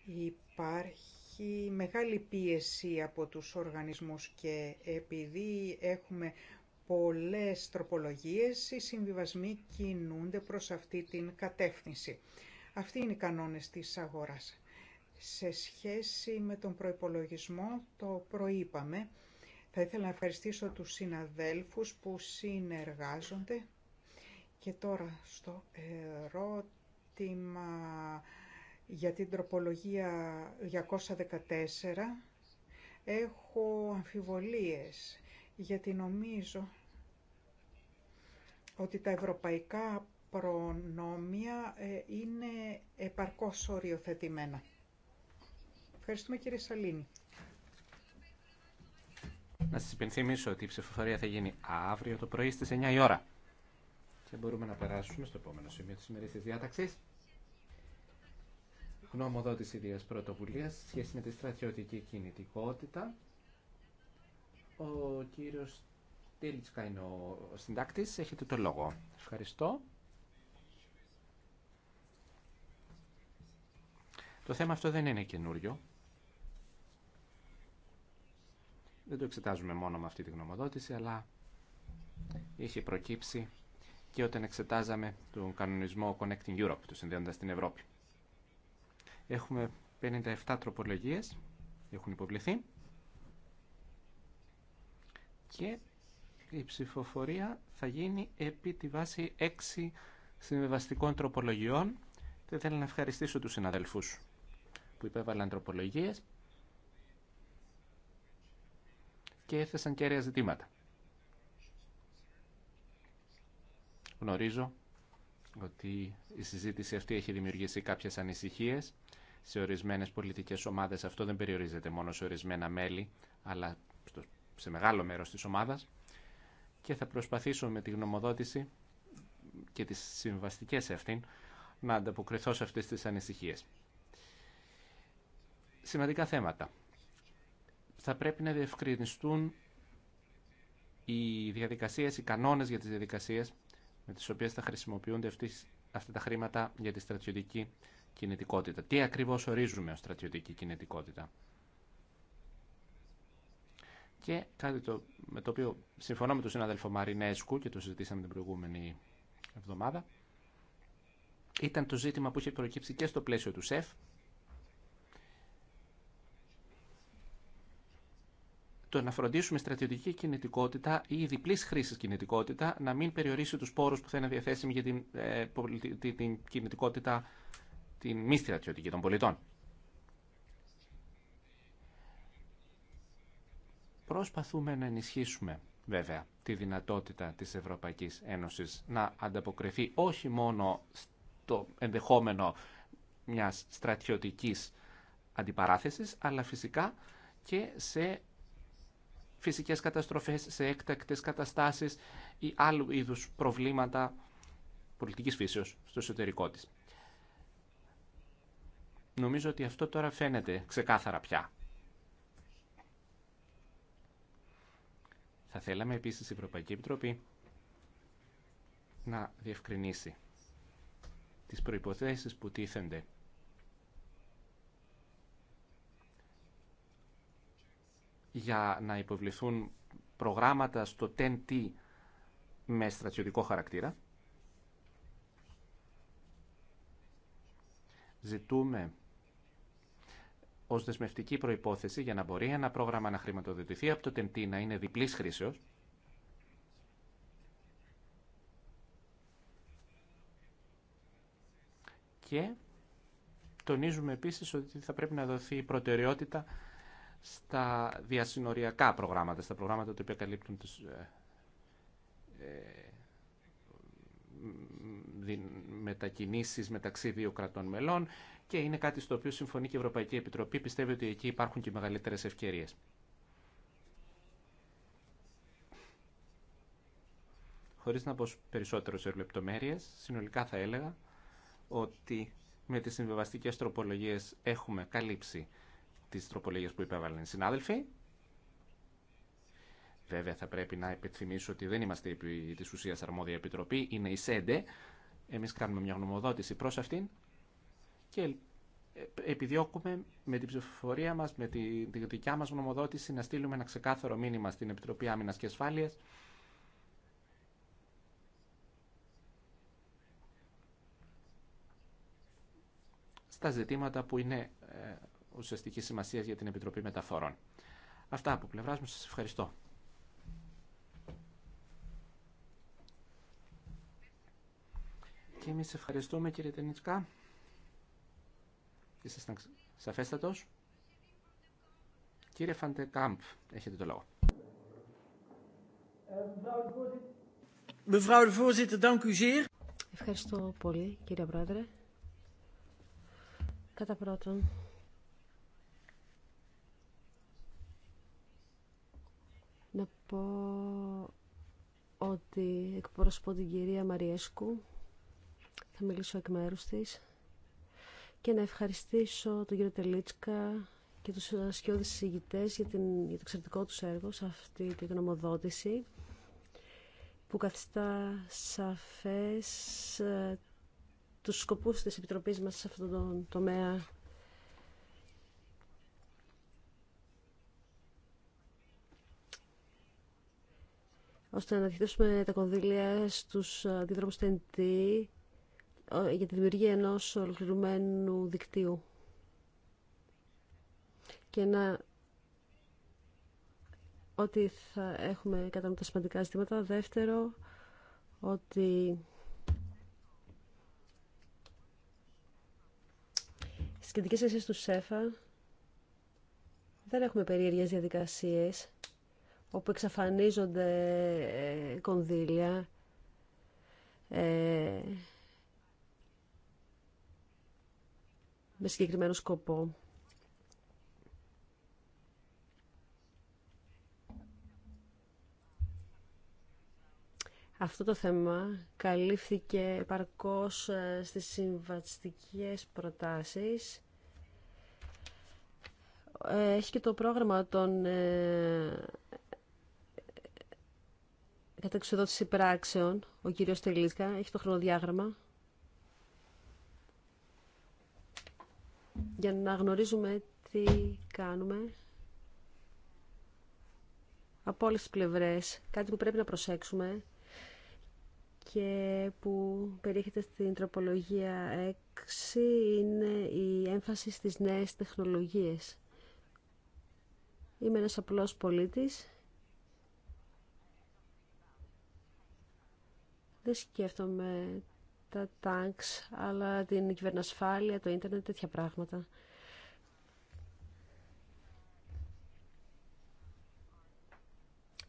Υπάρχει μεγάλη πίεση από τους οργανισμούς και επειδή έχουμε πολλές τροπολογίες, οι συμβιβασμοί κινούνται προς αυτή την κατεύθυνση. Αυτοί είναι οι κανόνες της αγοράς. Σε σχέση με τον προϋπολογισμό, το προείπαμε. Θα ήθελα να ευχαριστήσω τους συναδέλφους που συνεργάζονται. Και τώρα στο ερώτημα για την τροπολογία 214 έχω αμφιβολίες γιατί νομίζω ότι τα ευρωπαϊκά προνόμια ε, είναι επαρκώς οριοθετημένα. Ευχαριστούμε κύριε Σαλίνη. Να σας υπενθυμίσω ότι η ψηφοφορία θα γίνει αύριο το πρωί στις 9 η ώρα. Και μπορούμε να περάσουμε στο επόμενο σημείο της σημερινής διάταξης γνωμοδότηση ιδίας πρωτοβουλίας σχέση με τη στρατιωτική κινητικότητα. Ο κύριος Τίλτσκα είναι ο συντάκτης. Έχετε το λόγο. Ευχαριστώ. Το θέμα αυτό δεν είναι καινούριο. Δεν το εξετάζουμε μόνο με αυτή τη γνωμοδότηση, αλλά είχε προκύψει και όταν εξετάζαμε τον κανονισμό Connecting Europe, του συνδέοντα στην Ευρώπη. Έχουμε 57 τροπολογίες, έχουν υποβληθεί. Και η ψηφοφορία θα γίνει επί τη βάση 6 συμβεβαστικών τροπολογιών. Θέλω θέλω να ευχαριστήσω τους συναδελφούς που υπέβαλαν τροπολογίες και έθεσαν κέρια ζητήματα. Γνωρίζω ότι η συζήτηση αυτή έχει δημιουργήσει κάποιες ανησυχίε σε ορισμένες πολιτικές ομάδες. Αυτό δεν περιορίζεται μόνο σε ορισμένα μέλη, αλλά σε μεγάλο μέρος της ομάδας. Και θα προσπαθήσω με τη γνωμοδότηση και τις συμβαστικές αυτήν να ανταποκριθώ σε αυτές τις ανησυχίες. Σημαντικά θέματα. Θα πρέπει να διευκρινιστούν οι διαδικασίες, οι κανόνες για τις διαδικασίες με τις οποίες θα χρησιμοποιούνται αυτά τα χρήματα για τη στρατιωτική κινητικότητα. Τι ακριβώς ορίζουμε ως στρατιωτική κινητικότητα. Και κάτι με το οποίο συμφωνώ με τον συνάδελφο Μαρινέσκου και το συζητήσαμε την προηγούμενη εβδομάδα, ήταν το ζήτημα που είχε προκύψει και στο πλαίσιο του ΣΕΦ το να φροντίσουμε στρατιωτική κινητικότητα ή διπλής χρήση κινητικότητα να μην περιορίσει τους πόρους που θα είναι διαθέσιμοι για την, ε, την, κινητικότητα μη στρατιωτική των πολιτών. Προσπαθούμε να ενισχύσουμε βέβαια τη δυνατότητα της Ευρωπαϊκής Ένωσης να ανταποκριθεί όχι μόνο στο ενδεχόμενο μιας στρατιωτικής αντιπαράθεσης, αλλά φυσικά και σε φυσικές καταστροφές, σε έκτακτες καταστάσεις ή άλλου είδους προβλήματα πολιτικής φύσεως στο εσωτερικό της. Νομίζω ότι αυτό τώρα φαίνεται ξεκάθαρα πια. Θα θέλαμε επίσης η Ευρωπαϊκή Επιτροπή να διευκρινίσει τις προϋποθέσεις που τίθενται για να υποβληθούν προγράμματα στο TEN-T με στρατιωτικό χαρακτήρα. Ζητούμε ως δεσμευτική προϋπόθεση για να μπορεί ένα πρόγραμμα να χρηματοδοτηθεί από το ten να είναι διπλής χρήσεως και τονίζουμε επίσης ότι θα πρέπει να δοθεί προτεραιότητα στα διασυνοριακά προγράμματα, στα προγράμματα τα οποία καλύπτουν τους, ε, ε, μετακινήσεις μεταξύ δύο κρατών μελών και είναι κάτι στο οποίο συμφωνεί και η Ευρωπαϊκή Επιτροπή. Πιστεύει ότι εκεί υπάρχουν και μεγαλύτερες ευκαιρίες. Χωρίς να πω περισσότερο σε λεπτομέρειες, συνολικά θα έλεγα ότι με τις συμβιβαστικές τροπολογίες έχουμε καλύψει τι τροπολογίε που υπέβαλαν οι συνάδελφοι. Βέβαια θα πρέπει να επιθυμίσω ότι δεν είμαστε επί της ουσίας αρμόδια επιτροπή, είναι η ΣΕΝΤΕ. Εμείς κάνουμε μια γνωμοδότηση προς αυτήν και ε, επιδιώκουμε με την ψηφοφορία μας, με τη, τη δικιά μας γνωμοδότηση να στείλουμε ένα ξεκάθαρο μήνυμα στην Επιτροπή Άμυνα και ασφάλεια. στα ζητήματα που είναι ε, ουσιαστική σημασία για την Επιτροπή Μεταφορών. Αυτά από πλευρά μου. Σα ευχαριστώ. Και εμεί ευχαριστούμε κύριε Τενιτσκά. Ήσασταν σαφέστατο. Κύριε Φαντεκάμπ, έχετε το λόγο. Ευχαριστώ πολύ κύριε Πρόεδρε. Κατά πρώτον, Να πω ότι εκπροσωπώ την κυρία Μαριέσκου. Θα μιλήσω εκ μέρους της. Και να ευχαριστήσω τον κύριο Τελίτσκα και τους ασκιώδεις συζητητές για, την, για το εξαιρετικό τους έργο σε αυτή τη γνωμοδότηση που καθιστά σαφές ε, τους σκοπούς της Επιτροπής μας σε αυτόν τον τομέα ώστε να διαθέσουμε τα κονδύλια στους αντιδρόμους TNT για τη δημιουργία ενός ολοκληρωμένου δικτύου και να ότι θα έχουμε κατά τα σημαντικά ζητήματα. Δεύτερο, ότι στις κεντρικές του ΣΕΦΑ δεν έχουμε περίεργες διαδικασίες όπου εξαφανίζονται ε, κονδύλια ε, με συγκεκριμένο σκοπό. Αυτό το θέμα καλύφθηκε επαρκώς ε, στις συμβατιστικές προτάσεις. Έχει και το πρόγραμμα των εξοδότηση πράξεων, ο κύριος Τελίσκα, έχει το χρονοδιάγραμμα. Για να γνωρίζουμε τι κάνουμε από όλες τις πλευρές, κάτι που πρέπει να προσέξουμε και που περιέχεται στην τροπολογία 6 είναι η έμφαση στις νέες τεχνολογίες. Είμαι ένας απλός πολίτης Δεν σκέφτομαι τα τάγκς, αλλά την κυβερνασφάλεια, το ίντερνετ, τέτοια πράγματα.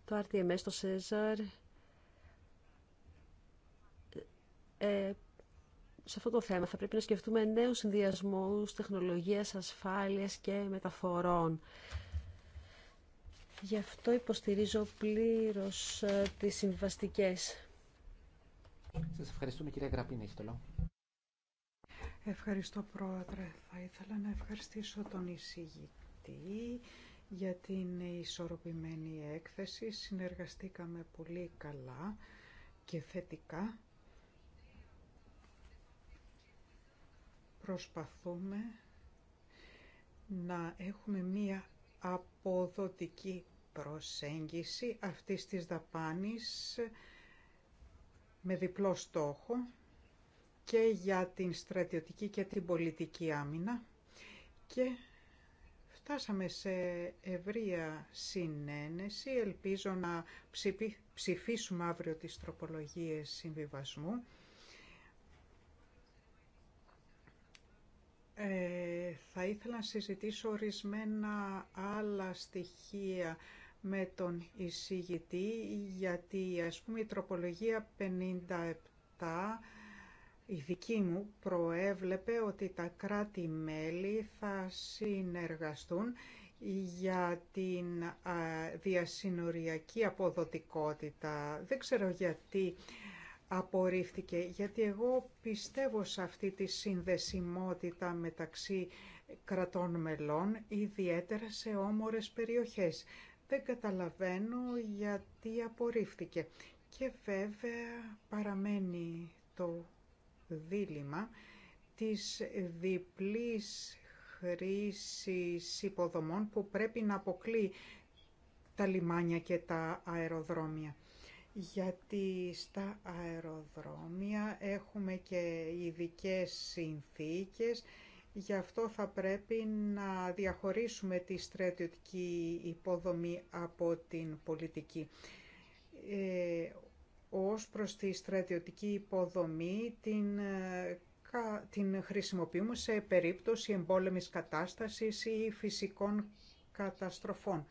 Το RTMS, το Σέζαρ. Ε, σε αυτό το θέμα θα πρέπει να σκεφτούμε νέους συνδυασμούς τεχνολογίας, ασφάλειας και μεταφορών. Γι' αυτό υποστηρίζω πλήρως ε, τις συμβαστικές σας ευχαριστούμε κυρία Γραπίνη, Ευχαριστώ πρόεδρε. Θα ήθελα να ευχαριστήσω τον εισηγητή για την ισορροπημένη έκθεση. Συνεργαστήκαμε πολύ καλά και θετικά. Προσπαθούμε να έχουμε μία αποδοτική προσέγγιση αυτής της δαπάνης με διπλό στόχο και για την στρατιωτική και την πολιτική άμυνα και φτάσαμε σε ευρεία συνένεση. Ελπίζω να ψηφίσουμε αύριο τις τροπολογίες συμβιβασμού. Ε, θα ήθελα να συζητήσω ορισμένα άλλα στοιχεία με τον εισηγητή γιατί ας πούμε η τροπολογία 57 η δική μου προέβλεπε ότι τα κράτη-μέλη θα συνεργαστούν για την διασυνοριακή αποδοτικότητα. Δεν ξέρω γιατί απορρίφθηκε, γιατί εγώ πιστεύω σε αυτή τη συνδεσιμότητα μεταξύ κρατών μελών, ιδιαίτερα σε όμορες περιοχές. Δεν καταλαβαίνω γιατί απορρίφθηκε. Και βέβαια παραμένει το δίλημα της διπλής χρήσης υποδομών που πρέπει να αποκλεί τα λιμάνια και τα αεροδρόμια. Γιατί στα αεροδρόμια έχουμε και ειδικέ συνθήκες Γι' αυτό θα πρέπει να διαχωρίσουμε τη στρατιωτική υπόδομη από την πολιτική. Ε, ως προς τη στρατιωτική υποδομή την, ε, την χρησιμοποιούμε σε περίπτωση εμπόλεμης κατάστασης ή φυσικών καταστροφών.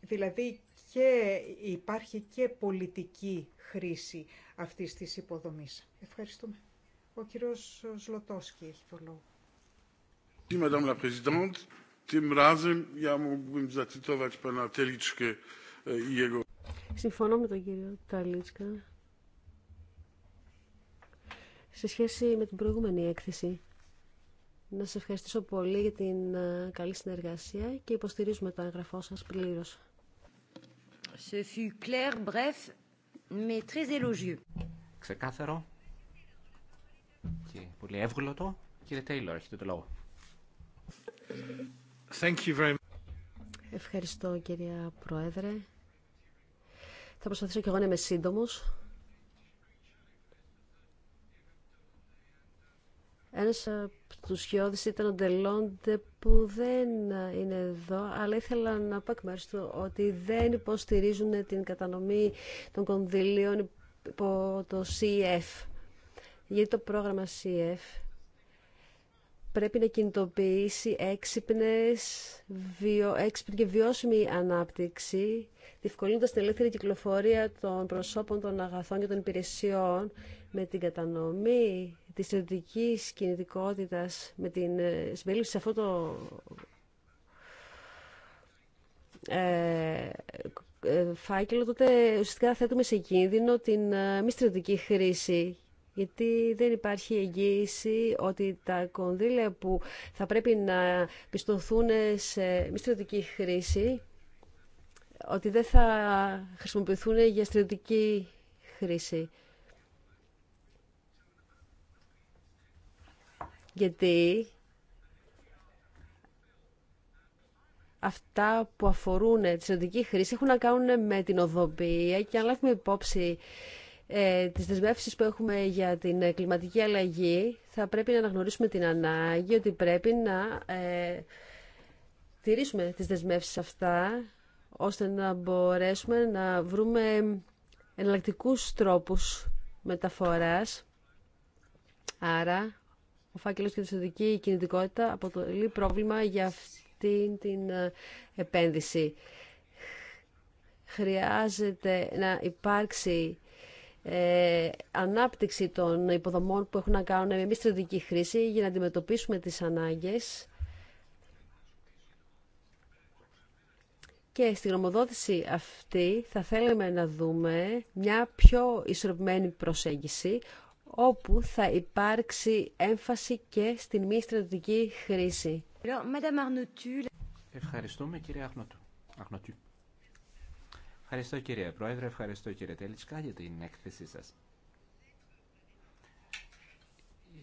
Δηλαδή και υπάρχει και πολιτική χρήση αυτής της υποδομής. Ευχαριστούμε. Ο κύριος Ζλωτόσκι έχει το λόγο. E, Συμφωνώ με τον κύριο Ταλίτσκα. Σε σχέση με την προηγούμενη έκθεση, να σας ευχαριστήσω πολύ για την ε, καλή συνεργασία και υποστηρίζουμε το εγγραφό σας πλήρως. Ξεκάθαρο, πολύ εύγλωτο. Κύριε Τέιλορ, έχετε το λόγο. Thank you very Ευχαριστώ κυρία Πρόεδρε. Θα προσπαθήσω και εγώ να είμαι σύντομος. Ένας από τους ήταν ο Ντελόντε που δεν είναι εδώ, αλλά ήθελα να πω εκ μέρους του ότι δεν υποστηρίζουν την κατανομή των κονδυλίων υπό το CF γιατί το πρόγραμμα CF πρέπει να κινητοποιήσει έξυπνες, βιο, έξυπνη και βιώσιμη ανάπτυξη, διευκολύνοντας την ελεύθερη κυκλοφορία των προσώπων, των αγαθών και των υπηρεσιών με την κατανομή της ιδιωτικής κινητικότητας, με την ε, συμπερίληψη σε αυτό το ε, ε, φάκελο, τότε ουσιαστικά θέτουμε σε κίνδυνο την μη στρατιωτική χρήση γιατί δεν υπάρχει εγγύηση ότι τα κονδύλια που θα πρέπει να πιστωθούν σε μη στρατιωτική χρήση, ότι δεν θα χρησιμοποιηθούν για στρατιωτική χρήση. Γιατί αυτά που αφορούν τη στρατιωτική χρήση έχουν να κάνουν με την οδοποιία και αν λάβουμε υπόψη ε, τις δεσμεύσεις που έχουμε για την ε, κλιματική αλλαγή θα πρέπει να αναγνωρίσουμε την ανάγκη ότι πρέπει να ε, τηρήσουμε τις δεσμεύσεις αυτά ώστε να μπορέσουμε να βρούμε εναλλακτικούς τρόπους μεταφοράς. Άρα, ο φάκελος και η σωδική κινητικότητα αποτελεί πρόβλημα για αυτή την ε, επένδυση. Χρειάζεται να υπάρξει ε, ανάπτυξη των υποδομών που έχουν να κάνουν με μη στρατηγική χρήση για να αντιμετωπίσουμε τις ανάγκες Και στην γνωμοδότηση αυτή θα θέλαμε να δούμε μια πιο ισορροπημένη προσέγγιση όπου θα υπάρξει έμφαση και στην μη στρατιωτική χρήση. Ευχαριστούμε κύριε Αχνοτού. Ευχαριστώ κύριε Πρόεδρε, ευχαριστώ κύριε Τέλισκα για την έκθεσή σας.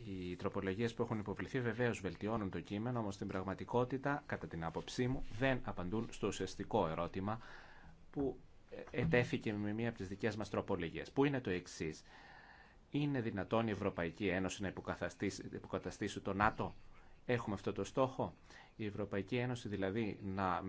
Οι τροπολογίε που έχουν υποβληθεί βεβαίω βελτιώνουν το κείμενο, όμω στην πραγματικότητα, κατά την άποψή μου, δεν απαντούν στο ουσιαστικό ερώτημα που ετέθηκε με μία από τι δικέ μα τροπολογίε, που είναι το εξή. Είναι δυνατόν η Ευρωπαϊκή Ένωση να υποκαταστήσει, υποκαταστήσει το ΝΑΤΟ. Έχουμε αυτό το στόχο η Ευρωπαϊκή Ένωση δηλαδή να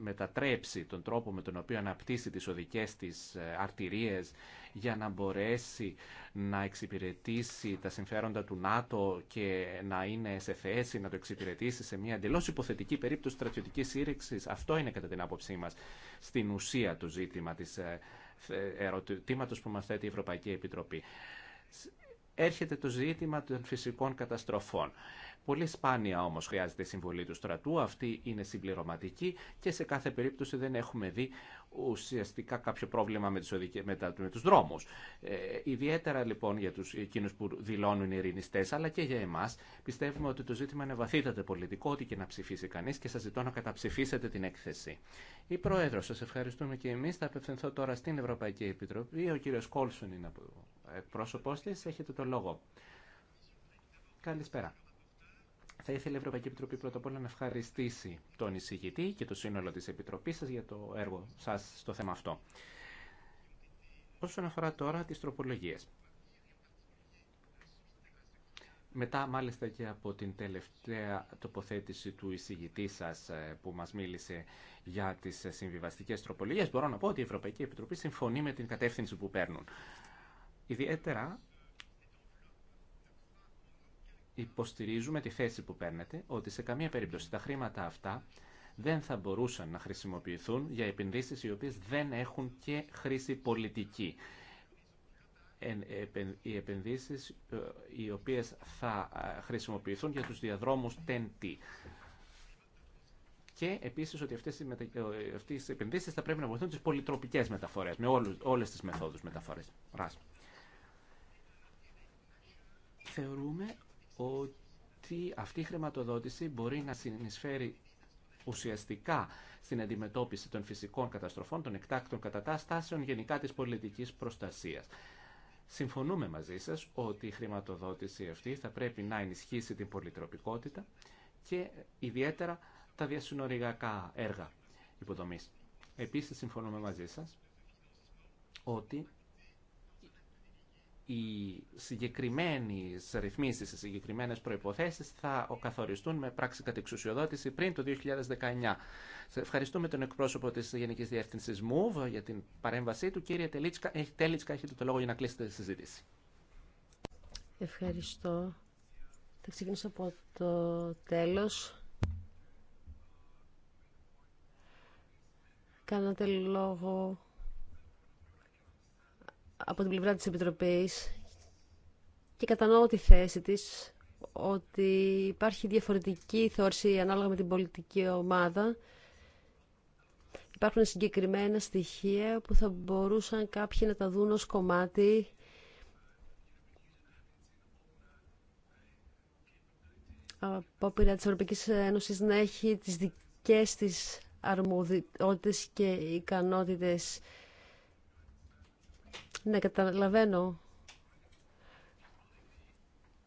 μετατρέψει τον τρόπο με τον οποίο αναπτύσσει τις οδικές της ε, αρτηρίες για να μπορέσει να εξυπηρετήσει τα συμφέροντα του ΝΑΤΟ και να είναι σε θέση να το εξυπηρετήσει σε μια εντελώ υποθετική περίπτωση στρατιωτική σύρρηξης. Αυτό είναι κατά την άποψή μας στην ουσία το ζήτημα της ε, ερωτήματος που μας θέτει η Ευρωπαϊκή Επιτροπή. Έρχεται το ζήτημα των φυσικών καταστροφών. Πολύ σπάνια όμω χρειάζεται η συμβολή του στρατού, αυτή είναι συμπληρωματική και σε κάθε περίπτωση δεν έχουμε δει ουσιαστικά κάποιο πρόβλημα με, τις με, τα, τους δρόμους. Ε, ιδιαίτερα λοιπόν για τους εκείνους που δηλώνουν ειρηνιστές, αλλά και για εμάς, πιστεύουμε ότι το ζήτημα είναι βαθύτατο πολιτικό, ό,τι και να ψηφίσει κανείς και σας ζητώ να καταψηφίσετε την έκθεση. Η πρόεδρο, σας ευχαριστούμε και εμείς. Θα απευθυνθώ τώρα στην Ευρωπαϊκή Επιτροπή. Ο κύριος Κόλσον είναι ο πρόσωπός της. Έχετε το λόγο. Καλησπέρα. Θα ήθελε η Ευρωπαϊκή Επιτροπή πρώτα απ' όλα να ευχαριστήσει τον εισηγητή και το σύνολο της Επιτροπής σα για το έργο σας στο θέμα αυτό. Όσον αφορά τώρα τι τροπολογίες. Μετά μάλιστα και από την τελευταία τοποθέτηση του εισηγητή σας ε, που μας μίλησε για τις συμβιβαστικές τροπολογίες, μπορώ να πω ότι η Ευρωπαϊκή Επιτροπή συμφωνεί με την κατεύθυνση που παίρνουν. Ιδιαίτερα υποστηρίζουμε τη θέση που παίρνετε ότι σε καμία περίπτωση τα χρήματα αυτά δεν θα μπορούσαν να χρησιμοποιηθούν για επενδύσεις οι οποίες δεν έχουν και χρήση πολιτική. Οι επενδύσεις ε, οι οποίες θα ε, χρησιμοποιηθούν για τους διαδρόμους Και επίσης ότι αυτές οι, μετα... Ε, αυτές επενδύσεις θα πρέπει να βοηθούν τις πολυτροπικές μεταφορές, με όλους, όλες τις μεθόδους μεταφορές. Ράς. Θεωρούμε ότι αυτή η χρηματοδότηση μπορεί να συνεισφέρει ουσιαστικά στην αντιμετώπιση των φυσικών καταστροφών, των εκτάκτων καταστάσεων, γενικά της πολιτικής προστασίας. Συμφωνούμε μαζί σας ότι η χρηματοδότηση αυτή θα πρέπει να ενισχύσει την πολυτροπικότητα και ιδιαίτερα τα διασυνοριακά έργα υποδομής. Επίσης συμφωνούμε μαζί σας ότι οι συγκεκριμένε ρυθμίσει, οι συγκεκριμένε προποθέσει θα καθοριστούν με πράξη κατεξουσιοδότηση πριν το 2019. Σε ευχαριστούμε τον εκπρόσωπο τη Γενική Διεύθυνση ΜΟΥΒ για την παρέμβασή του. Κύριε Τελίτσκα, Τελίτσκα, έχετε το λόγο για να κλείσετε τη συζήτηση. Ευχαριστώ. Θα ξεκινήσω από το τέλος. Κάνατε λόγο από την πλευρά της Επιτροπής και κατανοώ τη θέση της ότι υπάρχει διαφορετική θεώρηση ανάλογα με την πολιτική ομάδα. Υπάρχουν συγκεκριμένα στοιχεία που θα μπορούσαν κάποιοι να τα δουν ως κομμάτι πειρά της Ευρωπαϊκής Ένωσης να έχει τις δικές της αρμοδιότητες και ικανότητες ναι, καταλαβαίνω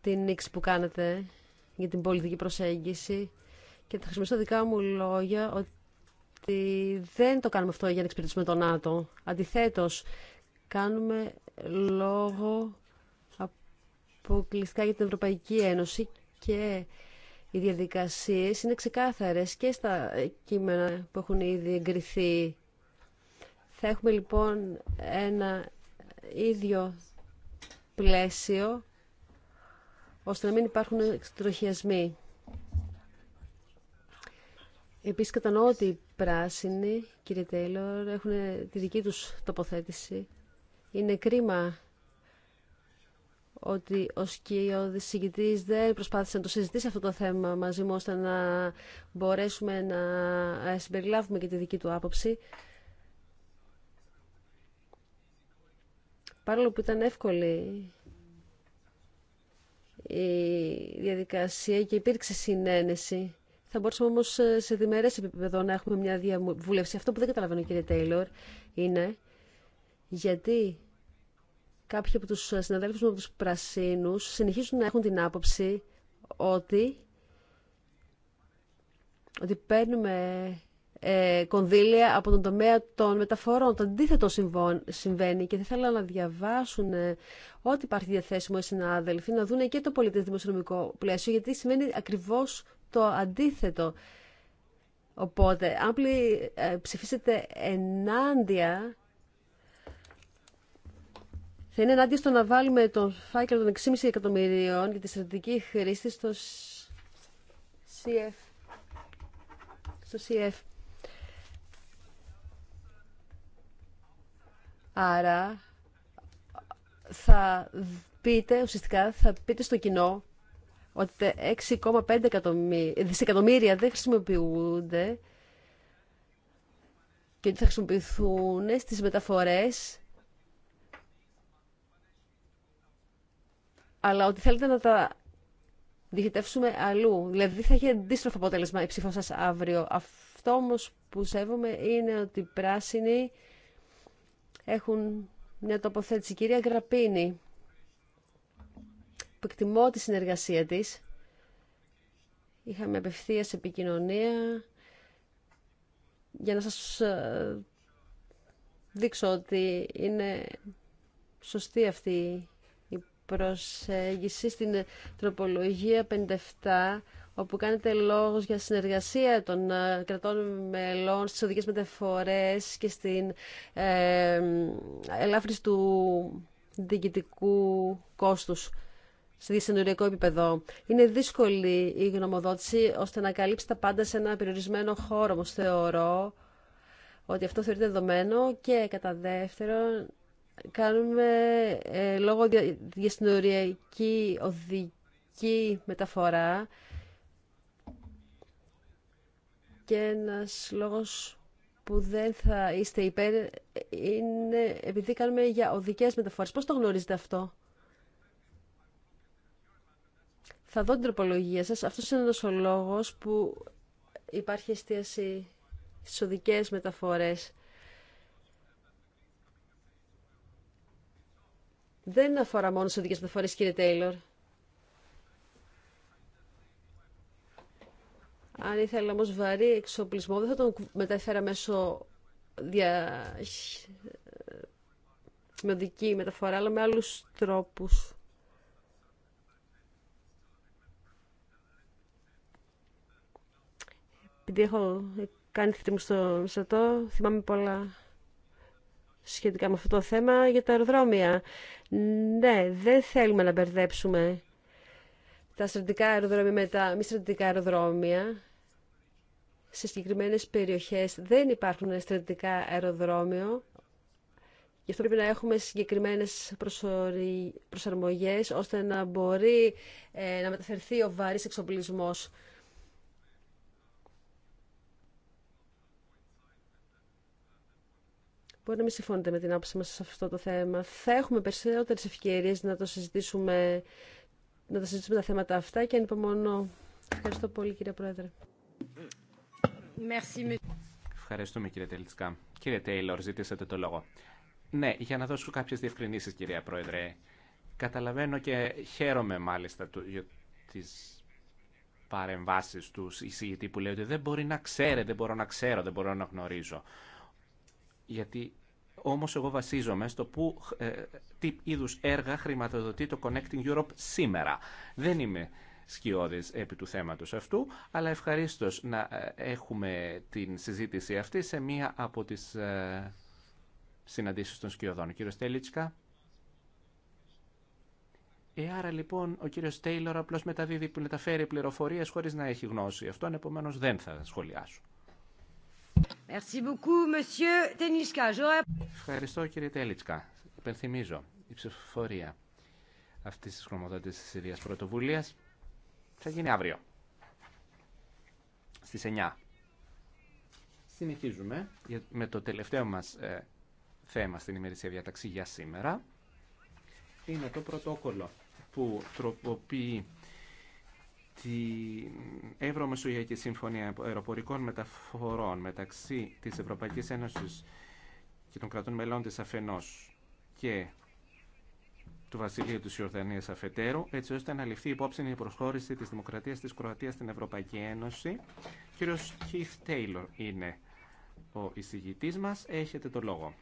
την νίξη που κάνετε για την πολιτική προσέγγιση και θα χρησιμοποιήσω δικά μου λόγια ότι δεν το κάνουμε αυτό για να εξυπηρετήσουμε τον ΝΑΤΟ. Αντιθέτως, κάνουμε λόγο αποκλειστικά για την Ευρωπαϊκή Ένωση και οι διαδικασίες είναι ξεκάθαρες και στα κείμενα που έχουν ήδη εγκριθεί. Θα έχουμε λοιπόν ένα ίδιο πλαίσιο ώστε να μην υπάρχουν εκτροχιασμοί. Επίσης κατανοώ ότι οι πράσινοι, κύριε Τέιλορ, έχουν τη δική τους τοποθέτηση. Είναι κρίμα ότι ο σκιώδης συγκητής δεν προσπάθησε να το συζητήσει αυτό το θέμα μαζί μου ώστε να μπορέσουμε να συμπεριλάβουμε και τη δική του άποψη. παρόλο που ήταν εύκολη η διαδικασία και υπήρξε συνένεση. Θα μπορούσαμε όμω ε, σε διμερέ επίπεδο να έχουμε μια διαβούλευση. Αυτό που δεν καταλαβαίνω, κύριε Τέιλορ, είναι γιατί κάποιοι από τους συναδέλφους μου από τους πρασίνους συνεχίζουν να έχουν την άποψη ότι, ότι παίρνουμε ε, κονδύλια από τον τομέα των μεταφορών. Το αντίθετο συμβαίνει και θα ήθελα να διαβάσουν ε, ό,τι υπάρχει διαθέσιμο οι συνάδελφοι, να δουν και το πολιτικό δημοσιονομικό πλαίσιο, γιατί σημαίνει ακριβώς το αντίθετο. Οπότε, αν ε, ψηφίσετε ενάντια, θα είναι ενάντια στο να βάλουμε τον φάκελο των 6,5 εκατομμυρίων για τη στρατηγική χρήση στο CF. Στο CF. Άρα θα πείτε, ουσιαστικά θα πείτε στο κοινό ότι 6,5 δισεκατομμύρια δεν χρησιμοποιούνται και ότι θα χρησιμοποιηθούν στις μεταφορές αλλά ότι θέλετε να τα διοχετεύσουμε αλλού. Δηλαδή θα έχει αντίστροφο αποτέλεσμα η ψήφα σας αύριο. Αυτό όμως που σέβομαι είναι ότι οι πράσινοι έχουν μια τοποθέτηση. Κυρία Γραπίνη, που εκτιμώ τη συνεργασία της, είχαμε απευθεία επικοινωνία για να σας ε, δείξω ότι είναι σωστή αυτή η προσέγγιση στην τροπολογία 57 όπου κάνετε λόγους για συνεργασία των ε, κρατών μελών στις οδικές μεταφορές και στην ε, ελάφρυνση του διοικητικού κόστους σε διασυνοριακό επίπεδο. Είναι δύσκολη η γνωμοδότηση ώστε να καλύψει τα πάντα σε ένα περιορισμένο χώρο, όμως θεωρώ ότι αυτό θεωρείται δεδομένο και κατά δεύτερον κάνουμε ε, λόγω διασυνοριακή οδική μεταφορά και ένας λόγος που δεν θα είστε υπέρ είναι επειδή κάνουμε για οδικές μεταφορές. Πώς το γνωρίζετε αυτό? Θα δω την τροπολογία σας. Αυτός είναι ένας ο λόγος που υπάρχει εστίαση στις οδικές μεταφορές. Δεν αφορά μόνο στις οδικές μεταφορές, κύριε Τέιλορ. Αν ήθελα όμω βαρύ εξοπλισμό, δεν θα τον μετέφερα μέσω δια... με δική μεταφορά, αλλά με άλλους τρόπους. Επειδή έχω κάνει μου στο στρατό, θυμάμαι πολλά σχετικά με αυτό το θέμα για τα αεροδρόμια. Ναι, δεν θέλουμε να μπερδέψουμε τα στρατικά αεροδρόμια με τα μη στρατικά αεροδρόμια σε συγκεκριμένες περιοχές δεν υπάρχουν στρατητικά αεροδρόμιο. Γι' αυτό πρέπει να έχουμε συγκεκριμένες προσαρμογές ώστε να μπορεί ε, να μεταφερθεί ο βαρύς εξοπλισμός. Μπορεί να μην συμφωνείτε με την άποψή μας σε αυτό το θέμα. Θα έχουμε περισσότερες ευκαιρίες να το συζητήσουμε, να τα συζητήσουμε τα θέματα αυτά και ανυπομονώ. Ευχαριστώ πολύ κύριε Πρόεδρε. Ευχαριστούμε κύριε Τελτσκά. Κύριε Τέιλορ, ζήτησατε το λόγο. Ναι, για να δώσω κάποιε διευκρινήσει, κυρία Πρόεδρε. Καταλαβαίνω και χαίρομαι μάλιστα για τι παρεμβάσει του εισηγητή που λέει ότι δεν μπορεί να ξέρει, δεν μπορώ να ξέρω, δεν μπορώ να γνωρίζω. Γιατί όμω εγώ βασίζομαι στο που, ε, τι είδου έργα χρηματοδοτεί το Connecting Europe σήμερα. Δεν είμαι σκιώδης επί του θέματος αυτού, αλλά ευχαρίστως να ε, έχουμε την συζήτηση αυτή σε μία από τις ε, συναντήσεις των σκιωδών. Κύριο κύριος Ε, άρα λοιπόν ο κύριος Τέιλορ απλώς μεταδίδει που μεταφέρει πληροφορίες χωρίς να έχει γνώση. Αυτόν επομένως δεν θα σχολιάσω. Ευχαριστώ κύριε Τέλιτσκα. Υπενθυμίζω η ψηφοφορία αυτής της χρωμοδότησης της ίδιας πρωτοβουλίας θα γίνει αύριο. στι 9. Συνεχίζουμε με το τελευταίο μας ε, θέμα στην ημερησία διαταξή για σήμερα. Είναι το πρωτόκολλο που τροποποιεί την Ευρωμεσογειακή Συμφωνία Αεροπορικών Μεταφορών μεταξύ της Ευρωπαϊκής Ένωσης και των κρατών μελών της αφενός και του Βασιλείου τη Ιορδανία αφετέρου, έτσι ώστε να ληφθεί υπόψη η προσχώρηση της Δημοκρατίας της Κροατία στην Ευρωπαϊκή Ένωση. Κύριο κύριος Keith είναι ο εισηγητή μας. Έχετε το λόγο.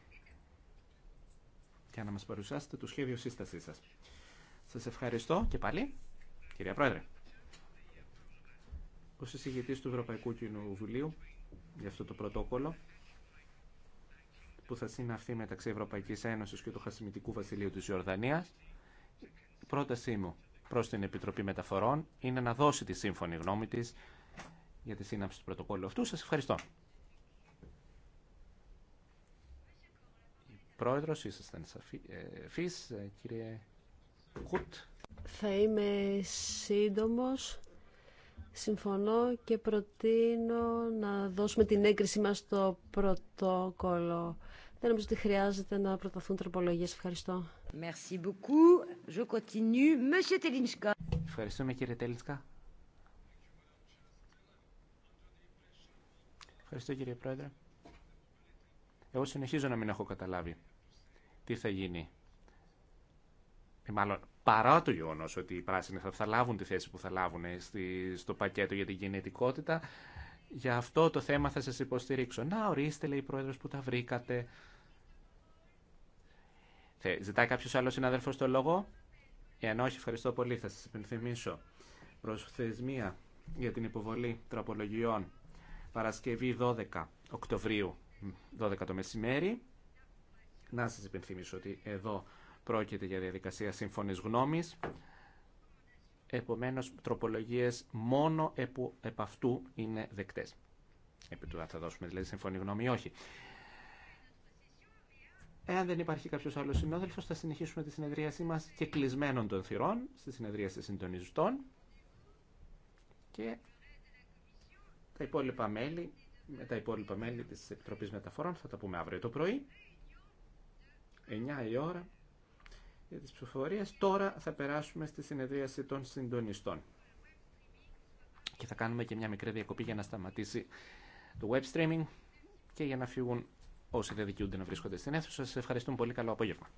Για να μα παρουσιάσετε το σχέδιο σύστασή σα. Σας ευχαριστώ και πάλι, κυρία Πρόεδρε. Ως εισηγητής του Ευρωπαϊκού Κοινοβουλίου για αυτό το πρωτόκολλο, που θα συναυθεί μεταξύ Ευρωπαϊκή Ένωσης και του Χασιμητικού Βασιλείου της Ιορδανίας. Η πρότασή μου προ την Επιτροπή Μεταφορών είναι να δώσει τη σύμφωνη γνώμη τη για τη σύναψη του πρωτοκόλλου αυτού. Σα ευχαριστώ. Πρόεδρος, ήσασταν ε, ε, κύριε Κουτ. Θα είμαι σύντομος. Συμφωνώ και προτείνω να δώσουμε την έγκριση μας στο πρωτόκολλο. Δεν νομίζω ότι χρειάζεται να προταθούν τροπολογίες. Ευχαριστώ. Merci beaucoup. Je continue. Monsieur Telinska. Ευχαριστούμε κύριε Τέλισκα. Ευχαριστώ κύριε Πρόεδρε. Εγώ συνεχίζω να μην έχω καταλάβει τι θα γίνει. Ε, μάλλον παρά το γεγονό ότι οι πράσινοι θα, θα λάβουν τη θέση που θα λάβουν στο πακέτο για την γενετικότητα, για αυτό το θέμα θα σας υποστηρίξω. Να ορίστε, λέει η πρόεδρος, που τα βρήκατε. Ζητάει κάποιος άλλος συνάδελφος το λόγο. Εάν όχι, ευχαριστώ πολύ. Θα σας υπενθυμίσω. θεσμία για την υποβολή τροπολογιών. Παρασκευή 12 Οκτωβρίου, 12 το μεσημέρι. Να σας υπενθυμίσω ότι εδώ πρόκειται για διαδικασία σύμφωνης γνώμης επομένως τροπολογίες μόνο επ' αυτού είναι δεκτές. Επί του θα δώσουμε δηλαδή συμφωνή γνώμη ή όχι. Εάν δεν υπάρχει κάποιο άλλο συνάδελφο, θα συνεχίσουμε τη συνεδρίασή μα και κλεισμένων των θυρών, στη συνεδρίαση συντονιστών. Και τα υπόλοιπα μέλη, με τα υπόλοιπα μέλη της Επιτροπής Μεταφορών θα τα πούμε αύριο το πρωί, 9 η ώρα, για τις ψηφοφορίες. Τώρα θα περάσουμε στη συνεδρίαση των συντονιστών. Και θα κάνουμε και μια μικρή διακοπή για να σταματήσει το web streaming και για να φύγουν όσοι δεν δικαιούνται να βρίσκονται στην αίθουσα. Σας ευχαριστούμε πολύ. Καλό απόγευμα.